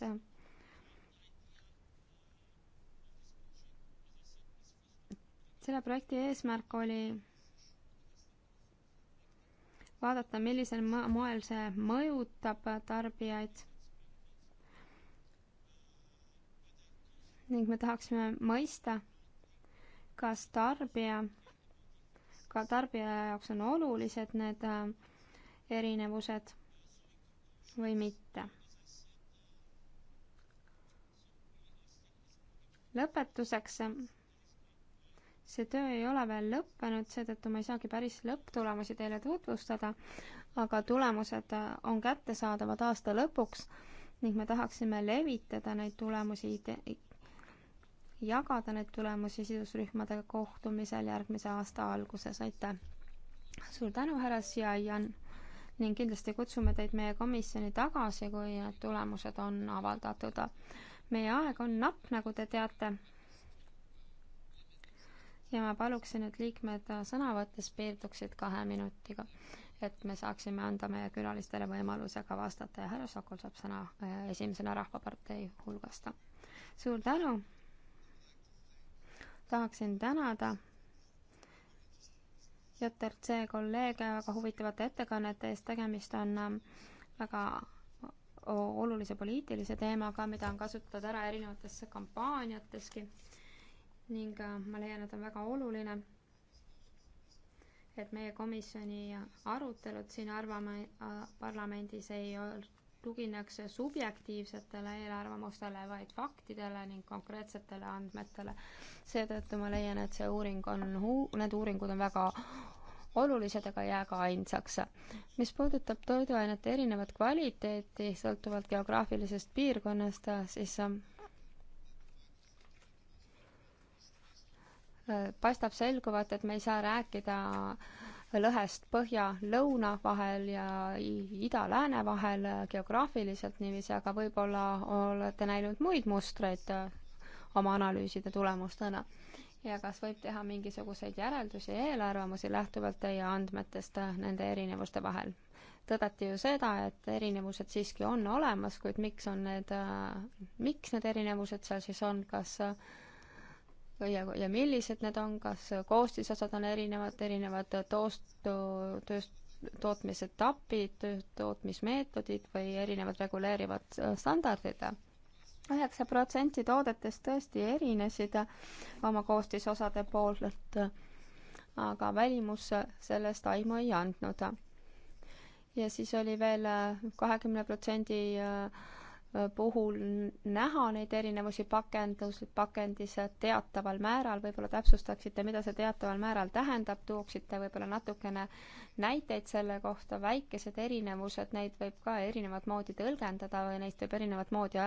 selle projekti eesmärk oli vaadata, millisel moel see mõjutab tarbijaid. ning me tahaksime mõista, kas tarbija ka tarbija jaoks on olulised need äh, erinevused või mitte. lõpetuseks, see töö ei ole veel lõppenud, seetõttu ma ei saagi päris lõpptulemusi teile tutvustada, aga tulemused äh, on kättesaadavad aasta lõpuks ning me tahaksime levitada neid tulemusi jagada neid tulemusi sidusrühmade kohtumisel järgmise aasta alguses, aitäh! suur tänu, härra Siaian ning kindlasti kutsume teid meie komisjoni tagasi, kui need tulemused on avaldatud. meie aeg on napp, nagu te teate. ja ma paluksin, et liikmed sõnavõttes piirduksid kahe minutiga, et me saaksime anda meie külalistele võimaluse ka vastata ja härra Sokol saab sõna äh, esimesena Rahvapartei hulgast. suur tänu tahaksin tänada JRC kolleege väga huvitavate ettekannete eest, tegemist on ähm, väga olulise poliitilise teemaga, mida on kasutatud ära erinevates kampaaniateski ning äh, ma leian, et on väga oluline, et meie komisjoni arutelud siin arvame, äh, parlamendis ei olnud tugineks subjektiivsetele eelarvamustele, vaid faktidele ning konkreetsetele andmetele. seetõttu ma leian, et see uuring on, need uuringud on väga olulised, aga ei jää ka ainsaks. mis puudutab toiduainete erinevat kvaliteeti sõltuvalt geograafilisest piirkonnast, siis äh, paistab selguvat, et me ei saa rääkida äh, lõhest põhja-lõuna vahel ja ida-lääne vahel äh, geograafiliselt niiviisi, aga võib-olla olete näinud muid mustreid äh, oma analüüside tulemustena. ja kas võib teha mingisuguseid järeldusi ja eelarvamusi lähtuvalt teie andmetest äh, nende erinevuste vahel? tõdeti ju seda, et erinevused siiski on olemas, kuid miks on need, miks need erinevused seal siis on, kas äh, ja, ja millised need on, kas koostisosad on erinevad, erinevad toost, tööst, tootmisetapid, tootmismeetodid või erinevad reguleerivad standardid. üheksa protsenti toodetest tõesti erinesid oma koostisosade poolelt, aga välimus sellest aimu ei andnud. ja siis oli veel kahekümne protsendi puhul näha neid erinevusi pakendus, pakendis teataval määral, võib-olla täpsustaksite, mida see teataval määral tähendab, tooksite võib-olla natukene näiteid selle kohta, väikesed erinevused, neid võib ka erinevat moodi tõlgendada või neist võib erinevat moodi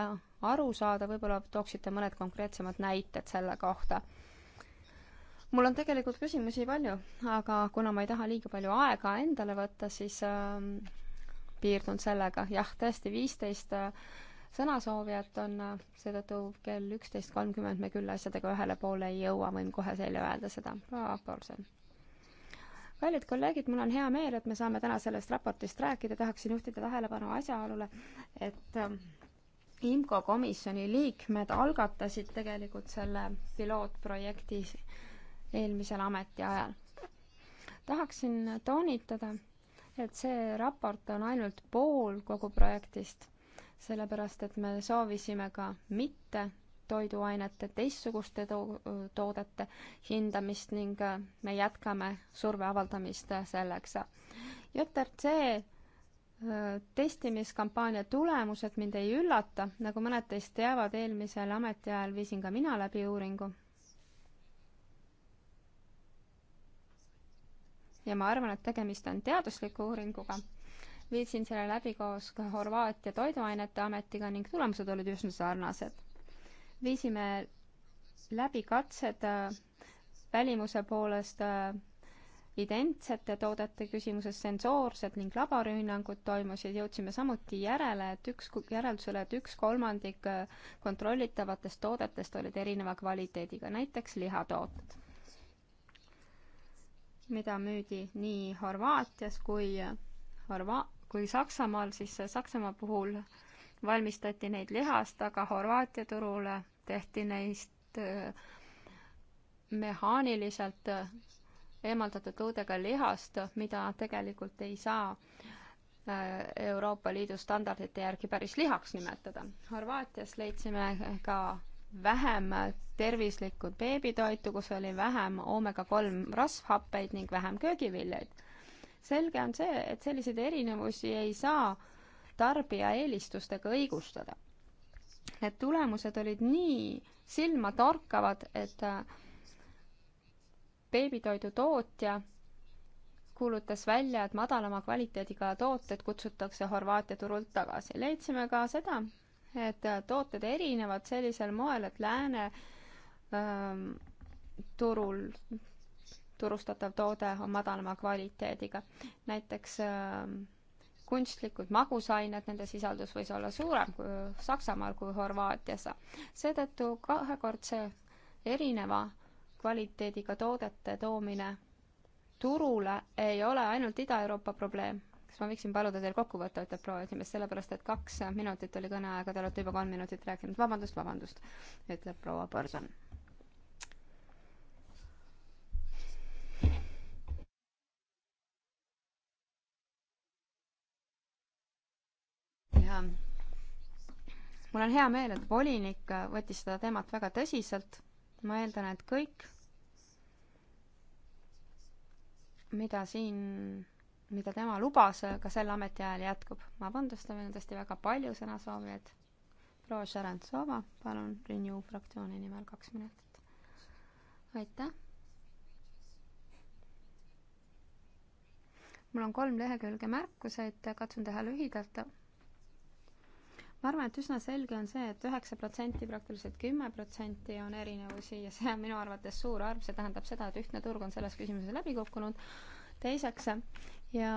aru saada, võib-olla tooksite mõned konkreetsemad näited selle kohta. mul on tegelikult küsimusi palju, aga kuna ma ei taha liiga palju aega endale võtta, siis äh, piirdun sellega, jah, tõesti viisteist 15 sõnasoovijat on, äh, seetõttu kell üksteist kolmkümmend me küll asjadega ühele poole ei jõua, võin kohe teile öelda seda. kallid kolleegid, mul on hea meel, et me saame täna sellest raportist rääkida, tahaksin juhtida tähelepanu asjaolule, et ähm, IMCO komisjoni liikmed algatasid tegelikult selle pilootprojekti eelmisel ametiajal. tahaksin toonitada, et see raport on ainult pool kogu projektist sellepärast et me soovisime ka mitte toiduainete teistsuguste to-, toodete hindamist ning äh, me jätkame surve avaldamist äh, selleks. JRC äh, testimiskampaania tulemused mind ei üllata, nagu mõned teist teavad, eelmisel ametiajal viisin ka mina läbi uuringu. ja ma arvan, et tegemist on teadusliku uuringuga viitsin selle läbi koos ka Horvaatia Toiduainete Ametiga ning tulemused olid üsna sarnased. viisime läbi katsed äh, välimuse poolest äh, identsete toodete küsimuses sensoorsed ning laborihinnangud toimusid, jõudsime samuti järele, et üks, järeldusele, et üks kolmandik äh, kontrollitavatest toodetest olid erineva kvaliteediga, näiteks lihatooted, mida müüdi nii Horvaatias kui Horva-, kui Saksamaal, siis Saksamaa puhul valmistati neid lihast, aga Horvaatia turule tehti neist äh, mehaaniliselt äh, eemaldatud õudega lihast, mida tegelikult ei saa äh, Euroopa Liidu standardite järgi päris lihaks nimetada. Horvaatias leidsime ka vähem tervislikku beebitoitu, kus oli vähem oomega kolm rasvhappeid ning vähem köögiviljaid selge on see, et selliseid erinevusi ei saa tarbija eelistustega õigustada. Need tulemused olid nii silmatorkavad, et äh, beebitoidu tootja kuulutas välja, et madalama kvaliteediga tooted kutsutakse Horvaatia turult tagasi. leidsime ka seda, et äh, tooted erinevad sellisel moel, et lääne öö, ähm, turul turustatav toode on madalama kvaliteediga. näiteks ähm, kunstlikud magusained, nende sisaldus võis olla suurem kui äh, Saksamaal kui Horvaatias. seetõttu kahekordse erineva kvaliteediga toodete toomine turule ei ole ainult Ida-Euroopa probleem. kas ma võiksin paluda teil kokku võtta, ütleb proua esimees, sellepärast et kaks minutit oli kõneaega, te olete juba kolm minutit rääkinud. vabandust, vabandust, ütleb proua Põrson mul on hea meel, et volinik võttis seda teemat väga tõsiselt. ma eeldan, et kõik, mida siin, mida tema lubas, ka sel ametiajal jätkub. vabandust, meil on tõesti väga palju sõnasoovijaid. proua Šarantsova, palun Renew fraktsiooni nimel kaks minutit. aitäh mul on kolm lehekülge märkuseid, katsun teha lühidalt ma arvan, et üsna selge on see et, et üheksa protsenti, praktiliselt kümme protsenti on erinevusi ja see on minu arvates suur arv, see tähendab seda, et ühtne turg on selles küsimuses läbi kukkunud. teiseks, ja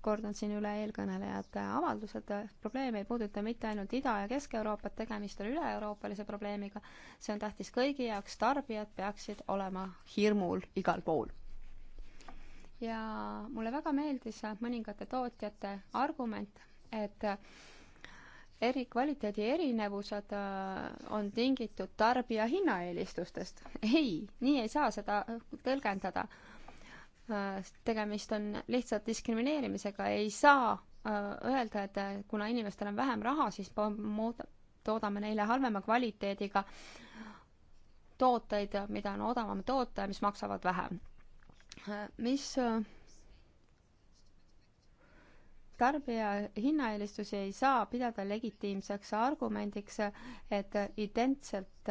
kordan siin üle eelkõnelejate avaldused, probleem ei puuduta mitte ainult Ida- ja Kesk-Euroopat, tegemist on üle-euroopalise probleemiga, see on tähtis kõigi jaoks, tarbijad peaksid olema hirmul igal pool ja mulle väga meeldis mõningate tootjate argument, et eri, kvaliteedi erinevused äh, on tingitud tarbija hinnaeelistustest. ei, nii ei saa seda tõlgendada. Äh, tegemist on lihtsalt diskrimineerimisega, ei saa äh, öelda, et kuna inimestel on vähem raha, siis toodame neile halvema kvaliteediga tooteid, mida on odavam toota ja mis maksavad vähem. mis tarbija hinnaeelistusi ei saa pidada legitiimseks argumendiks, et identselt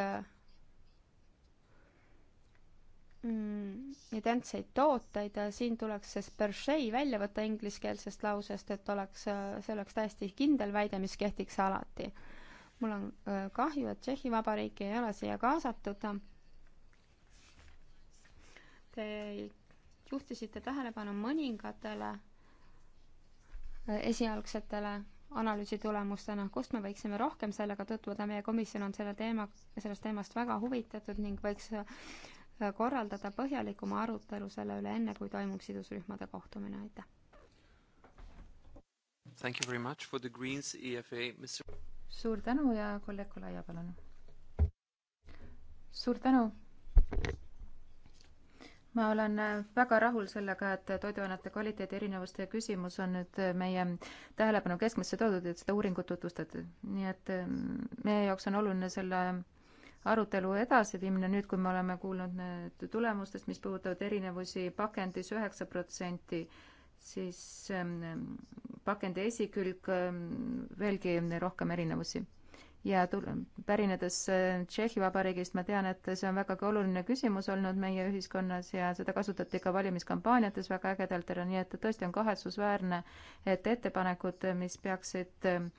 mm, identseid tooteid, siin tuleks see spershei välja võtta ingliskeelsest lausest, et oleks, see oleks täiesti kindel väide, mis kehtiks alati. mul on äh, kahju, et Tšehhi Vabariiki ei ole siia kaasatud. Te juhtisite tähelepanu mõningatele esialgsetele analüüsi tulemustena, kust me võiksime rohkem sellega tutvuda, meie komisjon on selle teema, sellest teemast väga huvitatud ning võiks äh, korraldada põhjalikuma arutelu selle üle, enne kui toimub sidusrühmade kohtumine, aitäh. Thank you very much for the Greens EFA, Mr. suur tänu ja kolleeg Kolaja, palun. suur tänu ma olen äh, väga rahul sellega, et toiduainete kvaliteedi erinevuste küsimus on nüüd äh, meie tähelepanu keskmesse toodud, et seda uuringut tutvustati. nii et äh, meie jaoks on oluline selle arutelu edasiviimine, nüüd kui me oleme kuulnud need tulemustest, mis puudutavad erinevusi pakendis üheksa protsenti, siis ähm, pakendi esikülg ähm, veelgi rohkem erinevusi ja tul-, pärinedes äh, Tšehhi Vabariigist, ma tean, et see on vägagi oluline küsimus olnud meie ühiskonnas ja seda kasutati ka valimiskampaaniates väga ägedalt ära, nii et tõesti on kahetsusväärne, et ettepanekud, mis peaksid äh,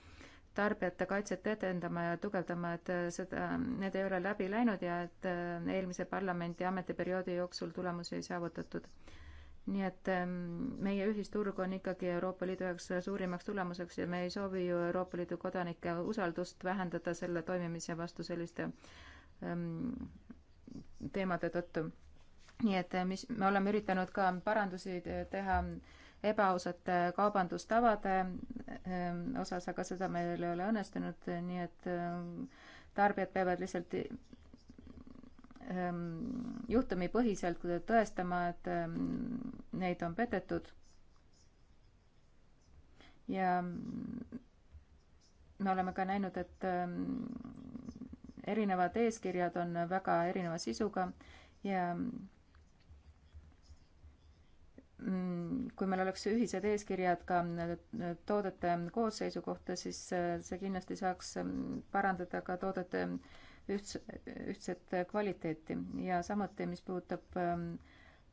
tarbijate kaitset edendama ja tugevdama, et äh, seda, need ei ole läbi läinud ja et eelmise parlamendi ametiperioodi jooksul tulemusi ei saavutatud nii et ehm, meie ühisturg on ikkagi Euroopa Liidu üheks suurimaks tulemuseks ja me ei soovi ju Euroopa Liidu kodanike usaldust vähendada selle toimimise vastu selliste ehm, teemade tõttu. nii et mis, me oleme üritanud ka parandusi teha ebaausate kaubandustavade ehm, osas, aga seda meil ei ole õnnestunud, nii et tarbijad peavad lihtsalt Ähm, juhtumipõhiselt tõestama, et ähm, neid on petetud. ja mm, me oleme ka näinud, et ähm, erinevad eeskirjad on väga erineva sisuga ja mm, kui meil oleks ühised eeskirjad ka äh, toodete koosseisu kohta, siis äh, see kindlasti saaks mm, parandada ka toodete äh, ühts-, ühtset kvaliteeti ja samuti, mis puudutab ähm,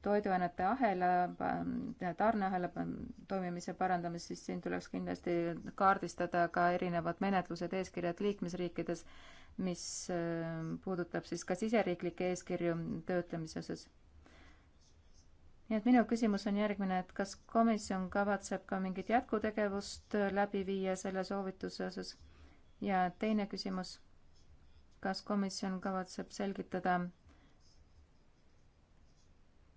toiduainete ahela, ähm, tarneahela ähm, toimimise parandamist, siis siin tuleks kindlasti kaardistada ka erinevad menetlused, eeskirjad liikmesriikides, mis puudutab siis ka siseriiklikke eeskirju töötlemise osas nii et minu küsimus on järgmine, et kas komisjon kavatseb ka mingit jätkutegevust läbi viia selle soovituse osas? ja teine küsimus kas komisjon kavatseb selgitada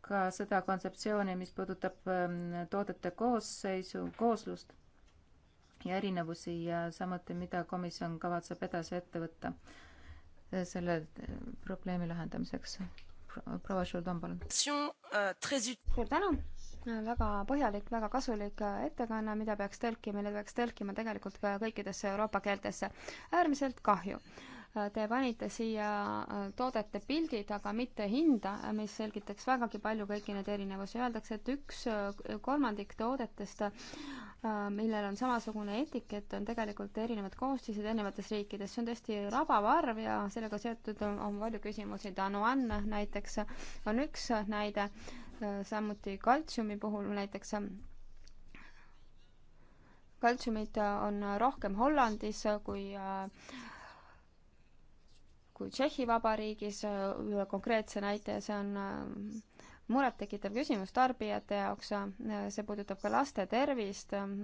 ka seda kontseptsiooni, mis puudutab ähm, toodete koosseisu, kooslust ja erinevusi ja samuti, mida komisjon kavatseb edasi ette võtta äh, selle äh, probleemi lahendamiseks Pro,. proua Šuldan, palun. suur tänu, väga põhjalik, väga kasulik äh, ettekanne, mida peaks tõlkima, mida peaks tõlkima tegelikult ka kõikidesse Euroopa keeltesse. äärmiselt kahju te panite siia äh, toodete pildid, aga mitte hinda, mis selgitaks vägagi palju kõiki neid erinevusi. Öeldakse, et üks äh, kolmandik toodetest, äh, millel on samasugune etikett, on tegelikult erinevad koostised erinevates riikides. see on tõesti rabav arv ja sellega seotud on, on palju küsimusi. Danuan näiteks on üks näide, samuti kaltsiumi puhul näiteks kaltsiumit on rohkem Hollandis kui äh, kui Tšehhi Vabariigis, konkreetse näite, see on äh, murettekitav küsimus tarbijate jaoks, äh, see puudutab ka laste tervist, äh,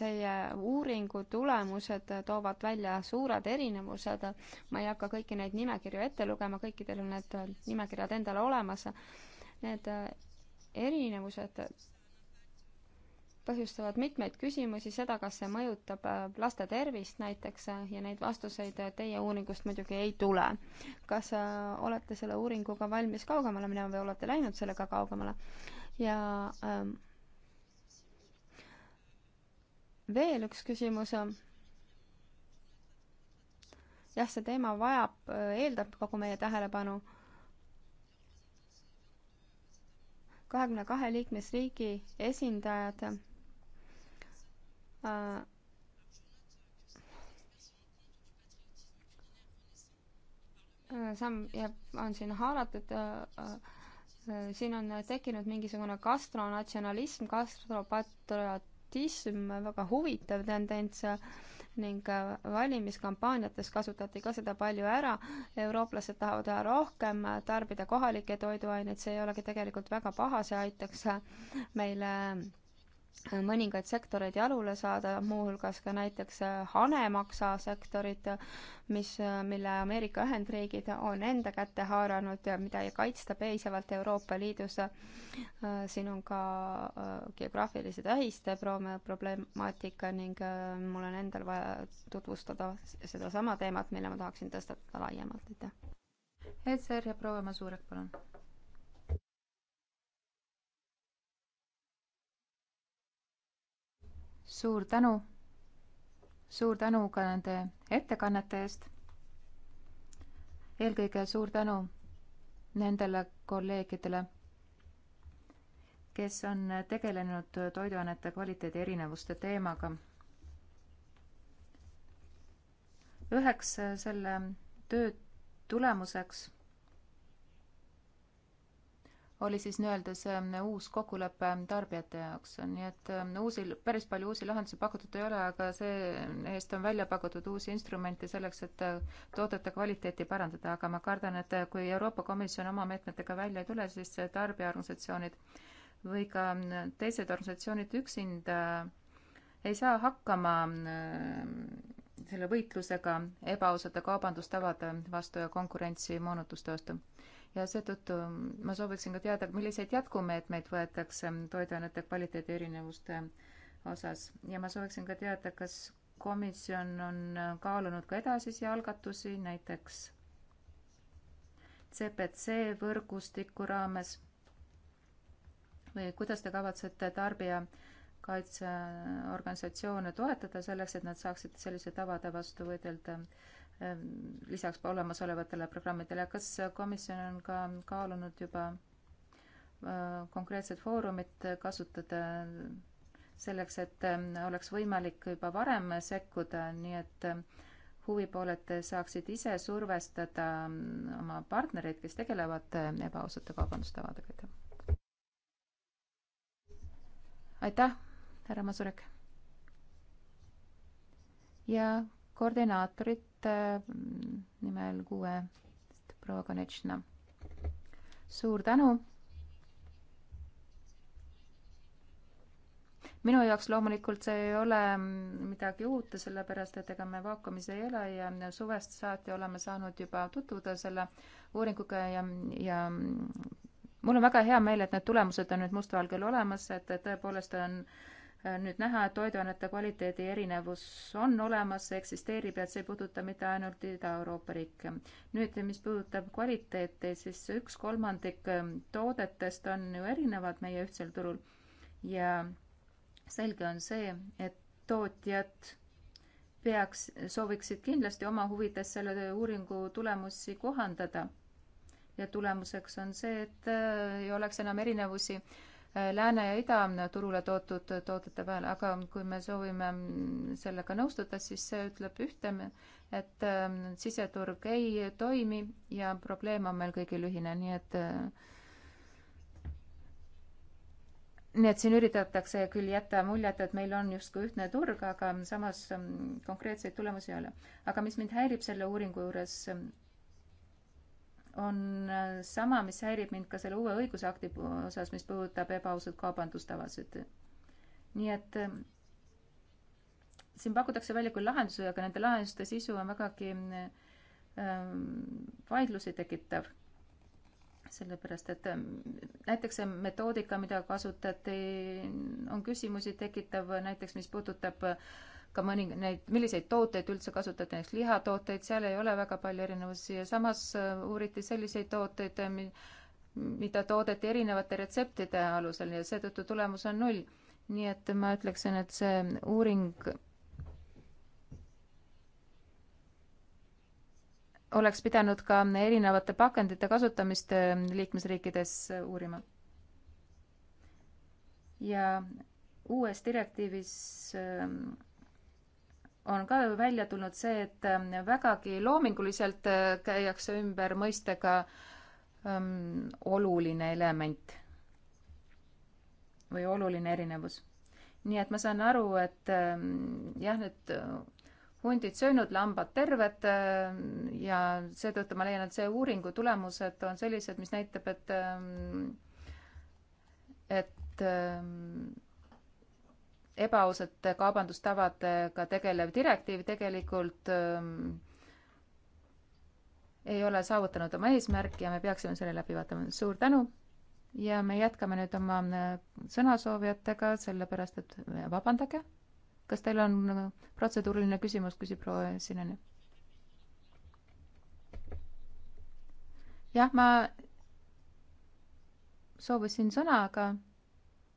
teie uuringu tulemused toovad välja suured erinevused, ma ei hakka kõiki neid nimekirju ette lugema, kõikidel on need nimekirjad endal olemas, need erinevused põhjustavad mitmeid küsimusi, seda, kas see mõjutab äh, laste tervist näiteks äh, ja neid vastuseid äh, teie uuringust muidugi ei tule. kas olete selle uuringuga valmis kaugemale minema või olete läinud sellega kaugemale? ja ähm, veel üks küsimus. jah, see teema vajab, eeldab kogu meie tähelepanu. kahekümne kahe liikmesriigi esindajad Äh, äh, samm jääb, on siin haaratud, äh, siin on tekkinud mingisugune gastronatsionalism, gastropatriotism, väga huvitav tendents ning valimiskampaaniates kasutati ka seda palju ära. eurooplased tahavad üha rohkem tarbida kohalikke toiduaineid, see ei olegi tegelikult väga paha, see aitaks meile Äh, mõningaid sektoreid jalule saada, muuhulgas ka näiteks äh, hanemaksasektorit, mis, äh, mille Ameerika Ühendriigid on enda kätte haaranud ja mida ei kaitsta piisavalt Euroopa Liidus. siin on ka geograafilise tähiste problemaatika ning mul on endal vaja tutvustada sedasama teemat, mille ma tahaksin tõstatada laiemalt, aitäh. Hetzer ja proua Masurek, palun suur tänu, suur tänu ka nende ettekannete eest. eelkõige suur tänu nendele kolleegidele, kes on tegelenud toiduainete kvaliteedi erinevuste teemaga. üheks selle töö tulemuseks oli siis nii-öelda see mm, uus kokkulepe mm, tarbijate jaoks, nii et mm, uusi, päris palju uusi lahendusi pakutud ei ole, aga see-eest on välja pakutud uusi instrumente selleks, et toodete kvaliteeti parandada, aga ma kardan, et kui Euroopa Komisjon oma meetmetega välja ei tule, siis tarbijaorganisatsioonid või ka teised organisatsioonid üksinda ei saa hakkama selle võitlusega ebaausate kaubandustavade vastu ja konkurentsi moonutuste vastu ja seetõttu ma sooviksin ka teada, milliseid jätkumeetmeid võetakse toiduainete kvaliteedi erinevuste osas ja ma sooviksin ka teada, kas komisjon on kaalunud ka edasisi algatusi, näiteks CPC võrgustiku raames või kuidas te kavatsete tarbijakaitseorganisatsioone toetada selleks, et nad saaksid sellise tavade vastu võidelda Ähm, lisaks olemasolevatele programmidele. kas komisjon on ka kaalunud juba äh, konkreetset foorumit kasutada selleks, et ähm, oleks võimalik juba varem sekkuda, nii et ähm, huvipooled saaksid ise survestada oma partnereid, kes tegelevad ebaausate kaubandustavadega, aitäh. aitäh, härra Masurek. ja koordinaatorid Liit mm, nimel kuue proua Konechna. suur tänu. minu jaoks loomulikult see ei ole midagi uut, sellepärast et ega me vaakumis ei ole ja suvest saati oleme saanud juba tutvuda selle uuringuga ja, ja mul on väga hea meel, et need tulemused on nüüd mustvalgel olemas, et tõepoolest on äh, Äh, nüüd näha, et toiduainete kvaliteedi erinevus on olemas, see eksisteerib ja et see ei puuduta mitte ainult Ida-Euroopa riike. nüüd, mis puudutab kvaliteeti, siis üks kolmandik ähm, toodetest on ju erinevad meie ühtsel turul ja selge on see, et tootjad peaks, sooviksid kindlasti oma huvides selle uuringu tulemusi kohandada. ja tulemuseks on see, et äh, ei oleks enam erinevusi äh, lääne ja ida turule toodud toodete peale, aga kui me soovime sellega nõustuda, siis see ütleb ühte, et ähm, siseturg ei toimi ja probleem on meil kõigil ühine, nii et äh, nii et siin üritatakse küll jätta muljet, et meil on justkui ühtne turg, aga samas ähm, konkreetseid tulemusi ei ole. aga mis mind häirib selle uuringu juures, on äh, sama, mis häirib mind ka selle uue õigusakti osas, mis puudutab ebaausat kaubandustavasid. nii et ähm, siin pakutakse välja küll lahendusi, aga nende lahenduste sisu on vägagi ähm, vaidlusi tekitav. sellepärast, et ähm, näiteks see metoodika, mida kasutati, on küsimusi tekitav, näiteks mis puudutab äh, ka mõningaid, milliseid tooteid üldse kasutati, näiteks lihatooteid, seal ei ole väga palju erinevusi ja samas äh, uuriti selliseid tooteid, äh, mida toodeti erinevate retseptide alusel ja seetõttu tulemus on null. nii et ma ütleksin, et see uuring oleks pidanud ka erinevate pakendite kasutamist äh, liikmesriikides uurima. ja uues direktiivis ähm, on ka ju välja tulnud see, et ähm, vägagi loominguliselt äh, käiakse ümber mõistega ähm, oluline element või oluline erinevus. nii et ma saan aru, et ähm, jah, need äh, hundid söönud, lambad terved äh, ja seetõttu ma leian, et see uuringu tulemused on sellised, mis näitab, et ähm, et ähm, ebaausate kaubandustavadega tegelev direktiiv tegelikult ähm, ei ole saavutanud oma eesmärki ja me peaksime selle läbi vaatama. suur tänu ja me jätkame nüüd oma äh, sõnasoovijatega, sellepärast et äh, vabandage, kas teil on äh, protseduuriline küsimus, küsib proua Sinene. jah, ma soovisin sõna, aga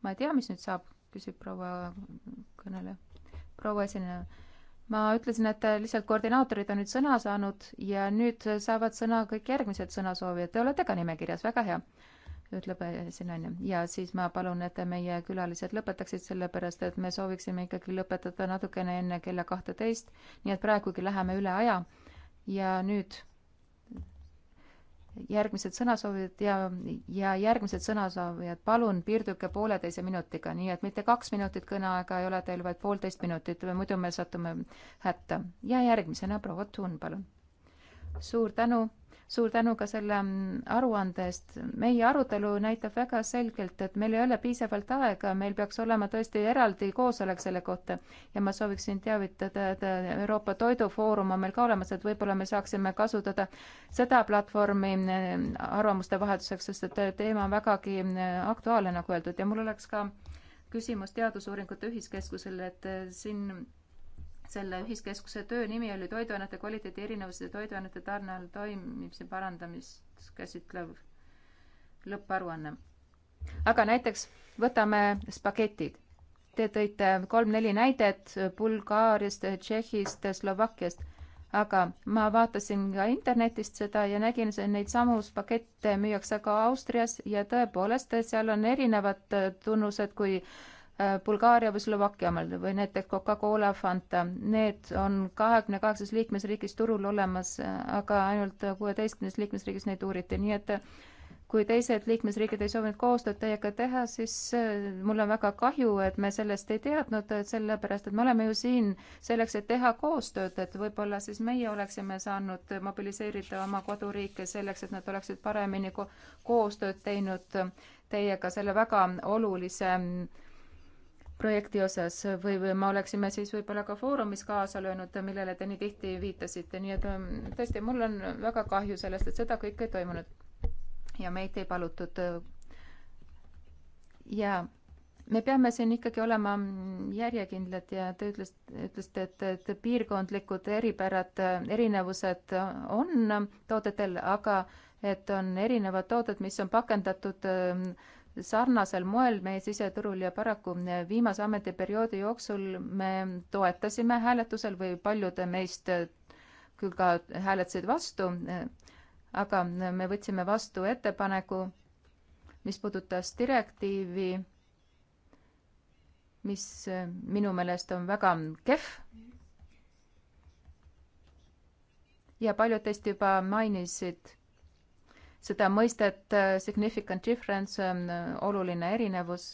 ma ei tea, mis nüüd saab küsib proua kõneleja. proua esineja, ma ütlesin, et lihtsalt koordinaatorid on nüüd sõna saanud ja nüüd saavad sõna kõik järgmised sõnasoovijad, te olete ka nimekirjas, väga hea ütleb esinaine. ja siis ma palun, et meie külalised lõpetaksid, sellepärast et me sooviksime ikkagi lõpetada natukene enne kella kahteteist, nii et praegugi läheme üle aja. ja nüüd järgmised sõnasoovid ja, ja järgmised sõnasoovijad, palun piirduge pooleteise minutiga, nii et mitte kaks minutit kõneaega ei ole teil, vaid poolteist minutit, muidu me satume hätta. ja järgmisena proua Thun, palun suur tänu, suur tänu ka selle mm, aruande eest. meie arutelu näitab väga selgelt, et meil ei ole piisavalt aega, meil peaks olema tõesti eraldi koosolek selle kohta ja ma sooviksin teavitada, et äh, Euroopa Toidufoorum on meil ka olemas, et võib-olla me saaksime kasutada seda platvormi äh, arvamuste vahetuseks, sest et äh, teema on vägagi aktuaalne, nagu öeldud, ja mul oleks ka küsimus Teadusuuringute Ühiskeskusele, et siin selle ühiskeskuse töö nimi oli toiduainete kvaliteedi erinevused ja toiduainete tarne all toimimise parandamist käsitlev lõpparuanne. aga näiteks võtame spagetid. Te tõite kolm-neli näidet Bulgaariast, Tšehhist, Slovakkiast, aga ma vaatasin ka internetist seda ja nägin, neid samu spagette müüakse ka Austrias ja tõepoolest, seal on erinevad tunnused, kui äh, Äh, Bulgaaria või Slovakkia omal või näiteks Coca-Cola, Fanta, need on kahekümne kaheksas liikmesriigis turul olemas, aga ainult kuueteistkümnes liikmesriigis neid uuriti, nii et äh, kui teised liikmesriigid ei soovinud koostööd teiega teha, siis äh, mul on väga kahju, et me sellest ei teadnud, sellepärast et me oleme ju siin selleks, et teha koostööd, et võib-olla siis meie oleksime saanud mobiliseerida oma koduriike selleks, et nad oleksid paremini ko koostööd teinud teiega selle väga olulise äh, projekti osas või, või me oleksime siis võib-olla ka Foorumis kaasa löönud, millele te nii tihti viitasite, nii et ähm, tõesti, mul on väga kahju sellest, et seda kõike ei toimunud. ja meid ei palutud. Äh, ja me peame siin ikkagi olema mm, järjekindlad ja te ütlesite, ütlesite, et, et piirkondlikud eripärad, äh, erinevused on toodetel, aga et on erinevad tooted, mis on pakendatud äh, sarnasel moel meie siseturul ja paraku eh, viimase ametiperioodi jooksul me toetasime hääletusel või paljud meist eh, küll ka hääletasid vastu, eh, aga me võtsime vastu ettepaneku, mis puudutas direktiivi, mis minu meelest on väga kehv. ja paljud teist juba mainisid seda mõistet äh, significant difference, äh, oluline erinevus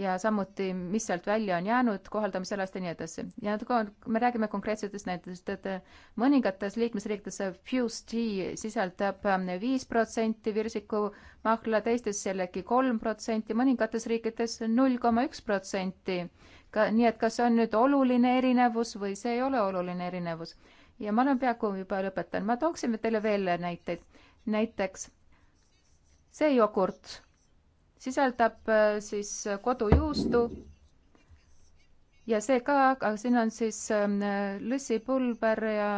ja samuti, mis sealt välja on jäänud, kohaldamisalast ja nii edasi. ja nagu me räägime konkreetsetest näitest, et äh, mõningates liikmesriikides FUSD sisaldab ähm, viis protsenti virsikumahla, teistes jällegi kolm protsenti, mõningates riikides null koma üks protsenti. ka, nii et kas see on nüüd oluline erinevus või see ei ole oluline erinevus? ja ma olen peaaegu juba lõpetanud, ma tooksin teile veel näiteid näiteks see jogurt sisaldab äh, siis äh, kodujuustu ja see ka, aga siin on siis ähm, äh, lõssipulber ja,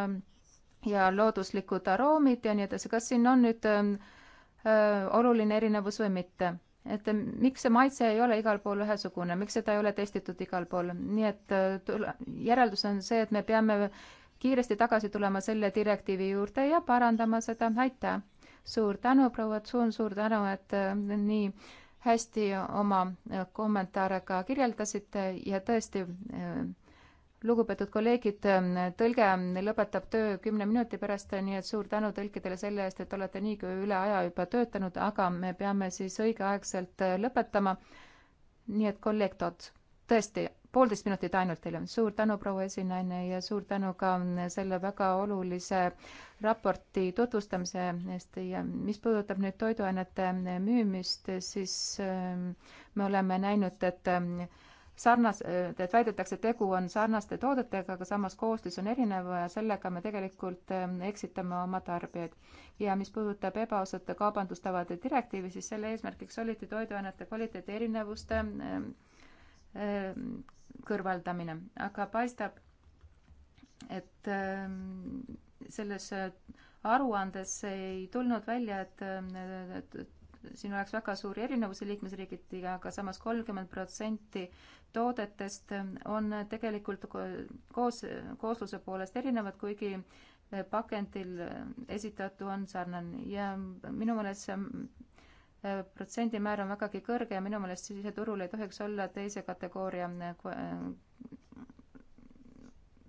ja looduslikud aroomid ja nii edasi. kas siin on nüüd öö, ähm, oluline erinevus või mitte? et miks see maitse ei ole igal pool ühesugune, miks seda ei ole testitud igal pool, nii et tule, järeldus on see, et me peame kiiresti tagasi tulema selle direktiivi juurde ja parandama seda, aitäh! suur tänu, proua Tsun, suur tänu, et äh, nii hästi oma äh, kommentaare ka kirjeldasite ja tõesti, äh, lugupeetud kolleegid, tõlge lõpetab töö kümne minuti pärast, nii et suur tänu tõlkidele selle eest, et olete nii üle aja juba töötanud, aga me peame siis õigeaegselt lõpetama. nii et kolleeg Toots, tõesti poolteist minutit ainult teil on. suur tänu, proua esinaine ja suur tänu ka selle väga olulise raporti tutvustamise eest ja mis puudutab nüüd toiduainete müümist, siis ähm, me oleme näinud, et ähm, sarnas, et väidetakse, tegu on sarnaste toodetega, aga samas koostis on erinev ja sellega me tegelikult ähm, eksitame oma tarbijaid. ja mis puudutab ebaausate kaubandustavade direktiivi, siis selle eesmärgiks oligi toiduainete kvaliteedi erinevuste kõrvaldamine, aga paistab, et ähm, selles äh, aruandes ei tulnud välja, äh, et siin oleks väga suuri erinevusi liikmesriigiti, aga samas kolmkümmend protsenti toodetest on tegelikult koos, koosluse poolest erinevad, kuigi äh, pakendil esitatu on sarnane ja minu meelest see protsendimäär on vägagi kõrge ja minu meelest siseturul ei tohiks olla teise kategooria eh,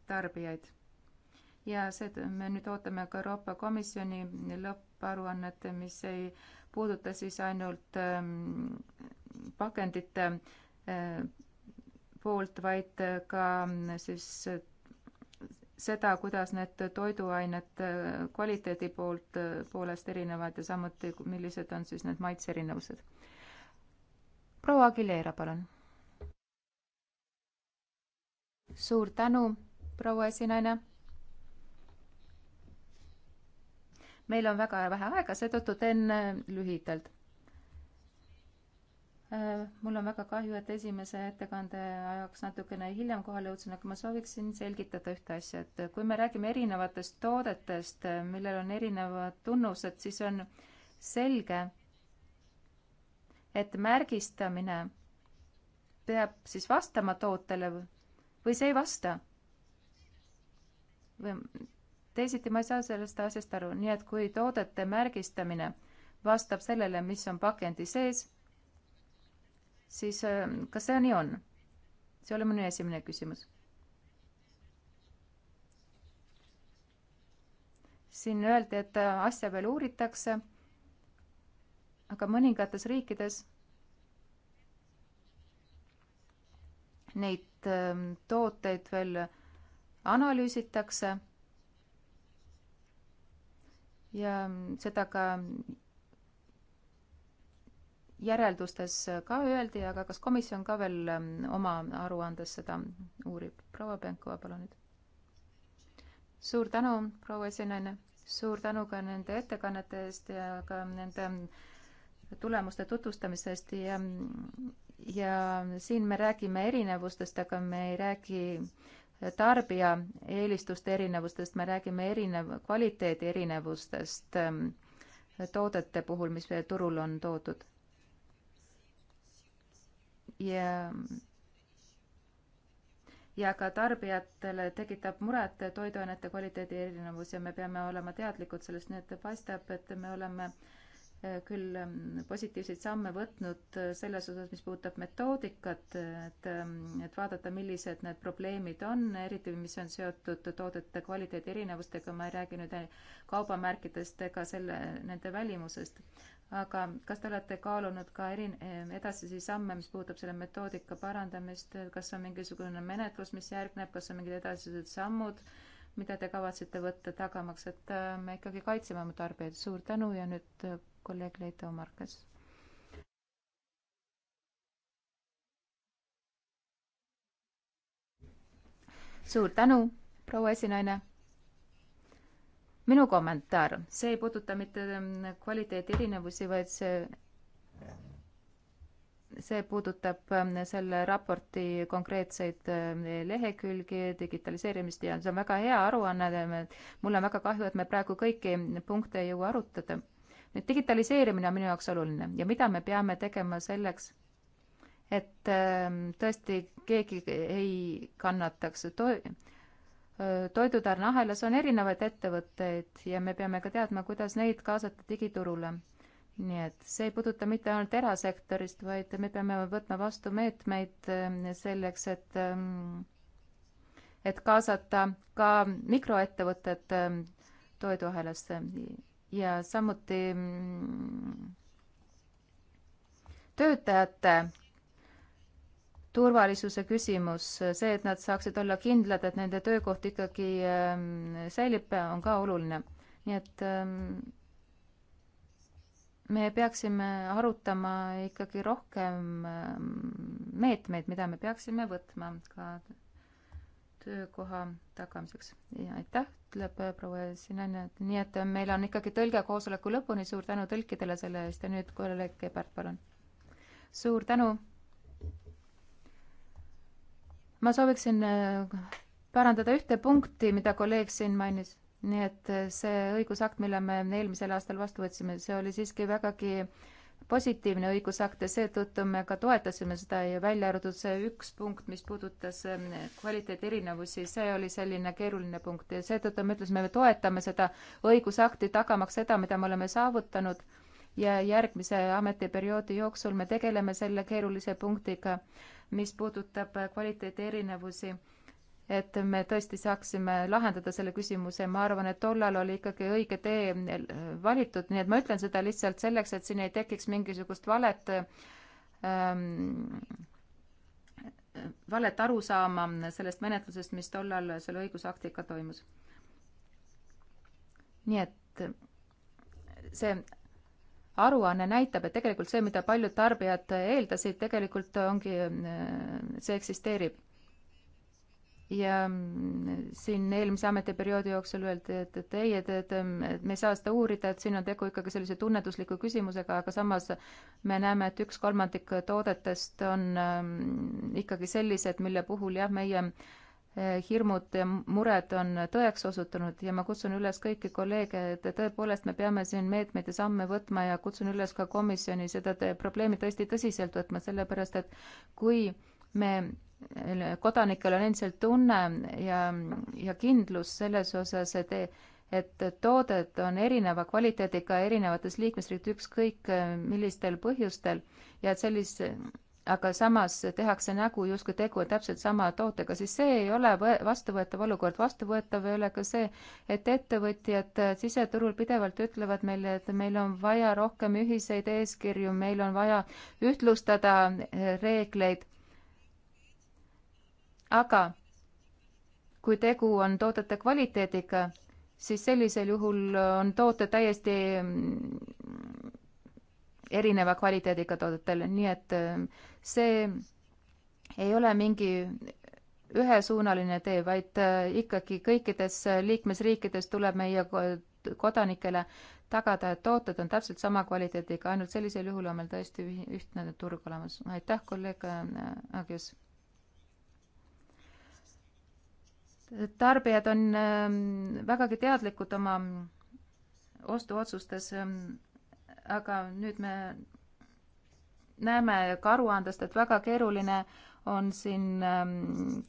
tarbijaid. ja see, me nüüd ootame ka Euroopa Komisjoni lõpparuannet, mis ei puuduta siis ainult ehm, pakendite eh, poolt, vaid ka siis seda, kuidas need toiduained äh, kvaliteedi poolt, äh, poolest erinevad ja samuti, millised on siis need maitseerinevused. proua Aguilera, palun. suur tänu, proua esinaine. meil on väga vähe aega, seetõttu teen äh, lühidalt mul on väga kahju, et esimese ettekande ajaks natukene hiljem kohale jõudsin, aga ma sooviksin selgitada ühte asja, et kui me räägime erinevatest toodetest, millel on erinevad tunnused, siis on selge, et märgistamine peab siis vastama tootele või see ei vasta. või teisiti ma ei saa sellest asjast aru, nii et kui toodete märgistamine vastab sellele, mis on pakendi sees siis äh, kas see nii on? see oli minu esimene küsimus. siin öeldi, et äh, asja veel uuritakse, aga mõningates riikides neid ähm, tooteid veel analüüsitakse ja seda ka järeldustes ka öeldi, aga kas komisjon ka veel ähm, oma aruandes seda uurib? proua Penkova, palun nüüd. suur tänu, proua esinaine, suur tänu ka nende ettekannete eest ja ka nende ähm, tulemuste tutvustamise eest ja, ja siin me räägime erinevustest, aga me ei räägi tarbija eelistuste erinevustest, me räägime erinev, kvaliteedi erinevustest ähm, toodete puhul, mis turul on toodud ja ja ka tarbijatele tekitab muret toiduainete kvaliteedi erinevus ja me peame olema teadlikud sellest, nii et paistab, et me oleme eh, küll mm, positiivseid samme võtnud eh, selles osas, mis puudutab metoodikat, et, mm, et vaadata, millised need probleemid on, eriti mis on seotud toodete kvaliteedi erinevustega, ma ei räägi nüüd eh, kaubamärkidest ega selle, nende välimusest aga kas te olete kaalunud ka eri, edasisi samme, mis puudutab selle metoodika parandamist, kas on mingisugune menetlus, mis järgneb, kas on mingid edasised sammud, mida te kavatsete võtta tagamaks, et äh, me ikkagi kaitseme oma tarbijaid, suur tänu ja nüüd äh, kolleeg Leito Markas. suur tänu, proua esinaine minu kommentaar, see ei puuduta mitte ähm, kvaliteedi erinevusi, vaid see, see puudutab ähm, selle raporti konkreetseid ähm, lehekülgi, digitaliseerimist ja see on väga hea aruanne. mul on väga kahju, et me praegu kõiki punkte ei jõua arutada. nüüd digitaliseerimine on minu jaoks oluline ja mida me peame tegema selleks, et tõesti keegi ei kannataks to-, toidutarneahelas on erinevaid ettevõtteid ja me peame ka teadma, kuidas neid kaasata digiturule. nii et see ei puuduta mitte ainult erasektorist, vaid me peame võtma vastu meetmeid eh, selleks, et eh, et kaasata ka mikroettevõtted eh, toiduahelasse ja samuti mm, töötajate turvalisuse küsimus, see, et nad saaksid olla kindlad, et nende töökoht ikkagi ähm, säilib, on ka oluline. nii et ähm, me peaksime arutama ikkagi rohkem ähm, meetmeid, mida me peaksime võtma ka töökoha tagamiseks. aitäh, ütleb äh, proua Sinane, nii et äh, meil on ikkagi tõlge koosoleku lõpuni, suur tänu tõlkidele selle eest ja nüüd kolleeg Kebert, palun. suur tänu ma sooviksin äh, parandada ühte punkti, mida kolleeg siin mainis. nii et äh, see õigusakt, mille me eelmisel aastal vastu võtsime, see oli siiski vägagi positiivne õigusakt ja seetõttu me ka toetasime seda ja välja arvatud see üks punkt, mis puudutas äh, kvaliteedi erinevusi, see oli selline keeruline punkt ja seetõttu me ütlesime, me toetame seda õigusakti, tagamaks seda, mida me oleme saavutanud ja järgmise ametiperioodi jooksul me tegeleme selle keerulise punktiga mis puudutab kvaliteedi erinevusi, et me tõesti saaksime lahendada selle küsimuse, ma arvan, et tollal oli ikkagi õige tee valitud, nii et ma ütlen seda lihtsalt selleks, et siin ei tekiks mingisugust valet ähm,, valet arusaama sellest menetlusest, mis tollal selle õigusaktiga toimus. nii et see aruanne näitab, et tegelikult see, mida paljud tarbijad eeldasid, tegelikult ongi, see eksisteerib. ja mm, siin eelmise ametiperioodi jooksul öeldi, et, et ei, et, et, et me ei saa seda uurida, et siin on tegu ikkagi sellise tunnetusliku küsimusega, aga samas me näeme, et üks kolmandik toodetest on mm, ikkagi sellised, mille puhul jah, meie äh, Eh, hirmud ja mured on tõeks osutunud ja ma kutsun üles kõiki kolleege, et tõepoolest me peame siin meetmeid ja samme võtma ja kutsun üles ka komisjoni seda probleemi tõesti tõsiselt võtma, sellepärast et kui me eh, kodanikel on endiselt tunne ja, ja kindlus selles osas, et et toodet on erineva kvaliteediga erinevates liikmesriikides, ükskõik eh, millistel põhjustel ja et sellise, aga samas tehakse nägu, justkui tegu on täpselt sama tootega, siis see ei ole vastuvõetav olukord. vastuvõetav ei ole ka see, et ettevõtjad siseturul pidevalt ütlevad meile, et meil on vaja rohkem ühiseid eeskirju, meil on vaja ühtlustada eh, reegleid. aga kui tegu on toodete kvaliteediga, siis sellisel juhul on toote täiesti mm, erineva kvaliteediga toodetel, nii et eh, see ei ole mingi ühesuunaline tee, vaid äh, ikkagi kõikides äh, liikmesriikides tuleb meie kodanikele tagada, et tooted on täpselt sama kvaliteediga, ainult sellisel juhul on meil tõesti ühtne turg olemas. aitäh, kolleeg äh, Agius. tarbijad on ähm, vägagi teadlikud oma ostuotsustes, ähm, aga nüüd me näeme ka aruandest, et väga keeruline on siin ähm,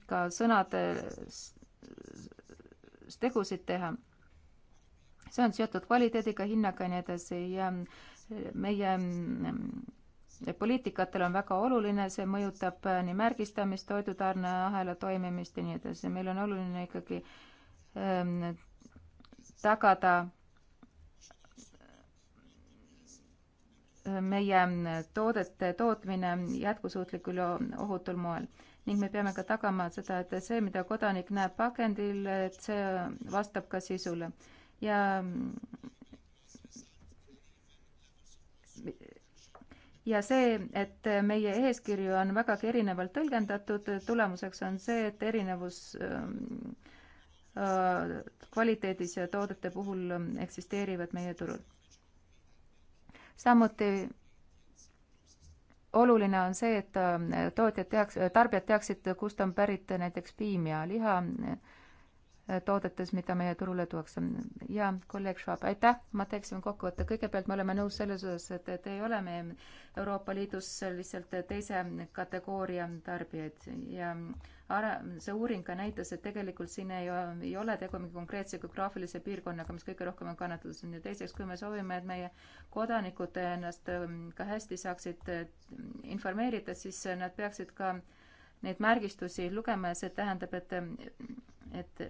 ka sõnades tegusid teha. see on seotud kvaliteediga, hinnaga ja nii edasi ja äh, meie ähm, poliitikatel on väga oluline, see mõjutab äh, nii märgistamist, toidutarneahela toimimist ja nii edasi, meil on oluline ikkagi ähm, tagada meie toodete tootmine jätkusuutlikul ja ohutul moel. ning me peame ka tagama seda, et see, mida kodanik näeb pakendil, et see vastab ka sisule. ja ja see, et meie eeskirju on vägagi erinevalt tõlgendatud, tulemuseks on see, et erinevus äh, äh, kvaliteedis ja toodete puhul eksisteerivad meie turul samuti oluline on see, et äh, tootjad teaks, tarbijad teaksid, kust on pärit näiteks piim ja liha äh, toodetes, mida meie turule tuuakse. ja kolleeg Schwab, aitäh, ma teeksin kokkuvõtte. kõigepealt me oleme nõus selles osas, et, et ei ole me Euroopa Liidus lihtsalt teise kategooria tarbijaid ja äh, are-, see uuring ka näitas, et tegelikult siin ei, ei ole tegu mingi konkreetse geograafilise piirkonnaga, mis kõige rohkem on kannatatud. ja teiseks, kui me soovime, et meie kodanikud ennast ähm, ka hästi saaksid äh, informeerida, siis nad peaksid ka neid märgistusi lugema ja see tähendab, et, ähm, et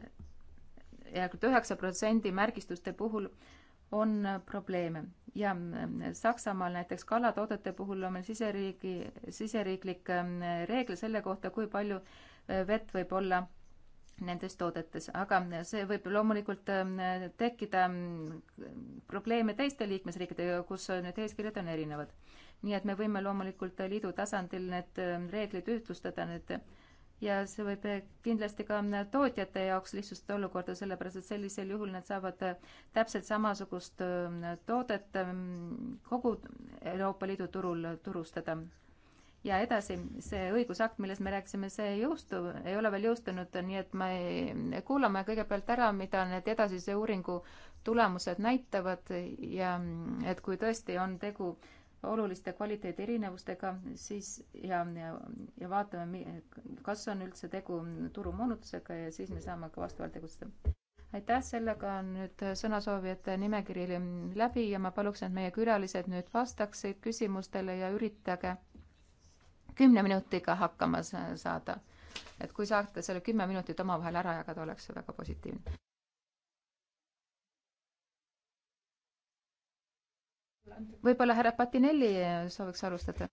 järelikult üheksa protsendi märgistuste puhul on äh, probleeme ja ähm, Saksamaal näiteks kalatoodete puhul on meil siseriigi, siseriiklik reegel selle kohta, kui palju Äh, vett võib olla nendes toodetes, aga see võib loomulikult äh, tekkida mm, probleeme teiste liikmesriikidega, kus äh, need eeskirjad on erinevad. nii et me võime loomulikult liidu tasandil need reeglid ühtlustada nüüd ja see võib kindlasti ka mm, tootjate jaoks lihtsustada olukorda, sellepärast et sellisel juhul nad saavad täpselt samasugust toodet mm, kogu Euroopa Liidu turul turustada ja edasi, see õigusakt, millest me rääkisime, see ei jõustu, ei ole veel jõustunud, nii et me kuulame kõigepealt ära, mida need edasise uuringu tulemused näitavad ja et kui tõesti on tegu oluliste kvaliteedi erinevustega, siis ja, ja, ja vaatame, kas on üldse tegu turumoonutusega ja siis me saame ka vastavalt tegutseda aitäh, sellega on nüüd sõnasoovijate nimekiri läbi ja ma paluks, et meie külalised nüüd vastaksid küsimustele ja üritage kümne minutiga hakkama saada. et kui saate selle kümme minutit omavahel ära jagada, oleks see väga positiivne. võib-olla härra Patinelli sooviks alustada?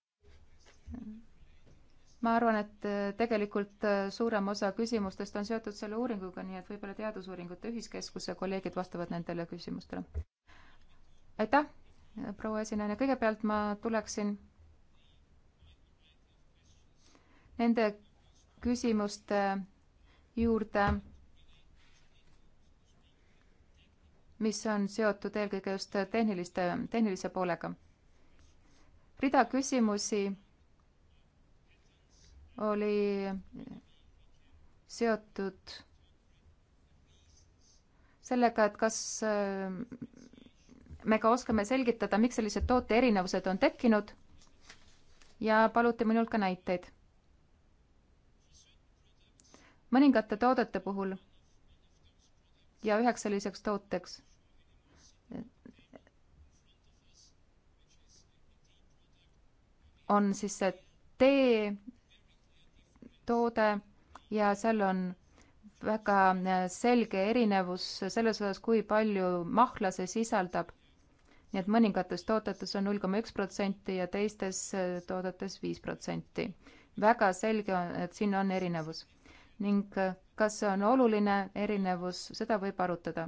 ma arvan, et tegelikult suurem osa küsimustest on seotud selle uuringuga, nii et võib-olla Teadusuuringute Ühiskeskuse kolleegid vastavad nendele küsimustele. aitäh, proua esinaine, kõigepealt ma tuleksin nende küsimuste juurde, mis on seotud eelkõige just tehniliste, tehnilise poolega. rida küsimusi oli seotud sellega, et kas me ka oskame selgitada, miks sellised toote erinevused on tekkinud ja paluti minult ka näiteid mõningate toodete puhul ja üheks selliseks tooteks on siis see tee toode ja seal on väga selge erinevus selles osas, kui palju mahla see sisaldab. nii et mõningates toodetes on null koma üks protsenti ja teistes toodetes viis protsenti. väga selge on, et siin on erinevus ning äh, kas see on oluline erinevus, seda võib arutada.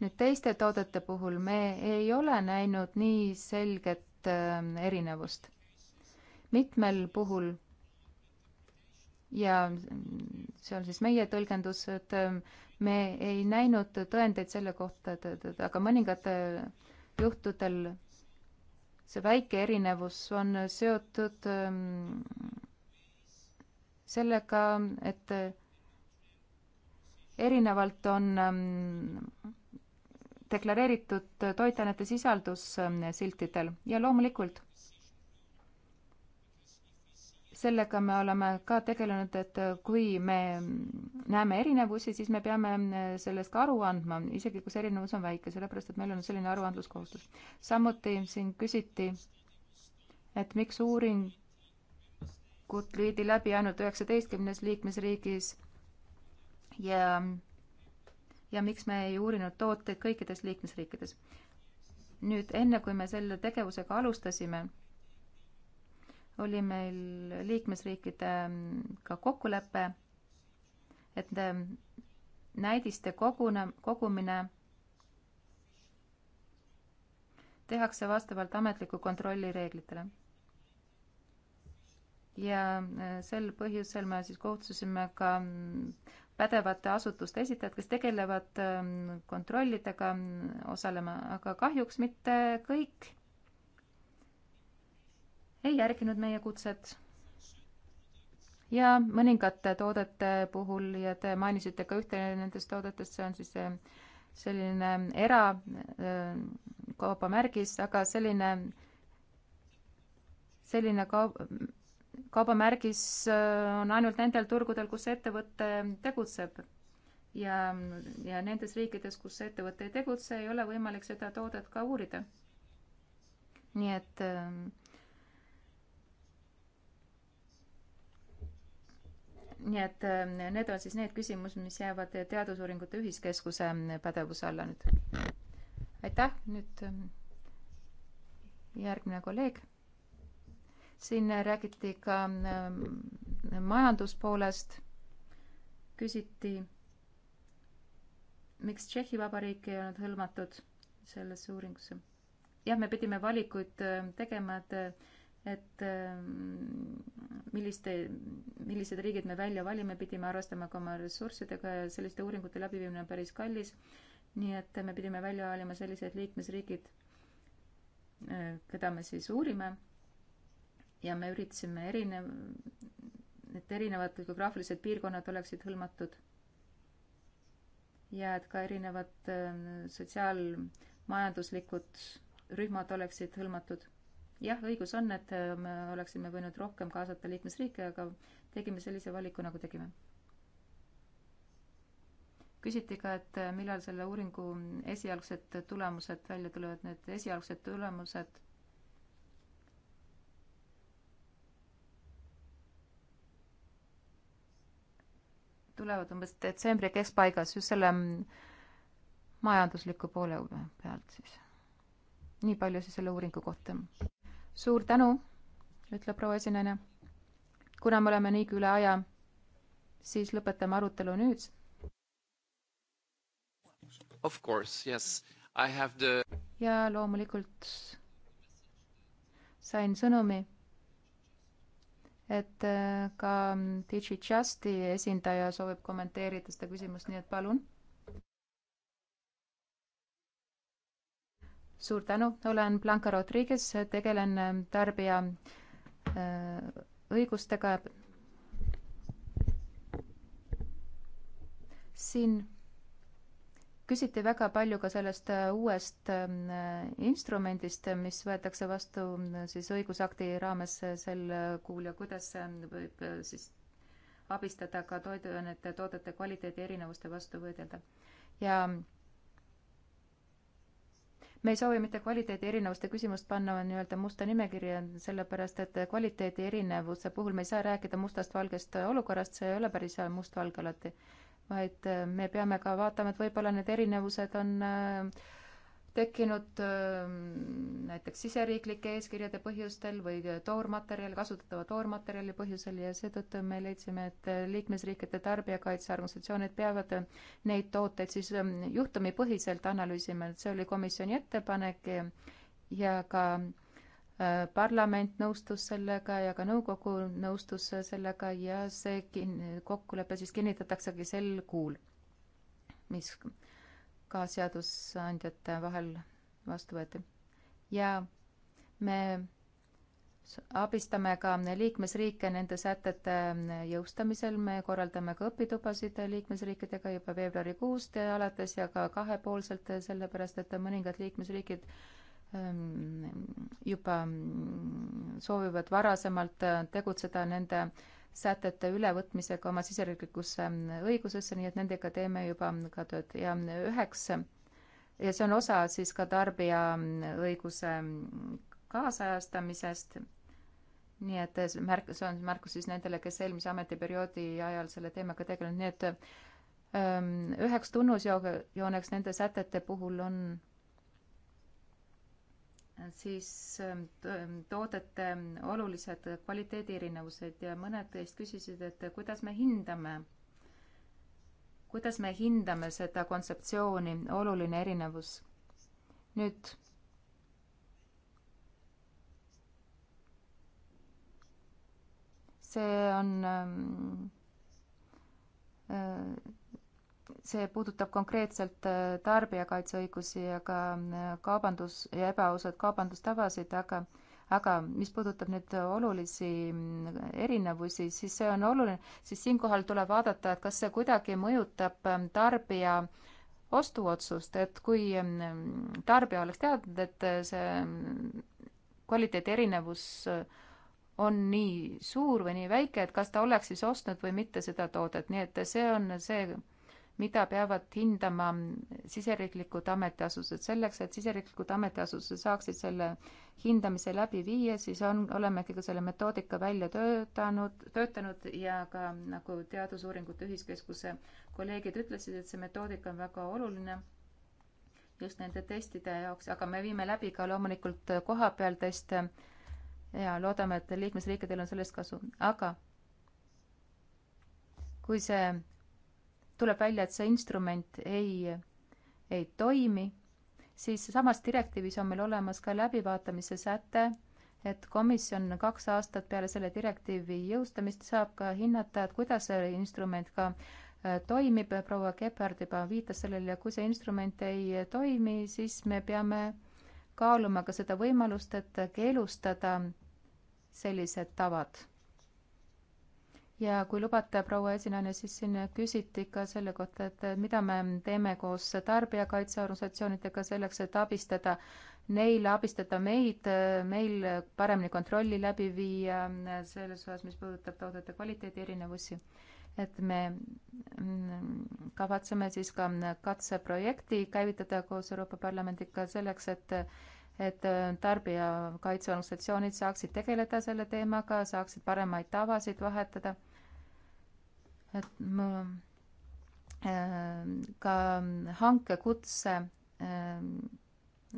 nüüd teiste toodete puhul me ei ole näinud nii selget äh, erinevust. mitmel puhul ja see on siis meie tõlgendus, et äh, me ei näinud tõendeid selle kohta, et, et, et aga mõningatel juhtudel see väike erinevus on seotud ähm, sellega, et erinevalt on ähm, deklareeritud toitainete sisaldus ähm, siltidel ja loomulikult sellega me oleme ka tegelenud, et kui me näeme erinevusi, siis me peame ähm, sellest ka aru andma, isegi kui see erinevus on väike, sellepärast et meil on selline aruandluskohustus. samuti siin küsiti, et miks uuring uuringut viidi läbi ainult üheksateistkümnes liikmesriigis ja, ja miks me ei uurinud tooteid kõikides liikmesriikides. nüüd enne, kui me selle tegevusega alustasime, oli meil liikmesriikidega mm, kokkulepe, et mm, näidiste kogune, kogumine tehakse vastavalt ametliku kontrolli reeglitele ja äh, sel põhjusel me siis kohtusime ka mm, pädevate asutuste esitajad, kes tegelevad ähm, kontrollidega mm, osalema, aga kahjuks mitte kõik ei järginud meie kutset. ja mõningate toodete puhul ja te mainisite ka ühte nendest toodetest, see on siis selline erakaubamärgis, äh, aga selline selline kaup, kaubamärgis äh, on ainult nendel turgudel, kus ettevõte tegutseb. ja, ja nendes riikides, kus ettevõte ei tegutse, ei ole võimalik seda toodet ka uurida. nii et ähm, nii et ähm, need on siis need küsimused, mis jäävad Teadusuuringute Ühiskeskuse pädevuse alla nüüd. aitäh, nüüd ähm, järgmine kolleeg siin räägiti ka ähm, majanduspoolest, küsiti, miks Tšehhi Vabariik ei olnud hõlmatud sellesse uuringusse. jah, me pidime valikuid ähm, tegema, et, et ähm, milliste, millised riigid me välja valime, pidime arvestama ka oma ressurssidega ja selliste uuringute läbiviimine on päris kallis. nii et me pidime välja valima sellised liikmesriigid, äh, keda me siis uurime ja me üritasime erinev, et erinevad geograafilised piirkonnad oleksid hõlmatud. ja et ka erinevad ähm, sotsiaalmajanduslikud rühmad oleksid hõlmatud. jah, õigus on, et äh, me oleksime võinud rohkem kaasata liikmesriike, aga tegime sellise valiku, nagu tegime. küsiti ka, et äh, millal selle uuringu esialgsed tulemused välja tulevad, need esialgsed tulemused tulevad umbes detsembri keskpaigas just selle mm, majandusliku poole pealt siis. nii palju siis selle uuringu kohta. suur tänu, ütleb proua esinejana. kuna me oleme niigi üle aja, siis lõpetame arutelu nüüd. Of course, yes, I have the. ja loomulikult sain sõnumi et äh, ka mm, DigiJusti esindaja soovib kommenteerida seda küsimust, nii et palun. suur tänu, olen Blanca Rodriguez, tegelen äh, tarbija äh, õigustega. siin küsiti väga palju ka sellest äh, uuest ähm, äh, instrumendist, äh, mis võetakse vastu siis õigusakti raames sel kuul ja kuidas see ähm, võib siis abistada ka toiduainete toodete kvaliteedi erinevuste vastu võidelda. ja ähm, me ei soovi mitte kvaliteedi erinevuste küsimust panna nii-öelda musta nimekirja, sellepärast et kvaliteedi erinevuse puhul me ei saa rääkida mustast-valgest olukorrast, see ei ole päris mustvalge alati vaid äh, me peame ka vaatama, et võib-olla need erinevused on äh, tekkinud ähm, näiteks siseriiklike eeskirjade põhjustel või toormaterjali, kasutatava toormaterjali põhjusel ja seetõttu me leidsime, et äh, liikmesriikide tarbijakaitseorganisatsioonid peavad neid tooteid siis ähm, juhtumipõhiselt analüüsima, et see oli komisjoni ettepanek ja ka äh, parlament nõustus sellega ja ka nõukogu nõustus sellega ja see kin-, kokkulepe siis kinnitataksegi sel kuul, mis ka seadusandjate vahel vastu võeti. ja me abistame ka liikmesriike nende sätete jõustamisel, me korraldame ka õpitubasid liikmesriikidega juba veebruarikuust alates ja ka kahepoolselt, sellepärast et mõningad liikmesriigid äh, Ehm, juba mm, soovivad varasemalt äh, tegutseda nende sätete ülevõtmisega oma siseriiklikusse mm, õigusesse, nii et nendega teeme juba mm, ka tööd ja üheks ja see on osa siis ka tarbija õiguse kaasajastamisest. nii et märk, see on märkus siis nendele, kes eelmise ametiperioodi ajal selle teemaga tegelenud, nii et ehm, üheks tunnusjooneks nende sätete puhul on siis ähm, ähm, toodete olulised kvaliteedierinevused ja mõned teist küsisid, et kuidas me hindame, kuidas me hindame seda kontseptsiooni, oluline erinevus. nüüd see on ähm, äh, see puudutab konkreetselt äh, tarbijakaitseõigusi ja ka äh, kaubandus ja ebaausad kaubandustavasid, aga aga mis puudutab nüüd olulisi mm, erinevusi, siis see on oluline, siis siinkohal tuleb vaadata, et kas see kuidagi mõjutab ähm, tarbija ostuotsust, et kui mm, tarbija oleks teadnud, et äh, see mm, kvaliteedi erinevus on nii suur või nii väike, et kas ta oleks siis ostnud või mitte seda toodet, nii et see on see mida peavad hindama siseriiklikud ametiasutused. selleks, et siseriiklikud ametiasutused saaksid selle hindamise läbi viia, siis on, olemegi ka selle metoodika välja töötanud, töötanud ja ka nagu Teadusuuringute Ühiskeskuse kolleegid ütlesid, et see metoodika on väga oluline just nende testide jaoks, aga me viime läbi ka loomulikult kohapeal teste ja loodame, et liikmesriikidel on sellest kasu, aga kui see tuleb välja, et see instrument ei, ei toimi, siis samas direktiivis on meil olemas ka läbivaatamise säte, et komisjon kaks aastat peale selle direktiivi jõustamist saab ka hinnata, et kuidas see instrument ka äh, toimib, proua Gebhard juba viitas sellele, kui see instrument ei toimi, siis me peame kaaluma ka seda võimalust, et keelustada sellised tavad ja kui lubate, proua esinaine, siis siin küsiti ka selle kohta, et mida me teeme koos tarbijakaitseorganisatsioonidega selleks, et abistada neile, abistada meid, meil paremini kontrolli läbi viia selles osas, mis puudutab toodete kvaliteedi erinevusi. et me mm, kavatseme siis ka katseprojekti käivitada koos Euroopa Parlamendiga selleks, et et tarbijakaitseorganisatsioonid saaksid tegeleda selle teemaga, saaksid paremaid tavasid vahetada et ma ähm, ka hankekutse ähm,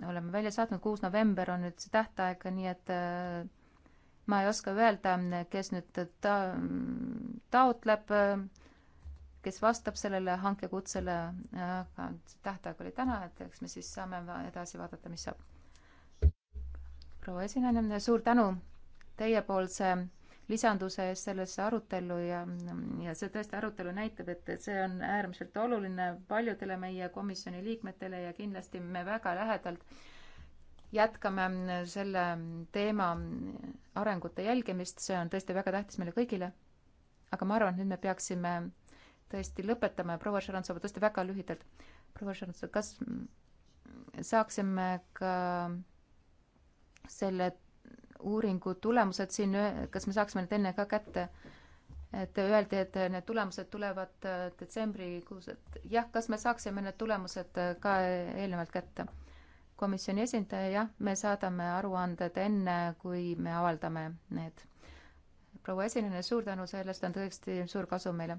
oleme välja saatnud, kuus november on nüüd see tähtaeg, nii et äh, ma ei oska öelda, kes nüüd ta-, taotleb, äh, kes vastab sellele hankekutsele, aga tähtaeg oli täna, et eks me siis saame edasi vaadata, mis saab. proua esinejana, suur tänu teiepoolse lisanduse eest sellesse arutellu ja, ja see tõesti arutelu näitab, et see on äärmiselt oluline paljudele meie komisjoni liikmetele ja kindlasti me väga lähedalt jätkame selle teema arengute jälgimist, see on tõesti väga tähtis meile kõigile. aga ma arvan, et nüüd me peaksime tõesti lõpetama ja proua Šarantsova tõesti väga lühidalt. proua Šarantsova, kas saaksime ka selle uuringu tulemused siin, kas me saaksime need enne ka kätte? et öeldi, et need tulemused tulevad äh, detsembrikuus, et jah, kas me saaksime need tulemused äh, ka eelnevalt kätte? komisjoni esindaja, jah, me saadame aruanded enne, kui me avaldame need. proua esineja, suur tänu, sellest on tõesti suur kasu meile.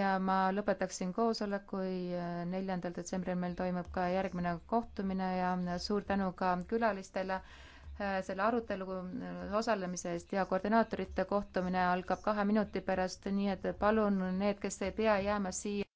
ja ma lõpetaksin koosoleku, äh, neljandal detsembril meil toimub ka järgmine kohtumine ja suur tänu ka külalistele Äh, selle arutelu äh, osalemise eest ja koordinaatorite kohtumine algab kahe minuti pärast, nii et palun need, kes ei pea jääma siia